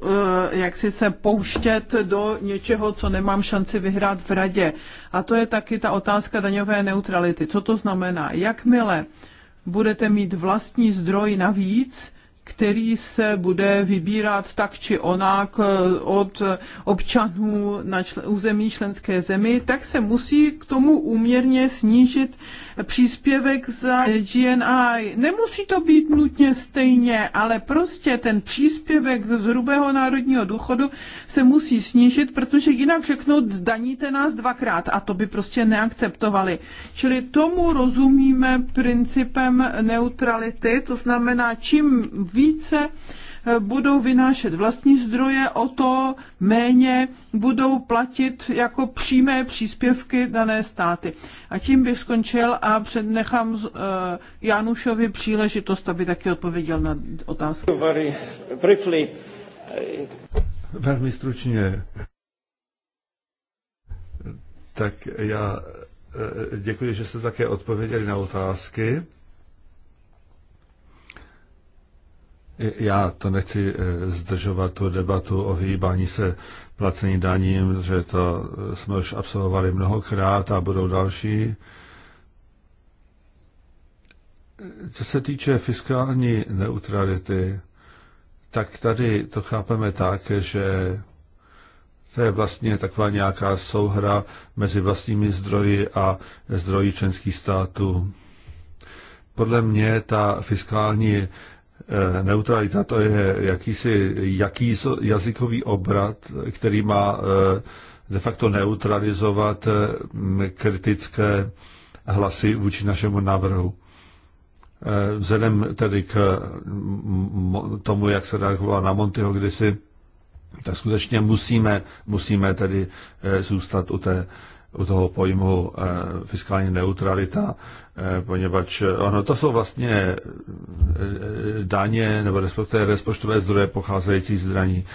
eh, jak si se pouštět do něčeho, co nemám šanci vyhrát v radě. A to je taky ta otázka daňové neutrality. Co to znamená? Jakmile budete mít vlastní zdroj navíc, který se bude vybírat tak či onak eh, od občanů na čl- území členské zemi, tak se musí k tomu úměrně snížit příspěvek za GNI. Nemusí to být nutně stejně, ale prostě ten příspěvek z hrubého národního důchodu se musí snížit, protože jinak řeknou, zdaníte nás dvakrát a to by prostě neakceptovali. Čili tomu rozumíme principem neutrality, to znamená, čím více eh, budou vynášet vlastní zdroje, o to méně budou platit jako přímé příspěvky dané státy. A tím bych skončil a přednechám eh, Janušovi příležitost, aby taky odpověděl na otázky. Velmi stručně. Tak já eh, děkuji, že jste také odpověděli na otázky. Já to nechci eh, zdržovat tu debatu o vyhýbání se placení daním, že to jsme už absolvovali mnohokrát a budou další. Co se týče fiskální neutrality, tak tady to chápeme tak, že to je vlastně taková nějaká souhra mezi vlastními zdroji a zdroji členských států. Podle mě ta fiskální Eh, neutralita to je jakýsi, jaký jazykový obrat, který má eh, de facto neutralizovat eh, kritické hlasy vůči našemu návrhu. Vzhledem tedy k mm, tomu, jak se reagovala na Montyho kdysi, tak skutečně musíme, musíme tedy zůstat u té u toho pojmu eh, fiskální neutralita, eh, poněvadž ono, eh, to jsou vlastně daně nebo respektive rozpočtové zdroje pocházející z daní.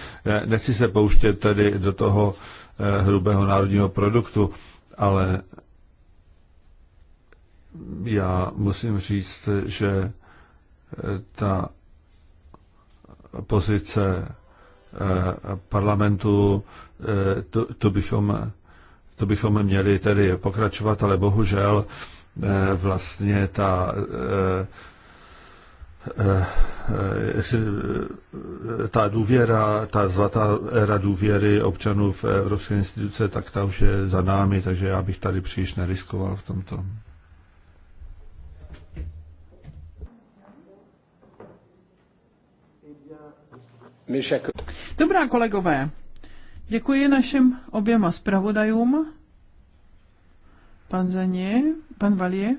Nechci se pouštět tedy do toho hrubého národního produktu, ale já musím říct, že ta pozice parlamentu, to, to bychom to bychom měli tedy pokračovat, ale bohužel eh, vlastně ta eh, eh, ta důvěra, ta zlatá éra důvěry občanů v evropské instituce, tak ta už je za námi, takže já bych tady příliš neriskoval v tomto. Dobrá, kolegové, Děkuji našim oběma zpravodajům. Pan Zaně, pan Valie.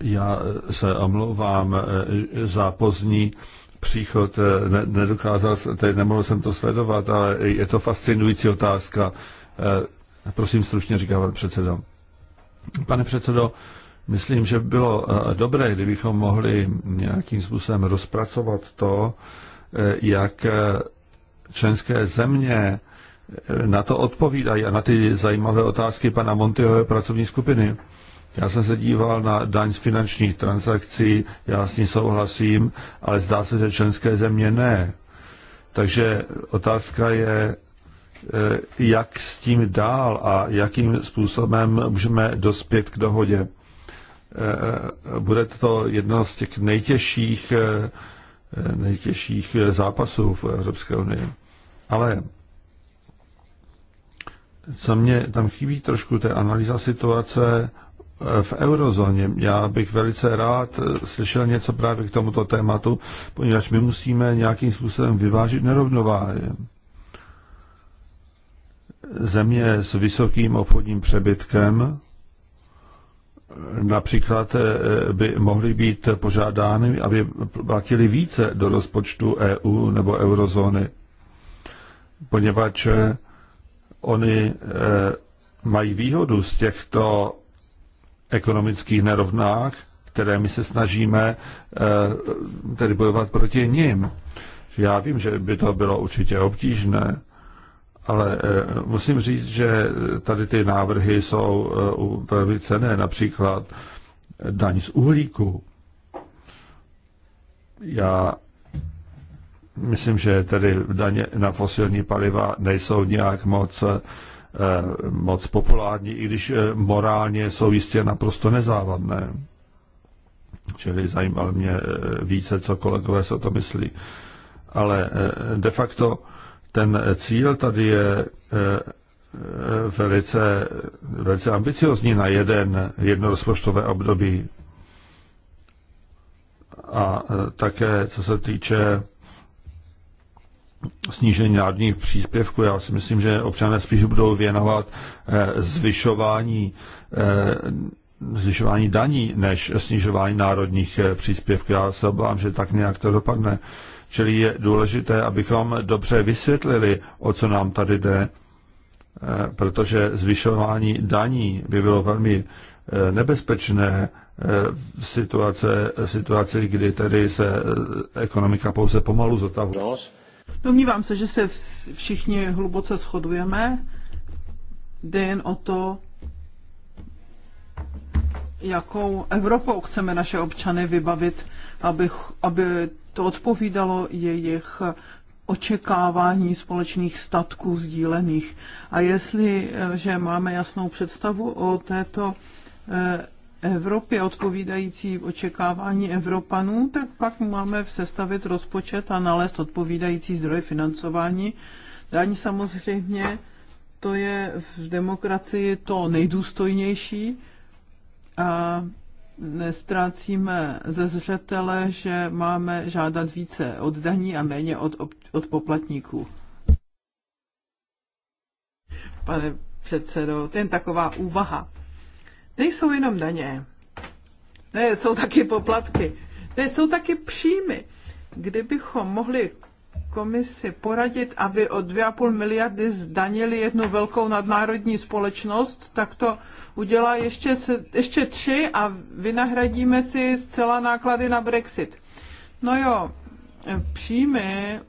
Já se omlouvám e, za pozdní příchod. E, nedokázal, teď nemohl jsem to sledovat, ale je to fascinující otázka. E, prosím stručně, říká pan předsedo. Pane předsedo, myslím, že by bylo dobré, kdybychom mohli nějakým způsobem rozpracovat to, jak členské země eh, na to odpovídají a na ty zajímavé otázky pana Montyho pracovní skupiny. Já jsem se díval na daň z finančních transakcí, já s ní souhlasím, ale zdá se, že členské země ne. Takže otázka je, eh, jak s tím dál a jakým způsobem můžeme dospět k dohodě. Eh, bude to jedno z těch nejtěžších nejtěžších zápasů v Evropské unii. Ale co mě tam chybí trošku, to je analýza situace v eurozóně. Já bych velice rád slyšel něco právě k tomuto tématu, poněvadž my musíme nějakým způsobem vyvážit nerovnováhy. Země s vysokým obchodním přebytkem například eh, by mohly být požádány, aby platili více do rozpočtu EU nebo eurozóny, poněvadž eh, oni eh, mají výhodu z těchto ekonomických nerovnách, které my se snažíme tedy bojovat proti nim. Já vím, že by to bylo určitě obtížné, ale eh, musím říct, že tady ty návrhy jsou eh, velmi cené, například daň z uhlíku. Já myslím, že tedy daně na fosilní paliva nejsou nějak moc, eh, moc populární, i když morálně jsou jistě naprosto nezávadné. Čili zajímalo mě více, co kolegové se o to myslí. Ale de facto ten cíl tady je eh, eh, velice, velice ambiciozní na jeden jedno rozpočtové období. A eh, také, co se týče snížení národních příspěvků. Já si myslím, že občané spíš budou věnovat zvyšování, zvyšování daní, než snižování národních příspěvků. Já se obávám, že tak nějak to dopadne. Čili je důležité, abychom dobře vysvětlili, o co nám tady jde, eh, protože zvyšování daní by bylo velmi eh, nebezpečné eh, v, situace, v situaci, kdy tedy se ekonomika pouze pomalu zotahuje. Domnívám se, že se všichni hluboce shodujeme. Jde jen o to, jakou Evropou chceme naše občany vybavit, aby, aby to odpovídalo jejich očekávání společných statků sdílených. A jestli, eh, že máme jasnou představu o této eh, Evropě odpovídající očekávání Evropanů, tak pak máme sestavit rozpočet a nalézt odpovídající zdroje financování. Daň samozřejmě, to je v demokracii to nejdůstojnější a nestrácíme ze zřetele, že máme žádat více od daní a méně od, od poplatníků. Pane předsedo, to je taková úvaha. Nejsou jenom daně. Ne, jsou taky poplatky. Ne, jsou taky příjmy. Kdybychom mohli komisi poradit, aby o 2,5 miliardy zdanili jednu velkou nadnárodní společnost, tak to udělá ještě, ještě tři a vynahradíme si zcela náklady na Brexit. No jo, příjmy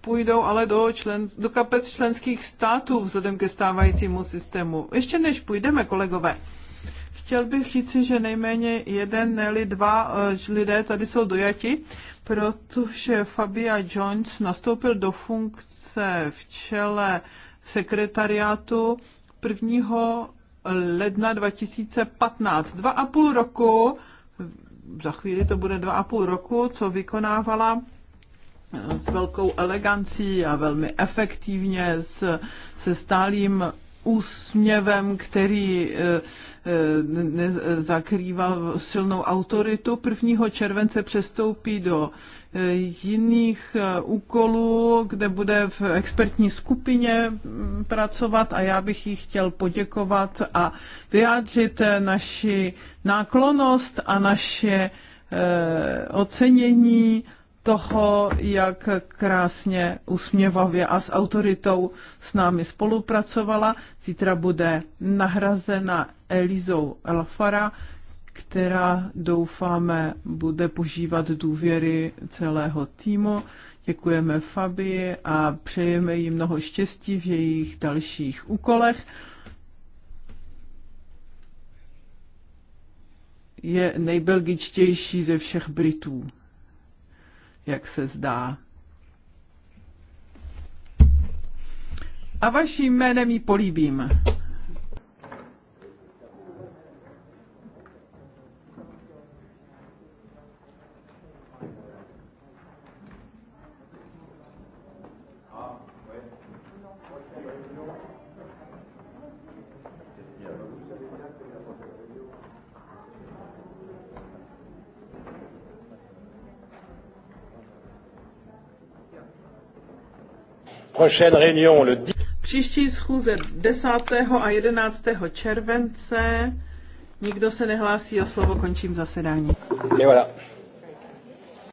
půjdou ale do, člen, do kapes členských států vzhledem ke stávajícímu systému. Ještě než půjdeme, kolegové, chtěl bych říci, že nejméně jeden, ne dva eh, lidé tady jsou dojati protože Fabia Jones nastoupil do funkce v čele sekretariátu 1. ledna 2015. Dva a půl roku, za chvíli to bude dva a půl roku, co vykonávala s velkou elegancí a velmi efektivně s, se stálým úsměvem, který eh, eh, zakrýval silnou autoritu. 1. července přestoupí do eh, jiných úkolů, kde bude v expertní skupině mm, pracovat a já bych jí chtěl poděkovat a vyjádřit naši náklonost a naše ocenění toho, jak krásně, usměvavě a s autoritou s námi spolupracovala. Zítra bude nahrazena Elizou Elfara, která doufáme bude požívat důvěry celého týmu. Děkujeme Fabii a přejeme jí mnoho štěstí v jejich dalších úkolech. Je nejbelgičtější ze všech Britů jak se zdá. A vaším jménem ji políbím. Příští schůze 10. a 11. července. Nikdo se nehlásí o slovo, končím zasedání. Et voilà.